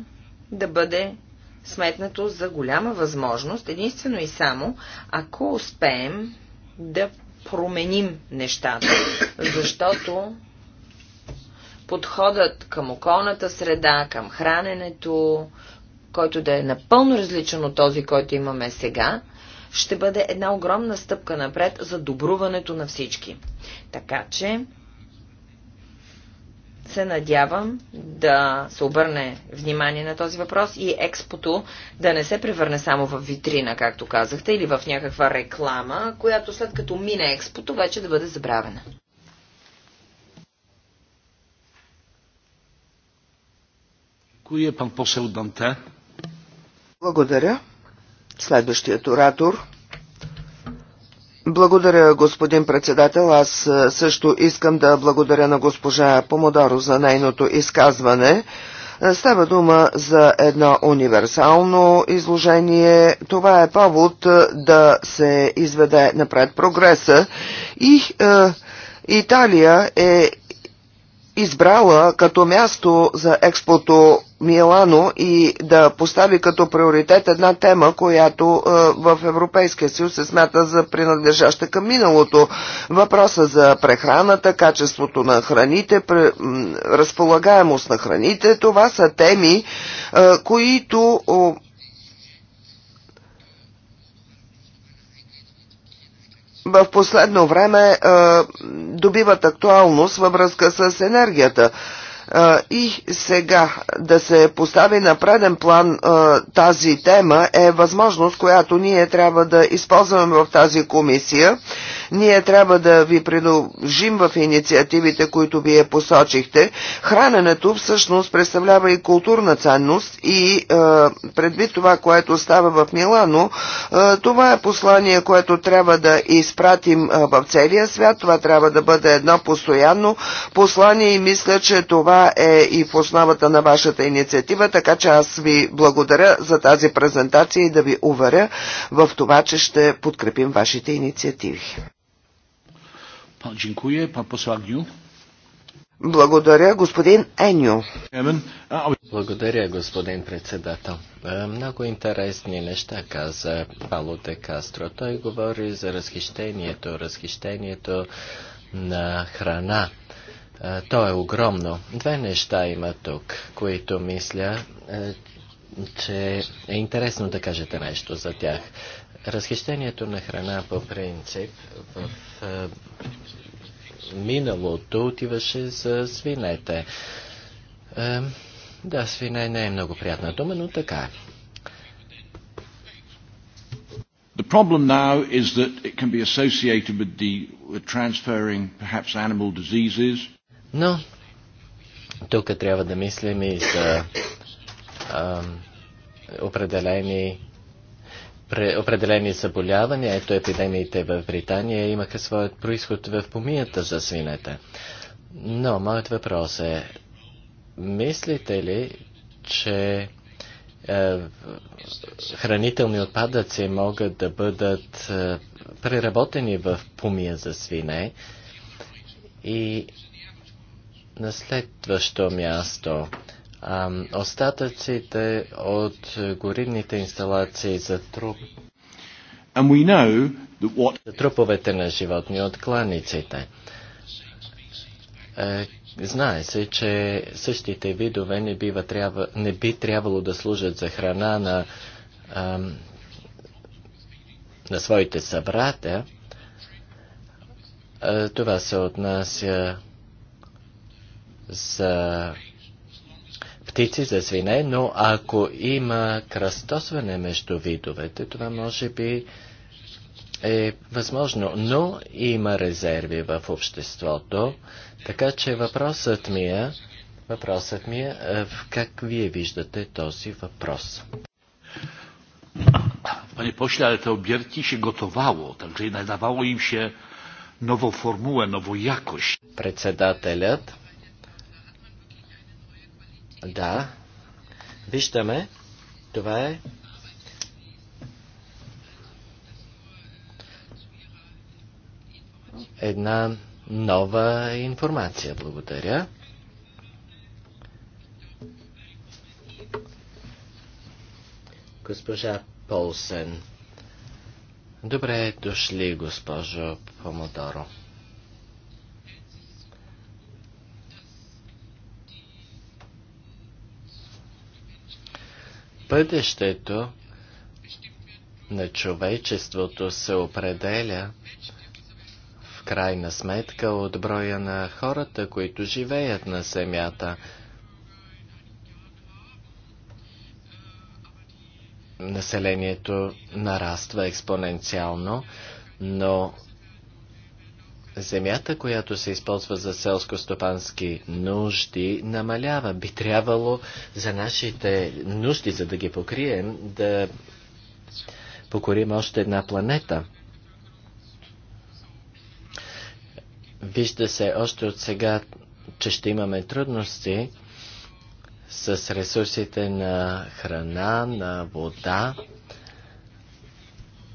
S2: да бъде сметнато за голяма възможност, единствено и само, ако успеем да променим нещата, защото подходът към околната среда, към храненето, който да е напълно различен от този, който имаме сега, ще бъде една огромна стъпка напред за добруването на всички. Така че се надявам да се обърне внимание на този въпрос и експото да не се превърне само в витрина, както казахте, или в някаква реклама, която след като мине експото вече да бъде забравена.
S1: Благодаря. Следващият оратор. Благодаря, господин председател. Аз също искам да благодаря на госпожа Помодаро за нейното изказване. Става дума за едно универсално изложение. Това е повод да се изведе напред прогреса и е, Италия е избрала като място за експото Милано и да постави като приоритет една тема, която е, в Европейския съюз се смята за принадлежаща към миналото. Въпроса за прехраната, качеството на храните, разполагаемост на храните, това са теми, е, които в последно време е, добиват актуалност във връзка с енергията. И сега да се постави на преден план тази тема е възможност, която ние трябва да използваме в тази комисия. Ние трябва да ви предложим в инициативите, които вие посочихте. Храненето всъщност представлява и културна ценност и е, предвид това, което става в Милано, е, това е послание, което трябва да изпратим е, в целия свят. Това трябва да бъде едно постоянно послание и мисля, че това е и в основата на вашата инициатива, така че аз ви благодаря за тази презентация и да ви уверя в това, че ще подкрепим вашите инициативи. Dziękuję. Pan poseł Agniu. Благодаря, господин Еню.
S3: Благодаря, господин председател. Е, много интересни неща каза Пало де Кастро. Той говори за разхищението, разхищението на храна. Е, то е огромно. Две неща има тук, които мисля, е, че е интересно да кажете нещо за тях. Разхищението на храна по принцип в миналото отиваше за свинете. Е, да, свине не е много приятна дума, но така е.
S2: The problem now is that it can be associated with the
S3: with transferring perhaps animal diseases. Но тук трябва да мислим и за определени определени заболявания, ето епидемиите в Британия имаха своят происход в помията за свинете. Но моят въпрос е, мислите ли, че е, хранителни отпадъци могат да бъдат е, преработени в помия за свине и на следващо място остатъците от горивните инсталации за труп. And we know that what... За труповете на животни от кланиците. Е, знае се, че същите видове не, бива, трябва, не би трябвало да служат за храна на, ам, на своите събратя. Е, това се отнася за птици, за свине, но ако има кръстосване между видовете, това може би е възможно, но има резерви в обществото, така че въпросът ми е, въпросът ми е, е как вие виждате този въпрос. Panie pośle, ale te obierki się gotowało, także nadawało im się nową formułę, nową jakość. Председателят да, виждаме, това е една нова информация. Благодаря. Госпожа Полсен. Добре дошли, госпожо Помодоро. бъдещето на човечеството се определя в крайна сметка от броя на хората, които живеят на земята. Населението нараства експоненциално, но земята, която се използва за селско-стопански нужди, намалява. Би трябвало за нашите нужди, за да ги покрием, да покорим още една планета. Вижда се още от сега, че ще имаме трудности с ресурсите на храна, на вода.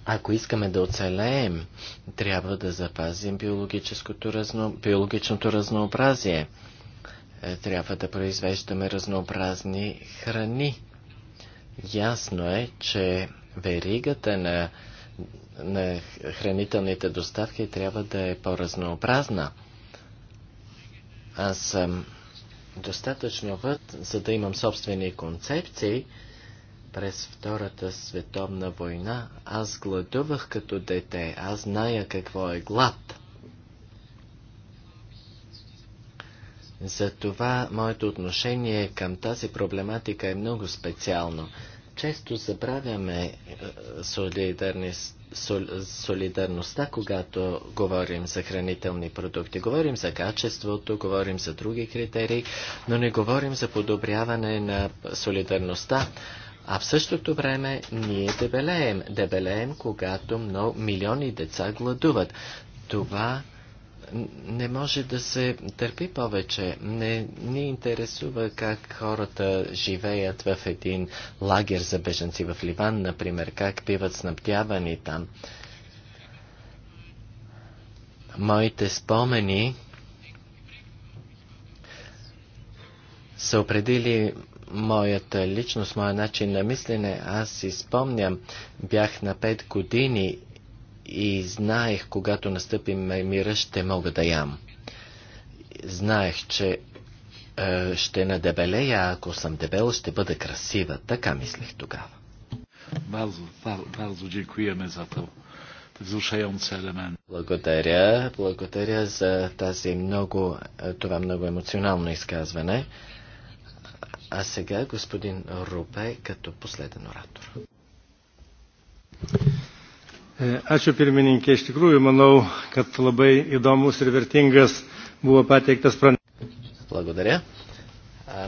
S3: Ако искаме да оцелеем, трябва да запазим биологическото разно... биологичното разнообразие. Е, трябва да произвеждаме разнообразни храни. Ясно е, че веригата на, на хранителните доставки трябва да е по-разнообразна. Аз съм достатъчно вът, за да имам собствени концепции, през Втората световна война, аз гладувах като дете, аз зная какво е глад. Затова моето отношение към тази проблематика е много специално. Често забравяме е, солидарността, когато говорим за хранителни продукти. Говорим за качеството, говорим за други критерии, но не говорим за подобряване на солидарността а в същото време ние дебелеем. Дебелеем, когато много, милиони деца гладуват. Това не може да се търпи повече. Не ни интересува как хората живеят в един лагер за беженци в Ливан, например, как биват снабдявани там. Моите спомени са определили моята личност, моя начин на мислене. Аз си спомням, бях на 5 години и знаех, когато настъпи мира, ще мога да ям. Знаех, че е, ще надебелея, ако съм дебел, ще бъда красива. Така мислех тогава. Бързо, за това. za Благодаря, благодаря за тази много, е, това много емоционално изказване. А сега господин Рубе като последен оратор. Ačiū pirmininkė, iš tikrųjų manau, kad labai įdomus ir vertingas buvo pateiktas pranešimas. Благодаря.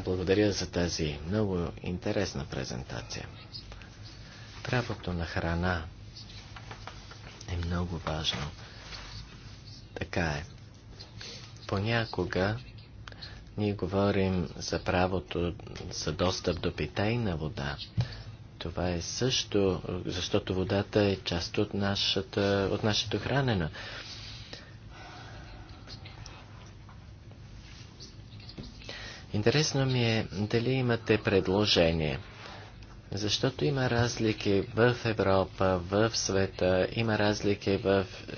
S3: Благодаря за тази много интересна презентация. Правото на храна е много важно. Така е. Понякога ние говорим за правото за достъп до питейна вода. Това е също, защото водата е част от, нашата, от нашето хранено. Интересно ми е дали имате предложение. Защото има разлики в Европа, в света, има разлики в е,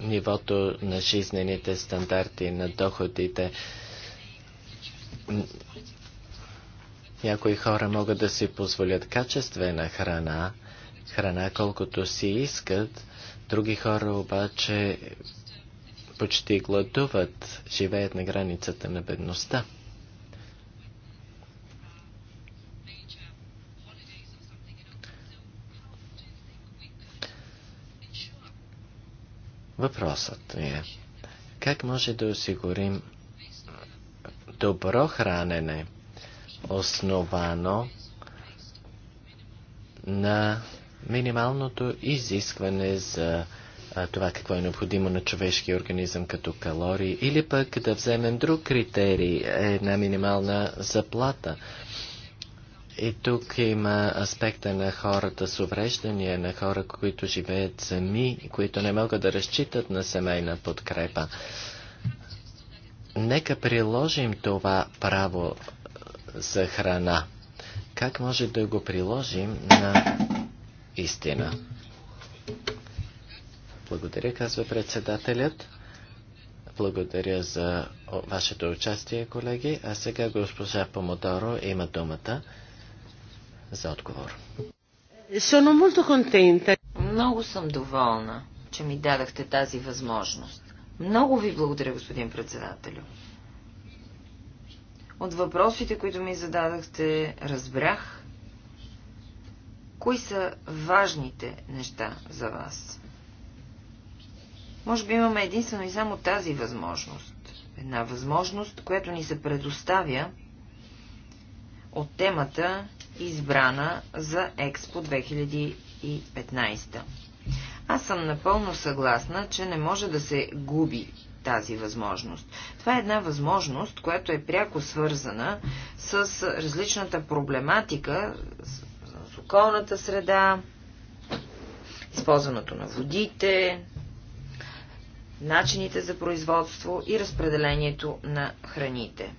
S3: нивото на жизнените стандарти, на доходите някои хора могат да си позволят качествена храна, храна колкото си искат, други хора обаче почти гладуват, живеят на границата на бедността. Въпросът ми е, как може да осигурим добро хранене, основано на минималното изискване за това какво е необходимо на човешкия организъм като калории, или пък да вземем друг критерий, една минимална заплата. И тук има аспекта на хората с увреждания, на хора, които живеят сами, които не могат да разчитат на семейна подкрепа. Нека приложим това право за храна. Как може да го приложим на истина? Благодаря, казва председателят. Благодаря за вашето участие, колеги. А сега госпожа Помодоро има думата за отговор.
S2: Много съм доволна, че ми дадахте тази възможност. Много ви благодаря, господин председателю. От въпросите, които ми зададахте, разбрах, кои са важните неща за вас. Може би имаме единствено и само тази възможност. Една възможност, която ни се предоставя от темата, избрана за Експо 2015. Аз съм напълно съгласна, че не може да се губи тази възможност. Това е една възможност, която е пряко свързана с различната проблематика, с околната среда, използването на водите, начините за производство и разпределението на храните.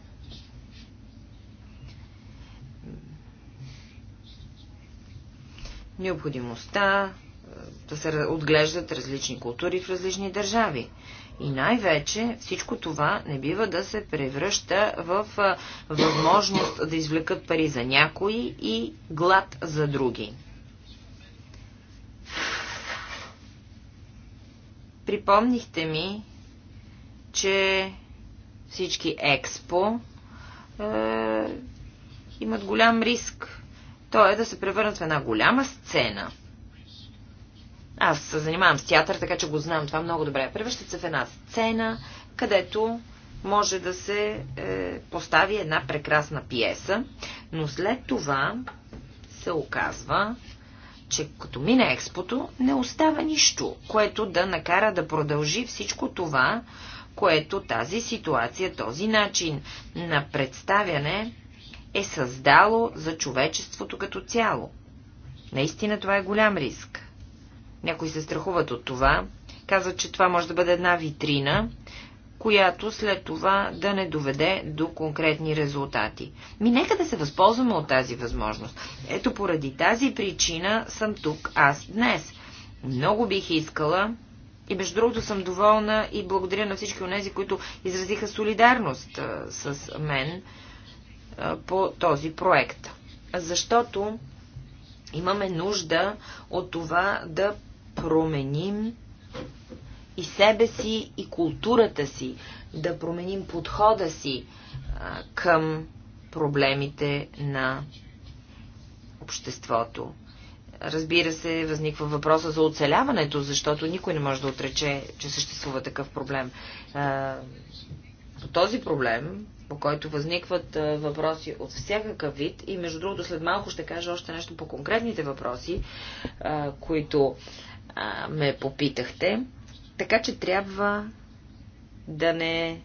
S2: Необходимостта да се отглеждат различни култури в различни държави. И най-вече всичко това не бива да се превръща в възможност да извлекат пари за някои и глад за други. Припомнихте ми, че всички експо е, имат голям риск. То е да се превърнат в една голяма сцена – аз се занимавам с театър, така че го знам това много добре. Превръщат се в една сцена, където може да се е, постави една прекрасна пиеса, но след това се оказва, че като мине експото, не остава нищо, което да накара да продължи всичко това, което тази ситуация, този начин на представяне е създало за човечеството като цяло. Наистина това е голям риск някои се страхуват от това, казват, че това може да бъде една витрина, която след това да не доведе до конкретни резултати. Ми нека да се възползваме от тази възможност. Ето поради тази причина съм тук аз днес. Много бих искала и между другото съм доволна и благодаря на всички от тези, които изразиха солидарност с мен по този проект. Защото имаме нужда от това да променим и себе си, и културата си, да променим подхода си а, към проблемите на обществото. Разбира се, възниква въпроса за оцеляването, защото никой не може да отрече, че съществува такъв проблем. А, по този проблем, по който възникват въпроси от всякакъв вид, и между другото след малко ще кажа още нещо по конкретните въпроси, а, които а, а, ме попитахте. Така че трябва да не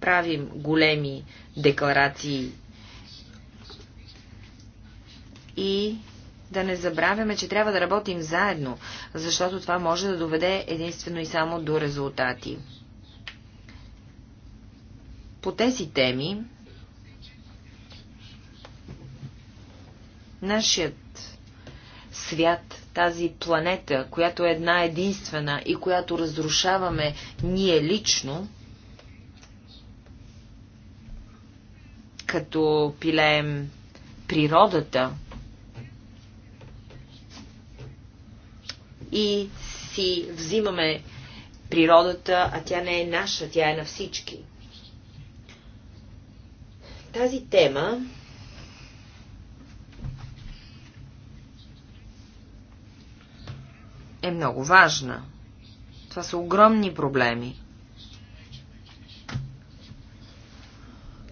S2: правим големи декларации и да не забравяме, че трябва да работим заедно, защото това може да доведе единствено и само до резултати. По тези теми нашият свят, тази планета, която е една единствена и която разрушаваме ние лично, като пилеем природата и си взимаме природата, а тя не е наша, тя е на всички. Тази тема е много важна. Това са огромни проблеми.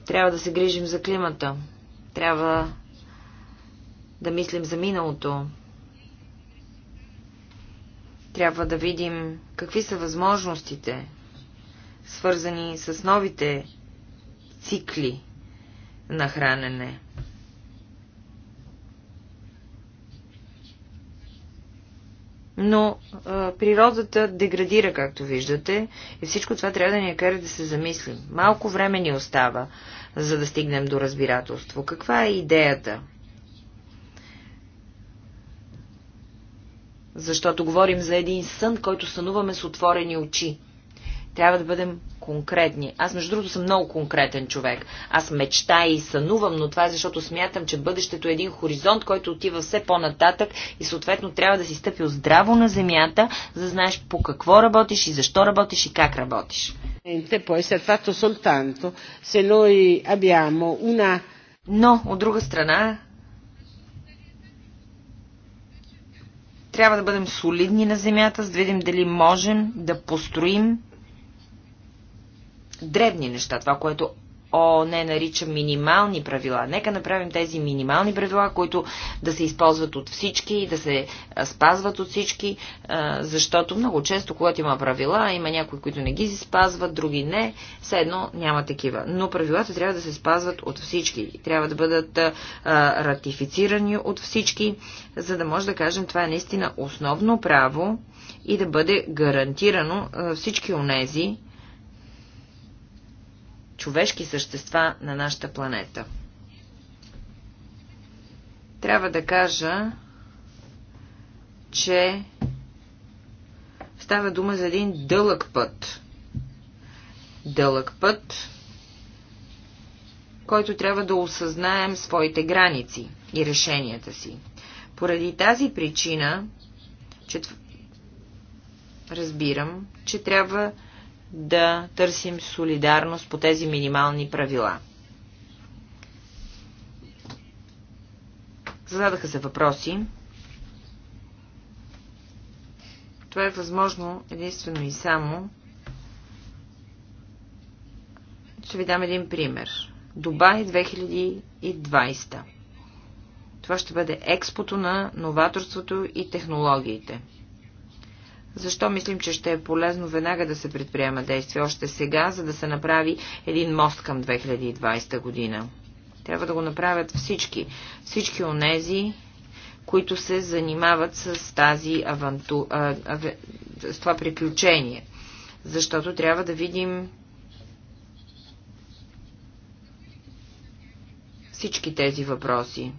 S2: Трябва да се грижим за климата. Трябва да мислим за миналото. Трябва да видим какви са възможностите, свързани с новите цикли на хранене. но а, природата деградира, както виждате, и всичко това трябва да ни е кара да се замислим. Малко време ни остава, за да стигнем до разбирателство. Каква е идеята? Защото говорим за един сън, който сънуваме с отворени очи. Трябва да бъдем конкретни. Аз, между другото, съм много конкретен човек. Аз мечта и сънувам, но това е защото смятам, че бъдещето е един хоризонт, който отива все по-нататък и съответно трябва да си стъпил здраво на земята, за да знаеш по какво работиш и защо работиш и как работиш. Но, от друга страна, трябва да бъдем солидни на земята, за да видим дали можем да построим Древни неща, това, което ООН нарича минимални правила. Нека направим тези минимални правила, които да се използват от всички и да се спазват от всички, защото много често, когато има правила, има някои, които не ги спазват, други не, все едно няма такива. Но правилата трябва да се спазват от всички. Трябва да бъдат ратифицирани от всички, за да може да кажем, това е наистина основно право и да бъде гарантирано всички онези, човешки същества на нашата планета. Трябва да кажа, че става дума за един дълъг път. Дълъг път, който трябва да осъзнаем своите граници и решенията си. Поради тази причина, че разбирам, че трябва да търсим солидарност по тези минимални правила. Зададаха се въпроси. Това е възможно единствено и само. Ще ви дам един пример. Дубай 2020. Това ще бъде експото на новаторството и технологиите. Защо мислим, че ще е полезно веднага да се предприема действие още сега, за да се направи един мост към 2020 година? Трябва да го направят всички. Всички онези, които се занимават с, тази аванту... а, а, с това приключение. Защото трябва да видим всички тези въпроси.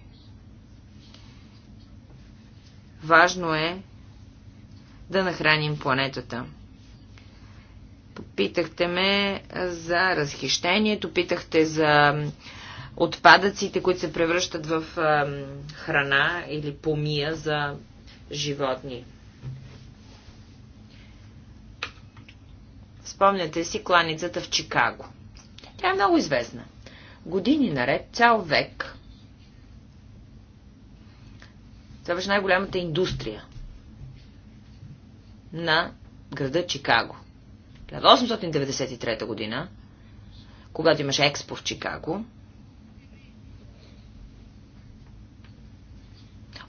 S2: Важно е да нахраним планетата. Попитахте ме за разхищението, питахте за отпадъците, които се превръщат в храна или помия за животни. Спомняте си кланицата в Чикаго. Тя е много известна. Години наред, цял век. Това беше най-голямата индустрия на града Чикаго. В 1893 година, когато имаше експо в Чикаго,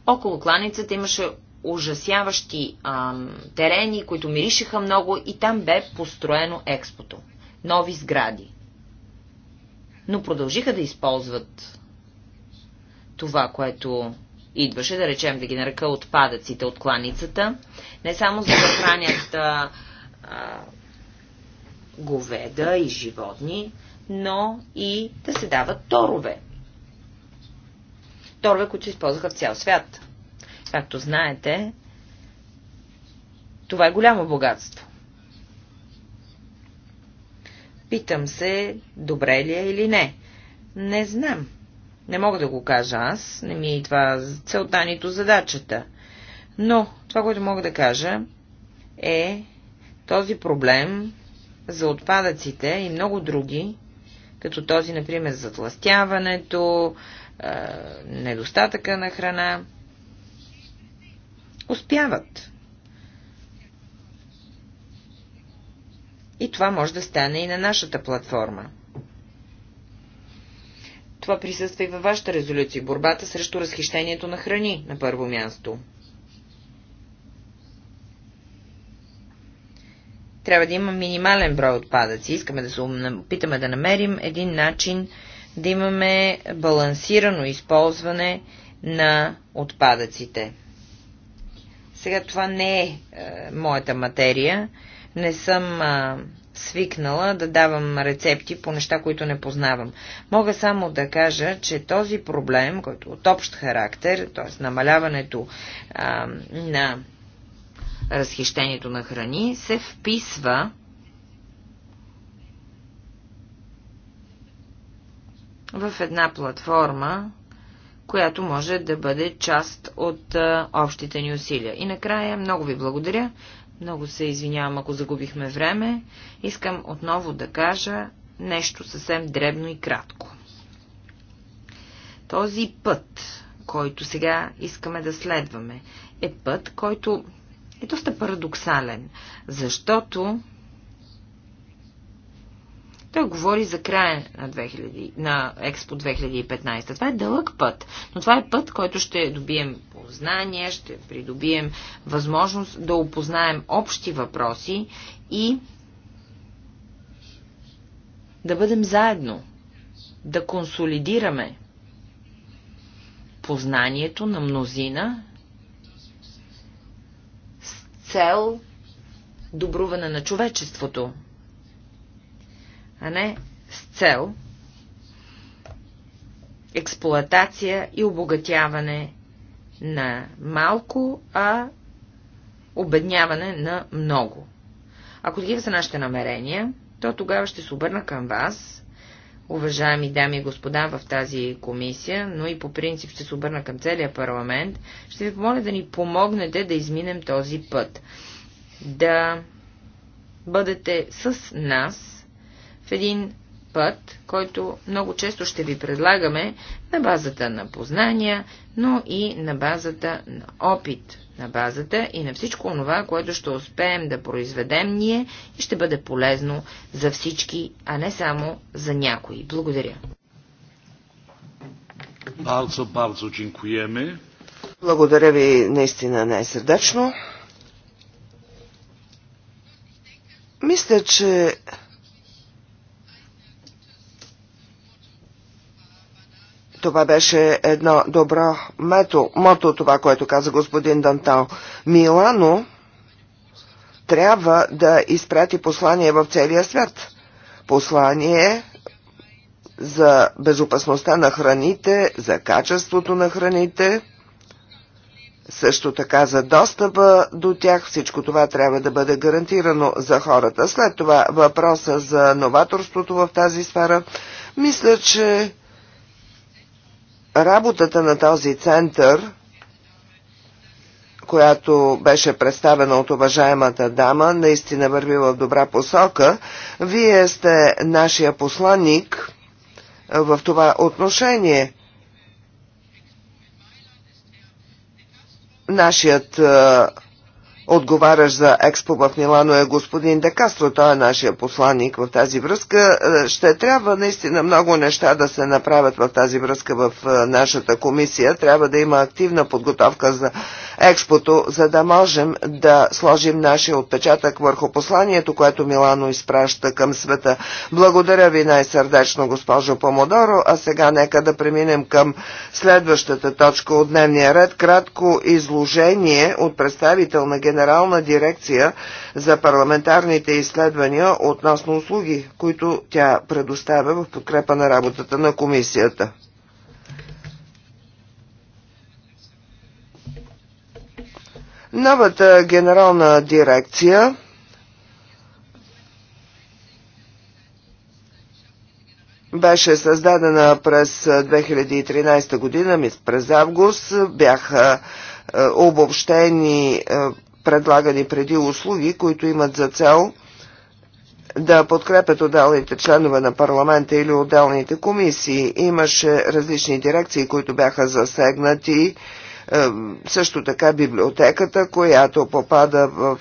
S2: около кланицата имаше ужасяващи ам, терени, които миришеха много и там бе построено експото. Нови сгради. Но продължиха да използват това, което идваше, да речем да ги нарека отпадъците от кланицата, не само за да хранят а, говеда и животни, но и да се дават торове. Торове, които се използваха в цял свят. Както знаете, това е голямо богатство. Питам се, добре ли е или не. Не знам. Не мога да го кажа аз, не ми е и това целта нито задачата. Но това, което мога да кажа е този проблем за отпадъците и много други, като този, например, затластяването, е, недостатъка на храна, успяват. И това може да стане и на нашата платформа. Това присъства и във вашата резолюция. Борбата срещу разхищението на храни на първо място. Трябва да има минимален брой отпадъци. Искаме да се опитаме да намерим един начин да имаме балансирано използване на отпадъците. Сега това не е, е моята материя. Не съм свикнала да давам рецепти по неща, които не познавам. Мога само да кажа, че този проблем, който е от общ характер, т.е. намаляването а, на разхищението на храни, се вписва в една платформа, която може да бъде част от а, общите ни усилия. И накрая много ви благодаря много се извинявам, ако загубихме време. Искам отново да кажа нещо съвсем дребно и кратко. Този път, който сега искаме да следваме, е път, който е доста парадоксален, защото той говори за края на, 2000, на Експо 2015. Това е дълъг път, но това е път, който ще добием познание, ще придобием възможност да опознаем общи въпроси и да бъдем заедно, да консолидираме познанието на мнозина с цел добруване на човечеството, а не с цел експлоатация и обогатяване на малко, а обедняване на много. Ако такива са нашите намерения, то тогава ще се обърна към вас, уважаеми дами и господа в тази комисия, но и по принцип ще се обърна към целия парламент, ще ви помоля да ни помогнете да изминем този път. Да бъдете с нас в един път, който много често ще ви предлагаме на базата на познания, но и на базата на опит, на базата и на всичко това, което ще успеем да произведем ние и ще бъде полезно за всички, а не само за някои.
S1: Благодаря. Барцо, барцо, джинкуеме. Благодаря ви наистина най-сърдечно. Мисля, че Това беше едно добро мето, мото, това, което каза господин Дантал. Милано трябва да изпрати послание в целия свят. Послание за безопасността на храните, за качеството на храните, също така за достъпа до тях. Всичко това трябва да бъде гарантирано за хората. След това въпроса за новаторството в тази сфера. Мисля, че Работата на този център, която беше представена от уважаемата дама, наистина върви в добра посока. Вие сте нашия посланник в това отношение. Нашият отговараш за Експо в Милано е господин Декастро, той е нашия посланник в тази връзка. Е, ще трябва наистина много неща да се направят в тази връзка в е, нашата комисия. Трябва да има активна подготовка за Експото, за да можем да сложим нашия отпечатък върху посланието, което Милано изпраща към света. Благодаря ви най-сърдечно, госпожо Помодоро, а сега нека да преминем към следващата точка от дневния ред. Кратко изложение от представител на генерал генерална дирекция за парламентарните изследвания относно услуги, които тя предоставя в подкрепа на работата на комисията. Новата генерална дирекция беше създадена през 2013 година, през август бяха е, обобщени е, предлагани преди услуги, които имат за цел да подкрепят отделните членове на парламента или отделните комисии. Имаше различни дирекции, които бяха засегнати е, също така библиотеката, която попада в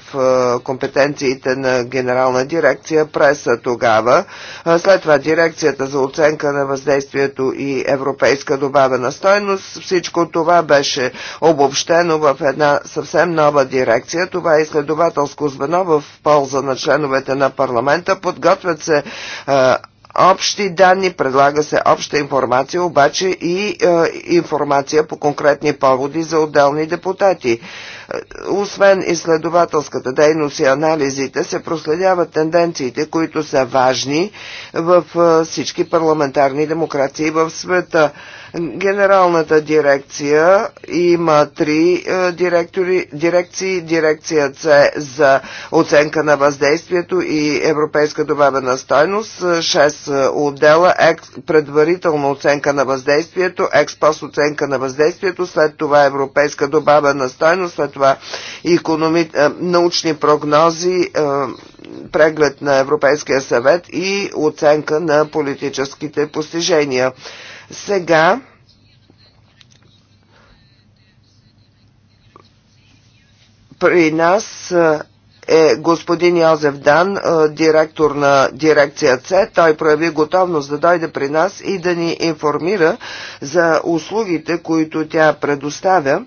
S1: е, компетенциите на генерална дирекция преса тогава. Е, след това дирекцията за оценка на въздействието и европейска добавена стойност. Всичко това беше обобщено в една съвсем нова дирекция. Това е изследователско звено в полза на членовете на парламента. Подготвят се общи данни, предлага се обща информация, обаче и е, информация по конкретни поводи за отделни депутати. Е, освен изследователската дейност и анализите, се проследяват тенденциите, които са важни в е, всички парламентарни демокрации в света. Генералната дирекция има три е, директори, дирекции. Дирекция С за оценка на въздействието и европейска добавена стойност. Е, шест е, отдела. Екс, предварителна оценка на въздействието, експост оценка на въздействието, след това европейска добавена стойност, след това економи, научни прогнози, преглед на Европейския съвет и оценка на политическите постижения. Сега при нас е господин Йозеф Дан, директор на дирекция С. Той прояви готовност да дойде при нас и да ни информира за услугите, които тя предоставя.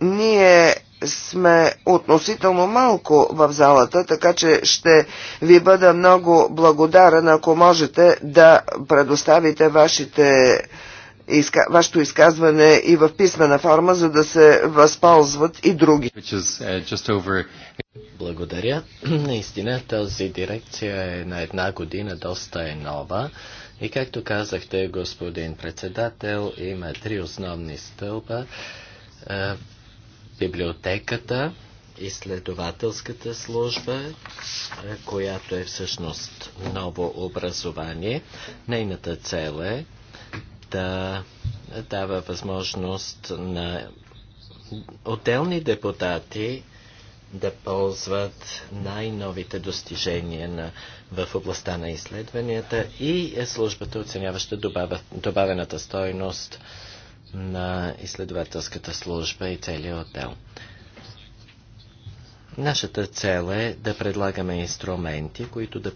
S1: Ние сме относително малко в залата, така че ще ви бъда много благодарен, ако можете да предоставите вашите изка... вашето изказване и в писмена форма, за да се възползват и други.
S3: Uh, Благодаря. Наистина тази дирекция е на една година, доста е нова. И както казахте, господин председател, има три основни стълба е, библиотеката, изследователската служба, е, която е всъщност ново образование. Нейната цел е да дава възможност на отделни депутати да ползват най-новите достижения на, в областта на изследванията и е службата, оценяваща добавената стойност на изследователската служба и целия отдел. Нашата цел е да предлагаме инструменти, които да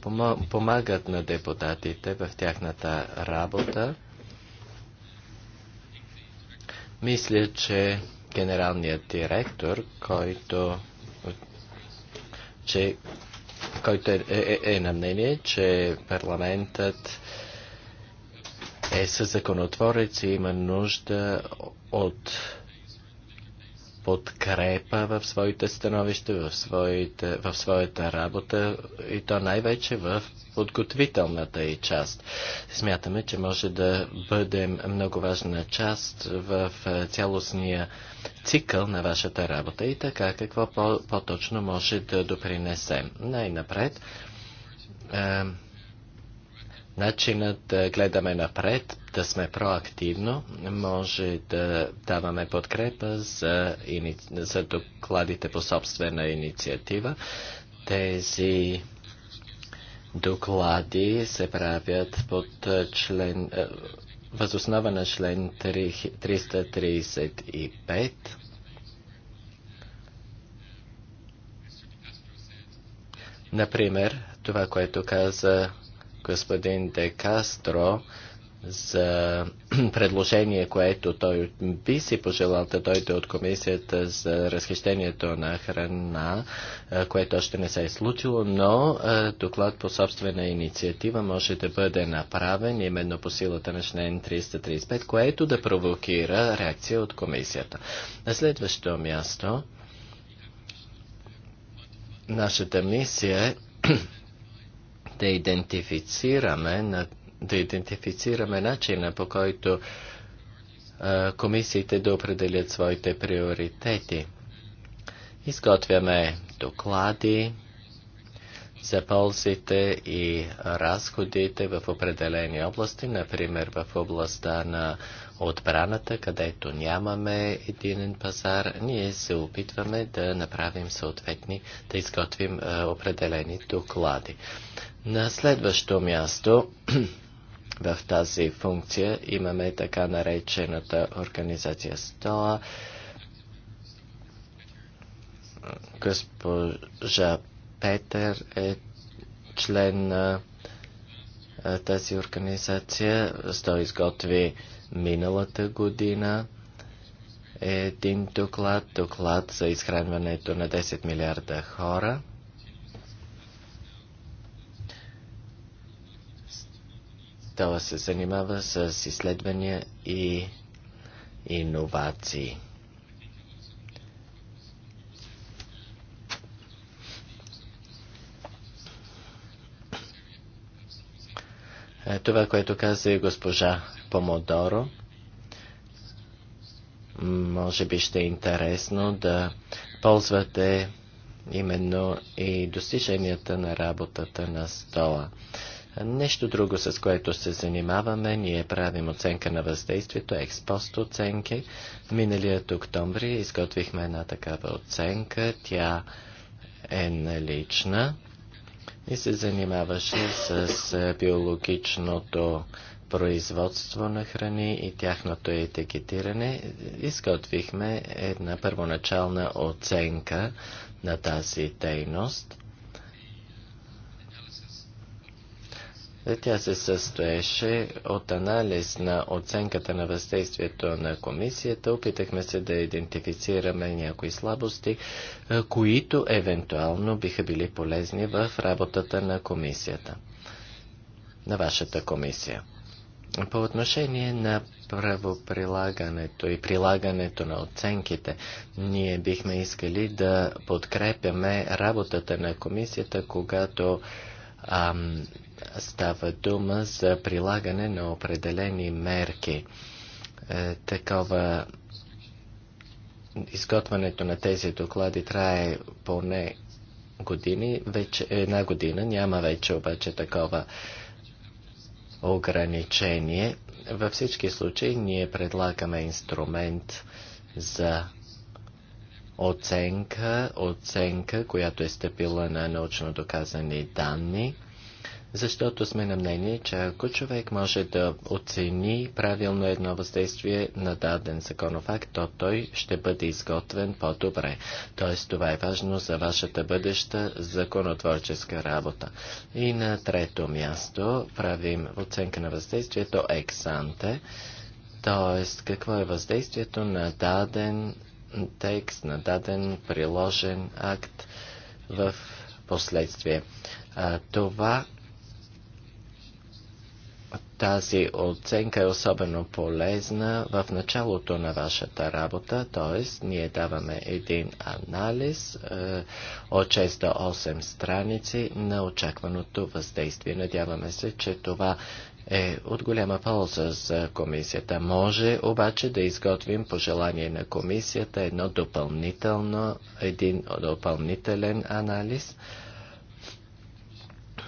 S3: помагат на депутатите в тяхната работа. Мисля, че генералният директор, който, че, който е, е, е на мнение, че парламентът е със законотворец има нужда от подкрепа в своите становища, в, своите, в своята работа и то най-вече в подготвителната и част. Смятаме, че може да бъдем много важна част в е, цялостния цикъл на вашата работа и така какво по-точно по може да допринесем. Най-напред. Е, Начинът да гледаме напред, да сме проактивно, може да даваме подкрепа за, ини... за докладите по собствена инициатива. Тези доклади се правят под е, член, е, възоснова на член 3... 335 Например, това, което каза господин Де Кастро за предложение, което той би си пожелал да дойде от комисията за разхищението на храна, което още не се е случило, но доклад по собствена инициатива може да бъде направен именно по силата на член 335, което да провокира реакция от комисията. На следващо място, нашата мисия е да идентифицираме, на, да идентифицираме начина по който а, комисиите да определят своите приоритети. Изготвяме доклади за ползите и разходите в определени области, например в областта на отбраната, където нямаме единен пазар, ние се опитваме да направим съответни, да изготвим определени доклади. На следващо място в тази функция имаме така наречената организация СТОА. Госпожа Петър е член на тази организация. Той изготви миналата година е един доклад, доклад за изхранването на 10 милиарда хора – Той се занимава с изследвания и иновации. Е, това, което каза и госпожа Помодоро, може би ще е интересно да ползвате именно и достиженията на работата на стола. Нещо друго, с което се занимаваме, ние правим оценка на въздействието, експост оценки. Миналият октомври изготвихме една такава оценка. Тя е налична и се занимаваше с е, биологичното производство на храни и тяхното етикетиране. Изготвихме една първоначална оценка на тази дейност. Тя се състоеше от анализ на оценката на въздействието на комисията. Опитахме се да идентифицираме някои слабости, които евентуално биха били полезни в работата на комисията, на вашата комисия. По отношение на правоприлагането и прилагането на оценките, ние бихме искали да подкрепяме работата на комисията, когато а, става дума за прилагане на определени мерки. Е, такова изготвянето на тези доклади трае поне години, вече една година, няма вече обаче такова ограничение. Във всички случаи ние предлагаме инструмент за оценка, оценка, която е стъпила на научно доказани данни, защото сме на мнение, че ако човек може да оцени правилно едно въздействие на даден законов акт, то той ще бъде изготвен по-добре. Тоест това е важно за вашата бъдеща законотворческа работа. И на трето място правим оценка на въздействието ексанте, т.е. какво е въздействието на даден текст, на даден приложен акт в последствие. А, това тази оценка е особено полезна в началото на вашата работа, т.е. ние даваме един анализ е, от 6 до 8 страници на очакваното въздействие. Надяваме се, че това е от голяма полза за комисията. Може обаче да изготвим по желание на комисията едно допълнително, един допълнителен анализ,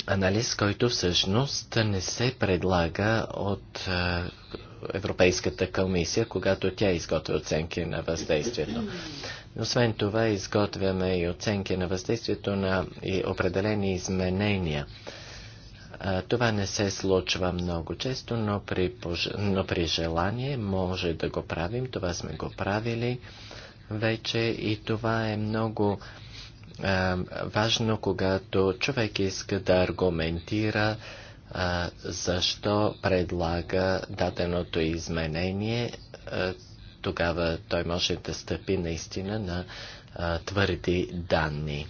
S3: анализ, който всъщност не се предлага от е, Европейската комисия, когато тя изготвя оценки на въздействието. Освен това, изготвяме и оценки на въздействието на и определени изменения – това не се случва много често, но при, пож... но при желание може да го правим. Това сме го правили вече и това е много важно, когато човек иска да аргументира защо предлага даденото изменение. тогава той може да стъпи наистина на твърди данни.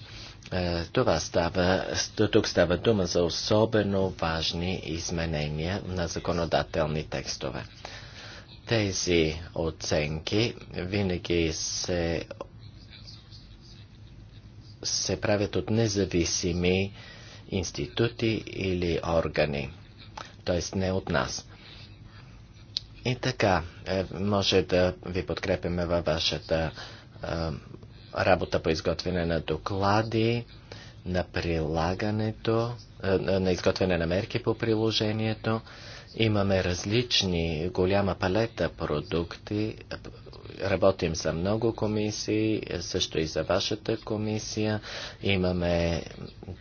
S3: Е, това става, тук става дума за особено важни изменения на законодателни текстове. Тези оценки винаги се, се правят от независими институти или органи, т.е. не от нас. И така, е, може да ви подкрепяме във вашата е, работа по изготвяне на доклади, на прилагането, е, на изготвяне на мерки по приложението. Имаме различни, голяма палета продукти. Работим за много комисии, също и за вашата комисия. Имаме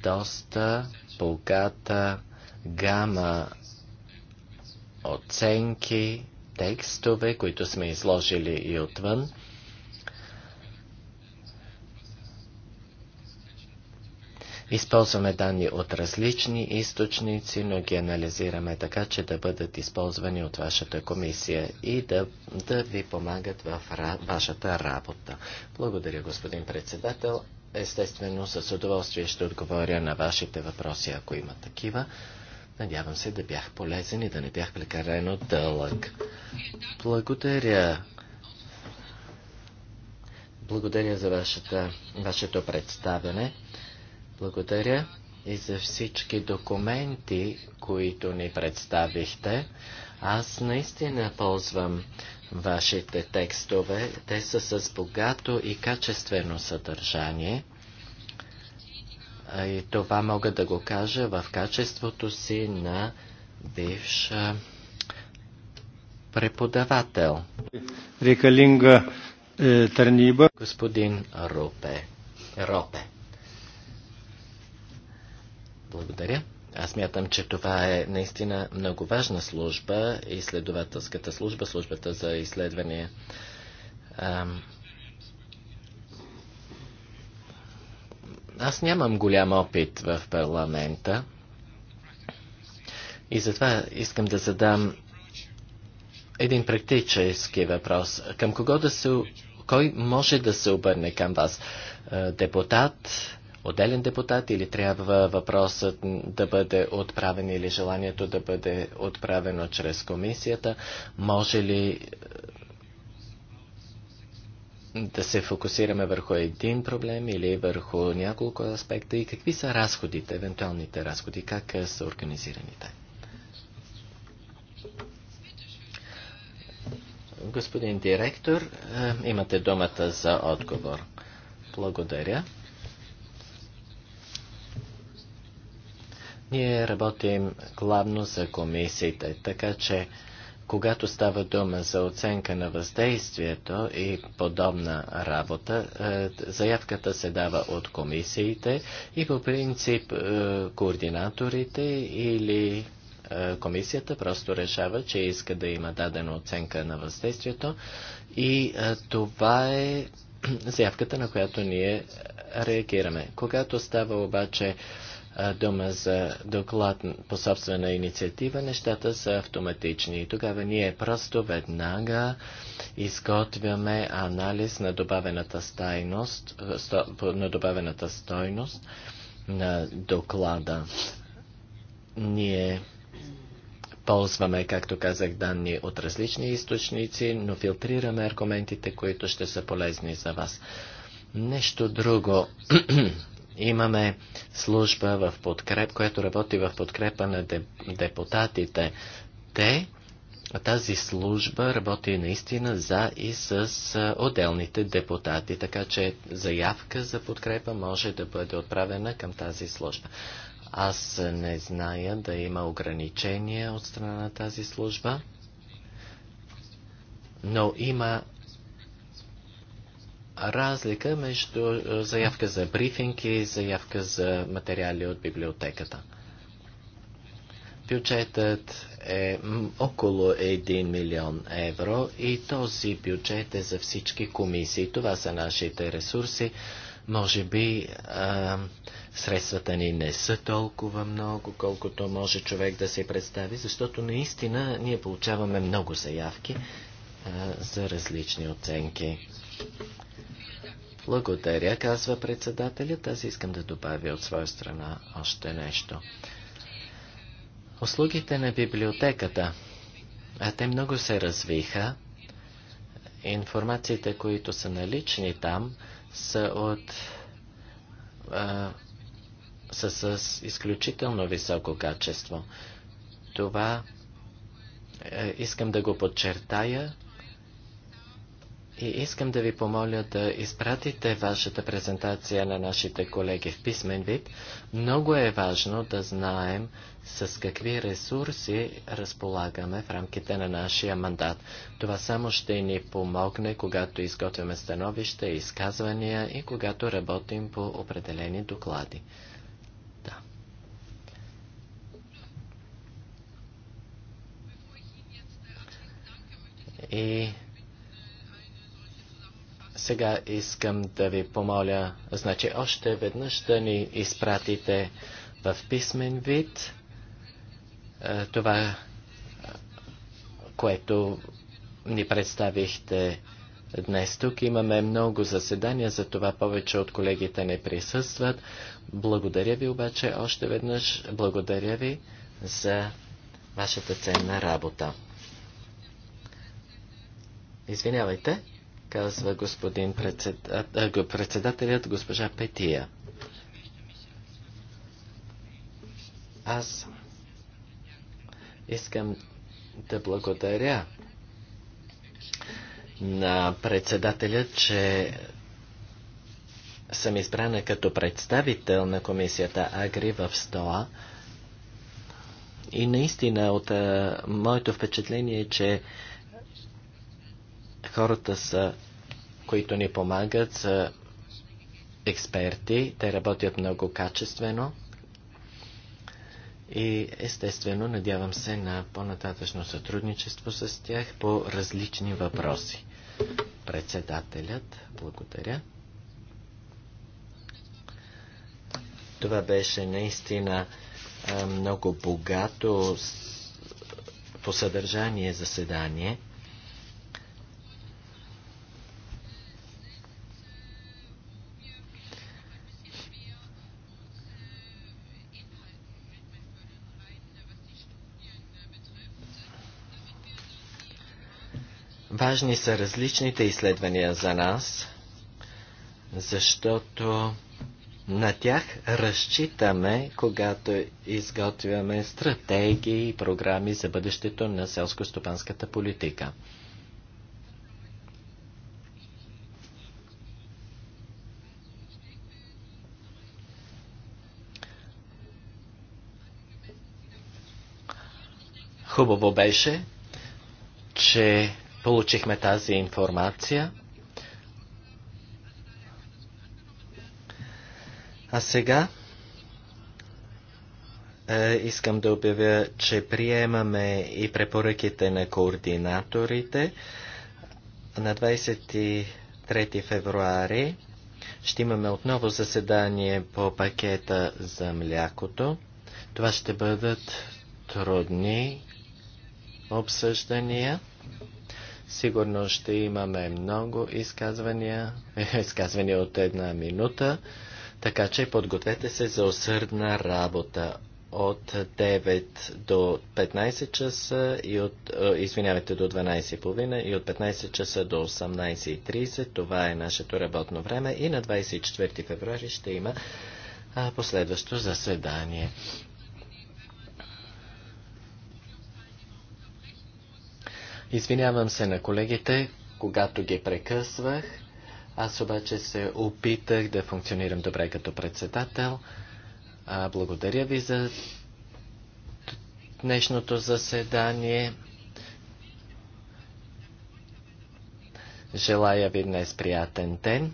S3: доста богата гама оценки, текстове, които сме изложили и отвън. Използваме данни от различни източници, но ги анализираме така, че да бъдат използвани от вашата комисия и да, да ви помагат в вашата работа. Благодаря, господин председател. Естествено, с удоволствие ще отговоря на вашите въпроси, ако има такива. Надявам се да бях полезен и да не бях прекарено дълъг. Благодаря. Благодаря за вашата, вашето представяне. Благодаря и за всички документи, които ни представихте. Аз наистина ползвам вашите текстове. Те са с богато и качествено съдържание. И това мога да го кажа в качеството си на бивш преподавател. Рекалинга е, Тарниба. Господин Рупе. Ропе. Благодаря. Аз мятам, че това е наистина много важна служба, изследователската служба, службата за изследвания. Аз нямам голям опит в парламента и затова искам да задам един практически въпрос. Към кого да се... Кой може да се обърне към вас? Е, депутат, отделен депутат или трябва въпросът да бъде отправен или желанието да бъде отправено чрез комисията? Може ли е, да се фокусираме върху един проблем или върху няколко аспекта и какви са разходите, евентуалните разходи, как е, са организираните? Господин директор, е, имате думата за отговор. Благодаря. Ние работим главно за комисиите, така че когато става дума за оценка на въздействието и подобна работа, е, заявката се дава от комисиите и по принцип е, координаторите или е, комисията просто решава, че иска да има дадена оценка на въздействието и това е заявката, на която ние реагираме. Когато става обаче дума за доклад по собствена инициатива, нещата са автоматични. И тогава ние просто веднага изготвяме анализ на добавената стойност, на добавената стойност на доклада. Ние ползваме, както казах, данни от различни източници, но филтрираме аргументите, които ще са полезни за вас. Нещо друго Имаме служба в подкреп, която работи в подкрепа на депутатите. Те, тази служба работи наистина за и с отделните депутати, така че заявка за подкрепа може да бъде отправена към тази служба. Аз не зная да има ограничения от страна на тази служба, но има разлика между е, заявка за брифинг и заявка за материали от библиотеката. Бюджетът е около 1 милион евро и този бюджет е за всички комисии. Това са нашите ресурси. Може би а, средствата ни не са толкова много, колкото може човек да се представи, защото наистина ние получаваме много заявки а, за различни оценки. Благодаря, казва председателят. Аз искам да добавя от своя страна още нещо. Услугите на библиотеката, а те много се развиха. Информациите, които са налични там, са от а, са с изключително високо качество. Това е, искам да го подчертая и искам да ви помоля да изпратите вашата презентация на нашите колеги в писмен вид. Много е важно да знаем с какви ресурси разполагаме в рамките на нашия мандат. Това само ще ни помогне, когато изготвяме становища, изказвания и когато работим по определени доклади. И сега искам да ви помоля, значи още веднъж да ни изпратите в писмен вид е, това, което ни представихте днес тук. Имаме много заседания, за това повече от колегите не присъстват. Благодаря ви обаче още веднъж. Благодаря ви за вашата ценна работа. Извинявайте казва господин председател, председателят госпожа Петия. Аз искам да благодаря на председателя, че съм избрана като представител на комисията Агри в СТОА. И наистина от а, моето впечатление е, че Хората са, които ни помагат, са експерти, те работят много качествено и естествено надявам се на по-нататъчно сътрудничество с тях по различни въпроси. Председателят, благодаря. Това беше наистина много богато по съдържание заседание. Важни са различните изследвания за нас, защото на тях разчитаме, когато изготвяме стратегии и програми за бъдещето на селско-стопанската политика. Хубаво беше, че Получихме тази информация. А сега е, искам да обявя, че приемаме и препоръките на координаторите. На 23 февруари ще имаме отново заседание по пакета за млякото. Това ще бъдат трудни обсъждания. Сигурно ще имаме много изказвания, изказвания от една минута, така че подгответе се за усърдна работа от 9 до 15 часа и от, извинявайте, до 12.30 и от 15 часа до 18.30. Това е нашето работно време и на 24 февруари ще има последващо заседание. Извинявам се на колегите, когато ги прекъсвах. Аз обаче се опитах да функционирам добре като председател. А, благодаря ви за днешното заседание. Желая ви днес приятен ден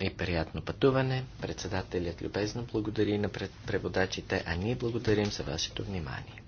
S3: и приятно пътуване. Председателят любезно благодари на преводачите, а ние благодарим за вашето внимание.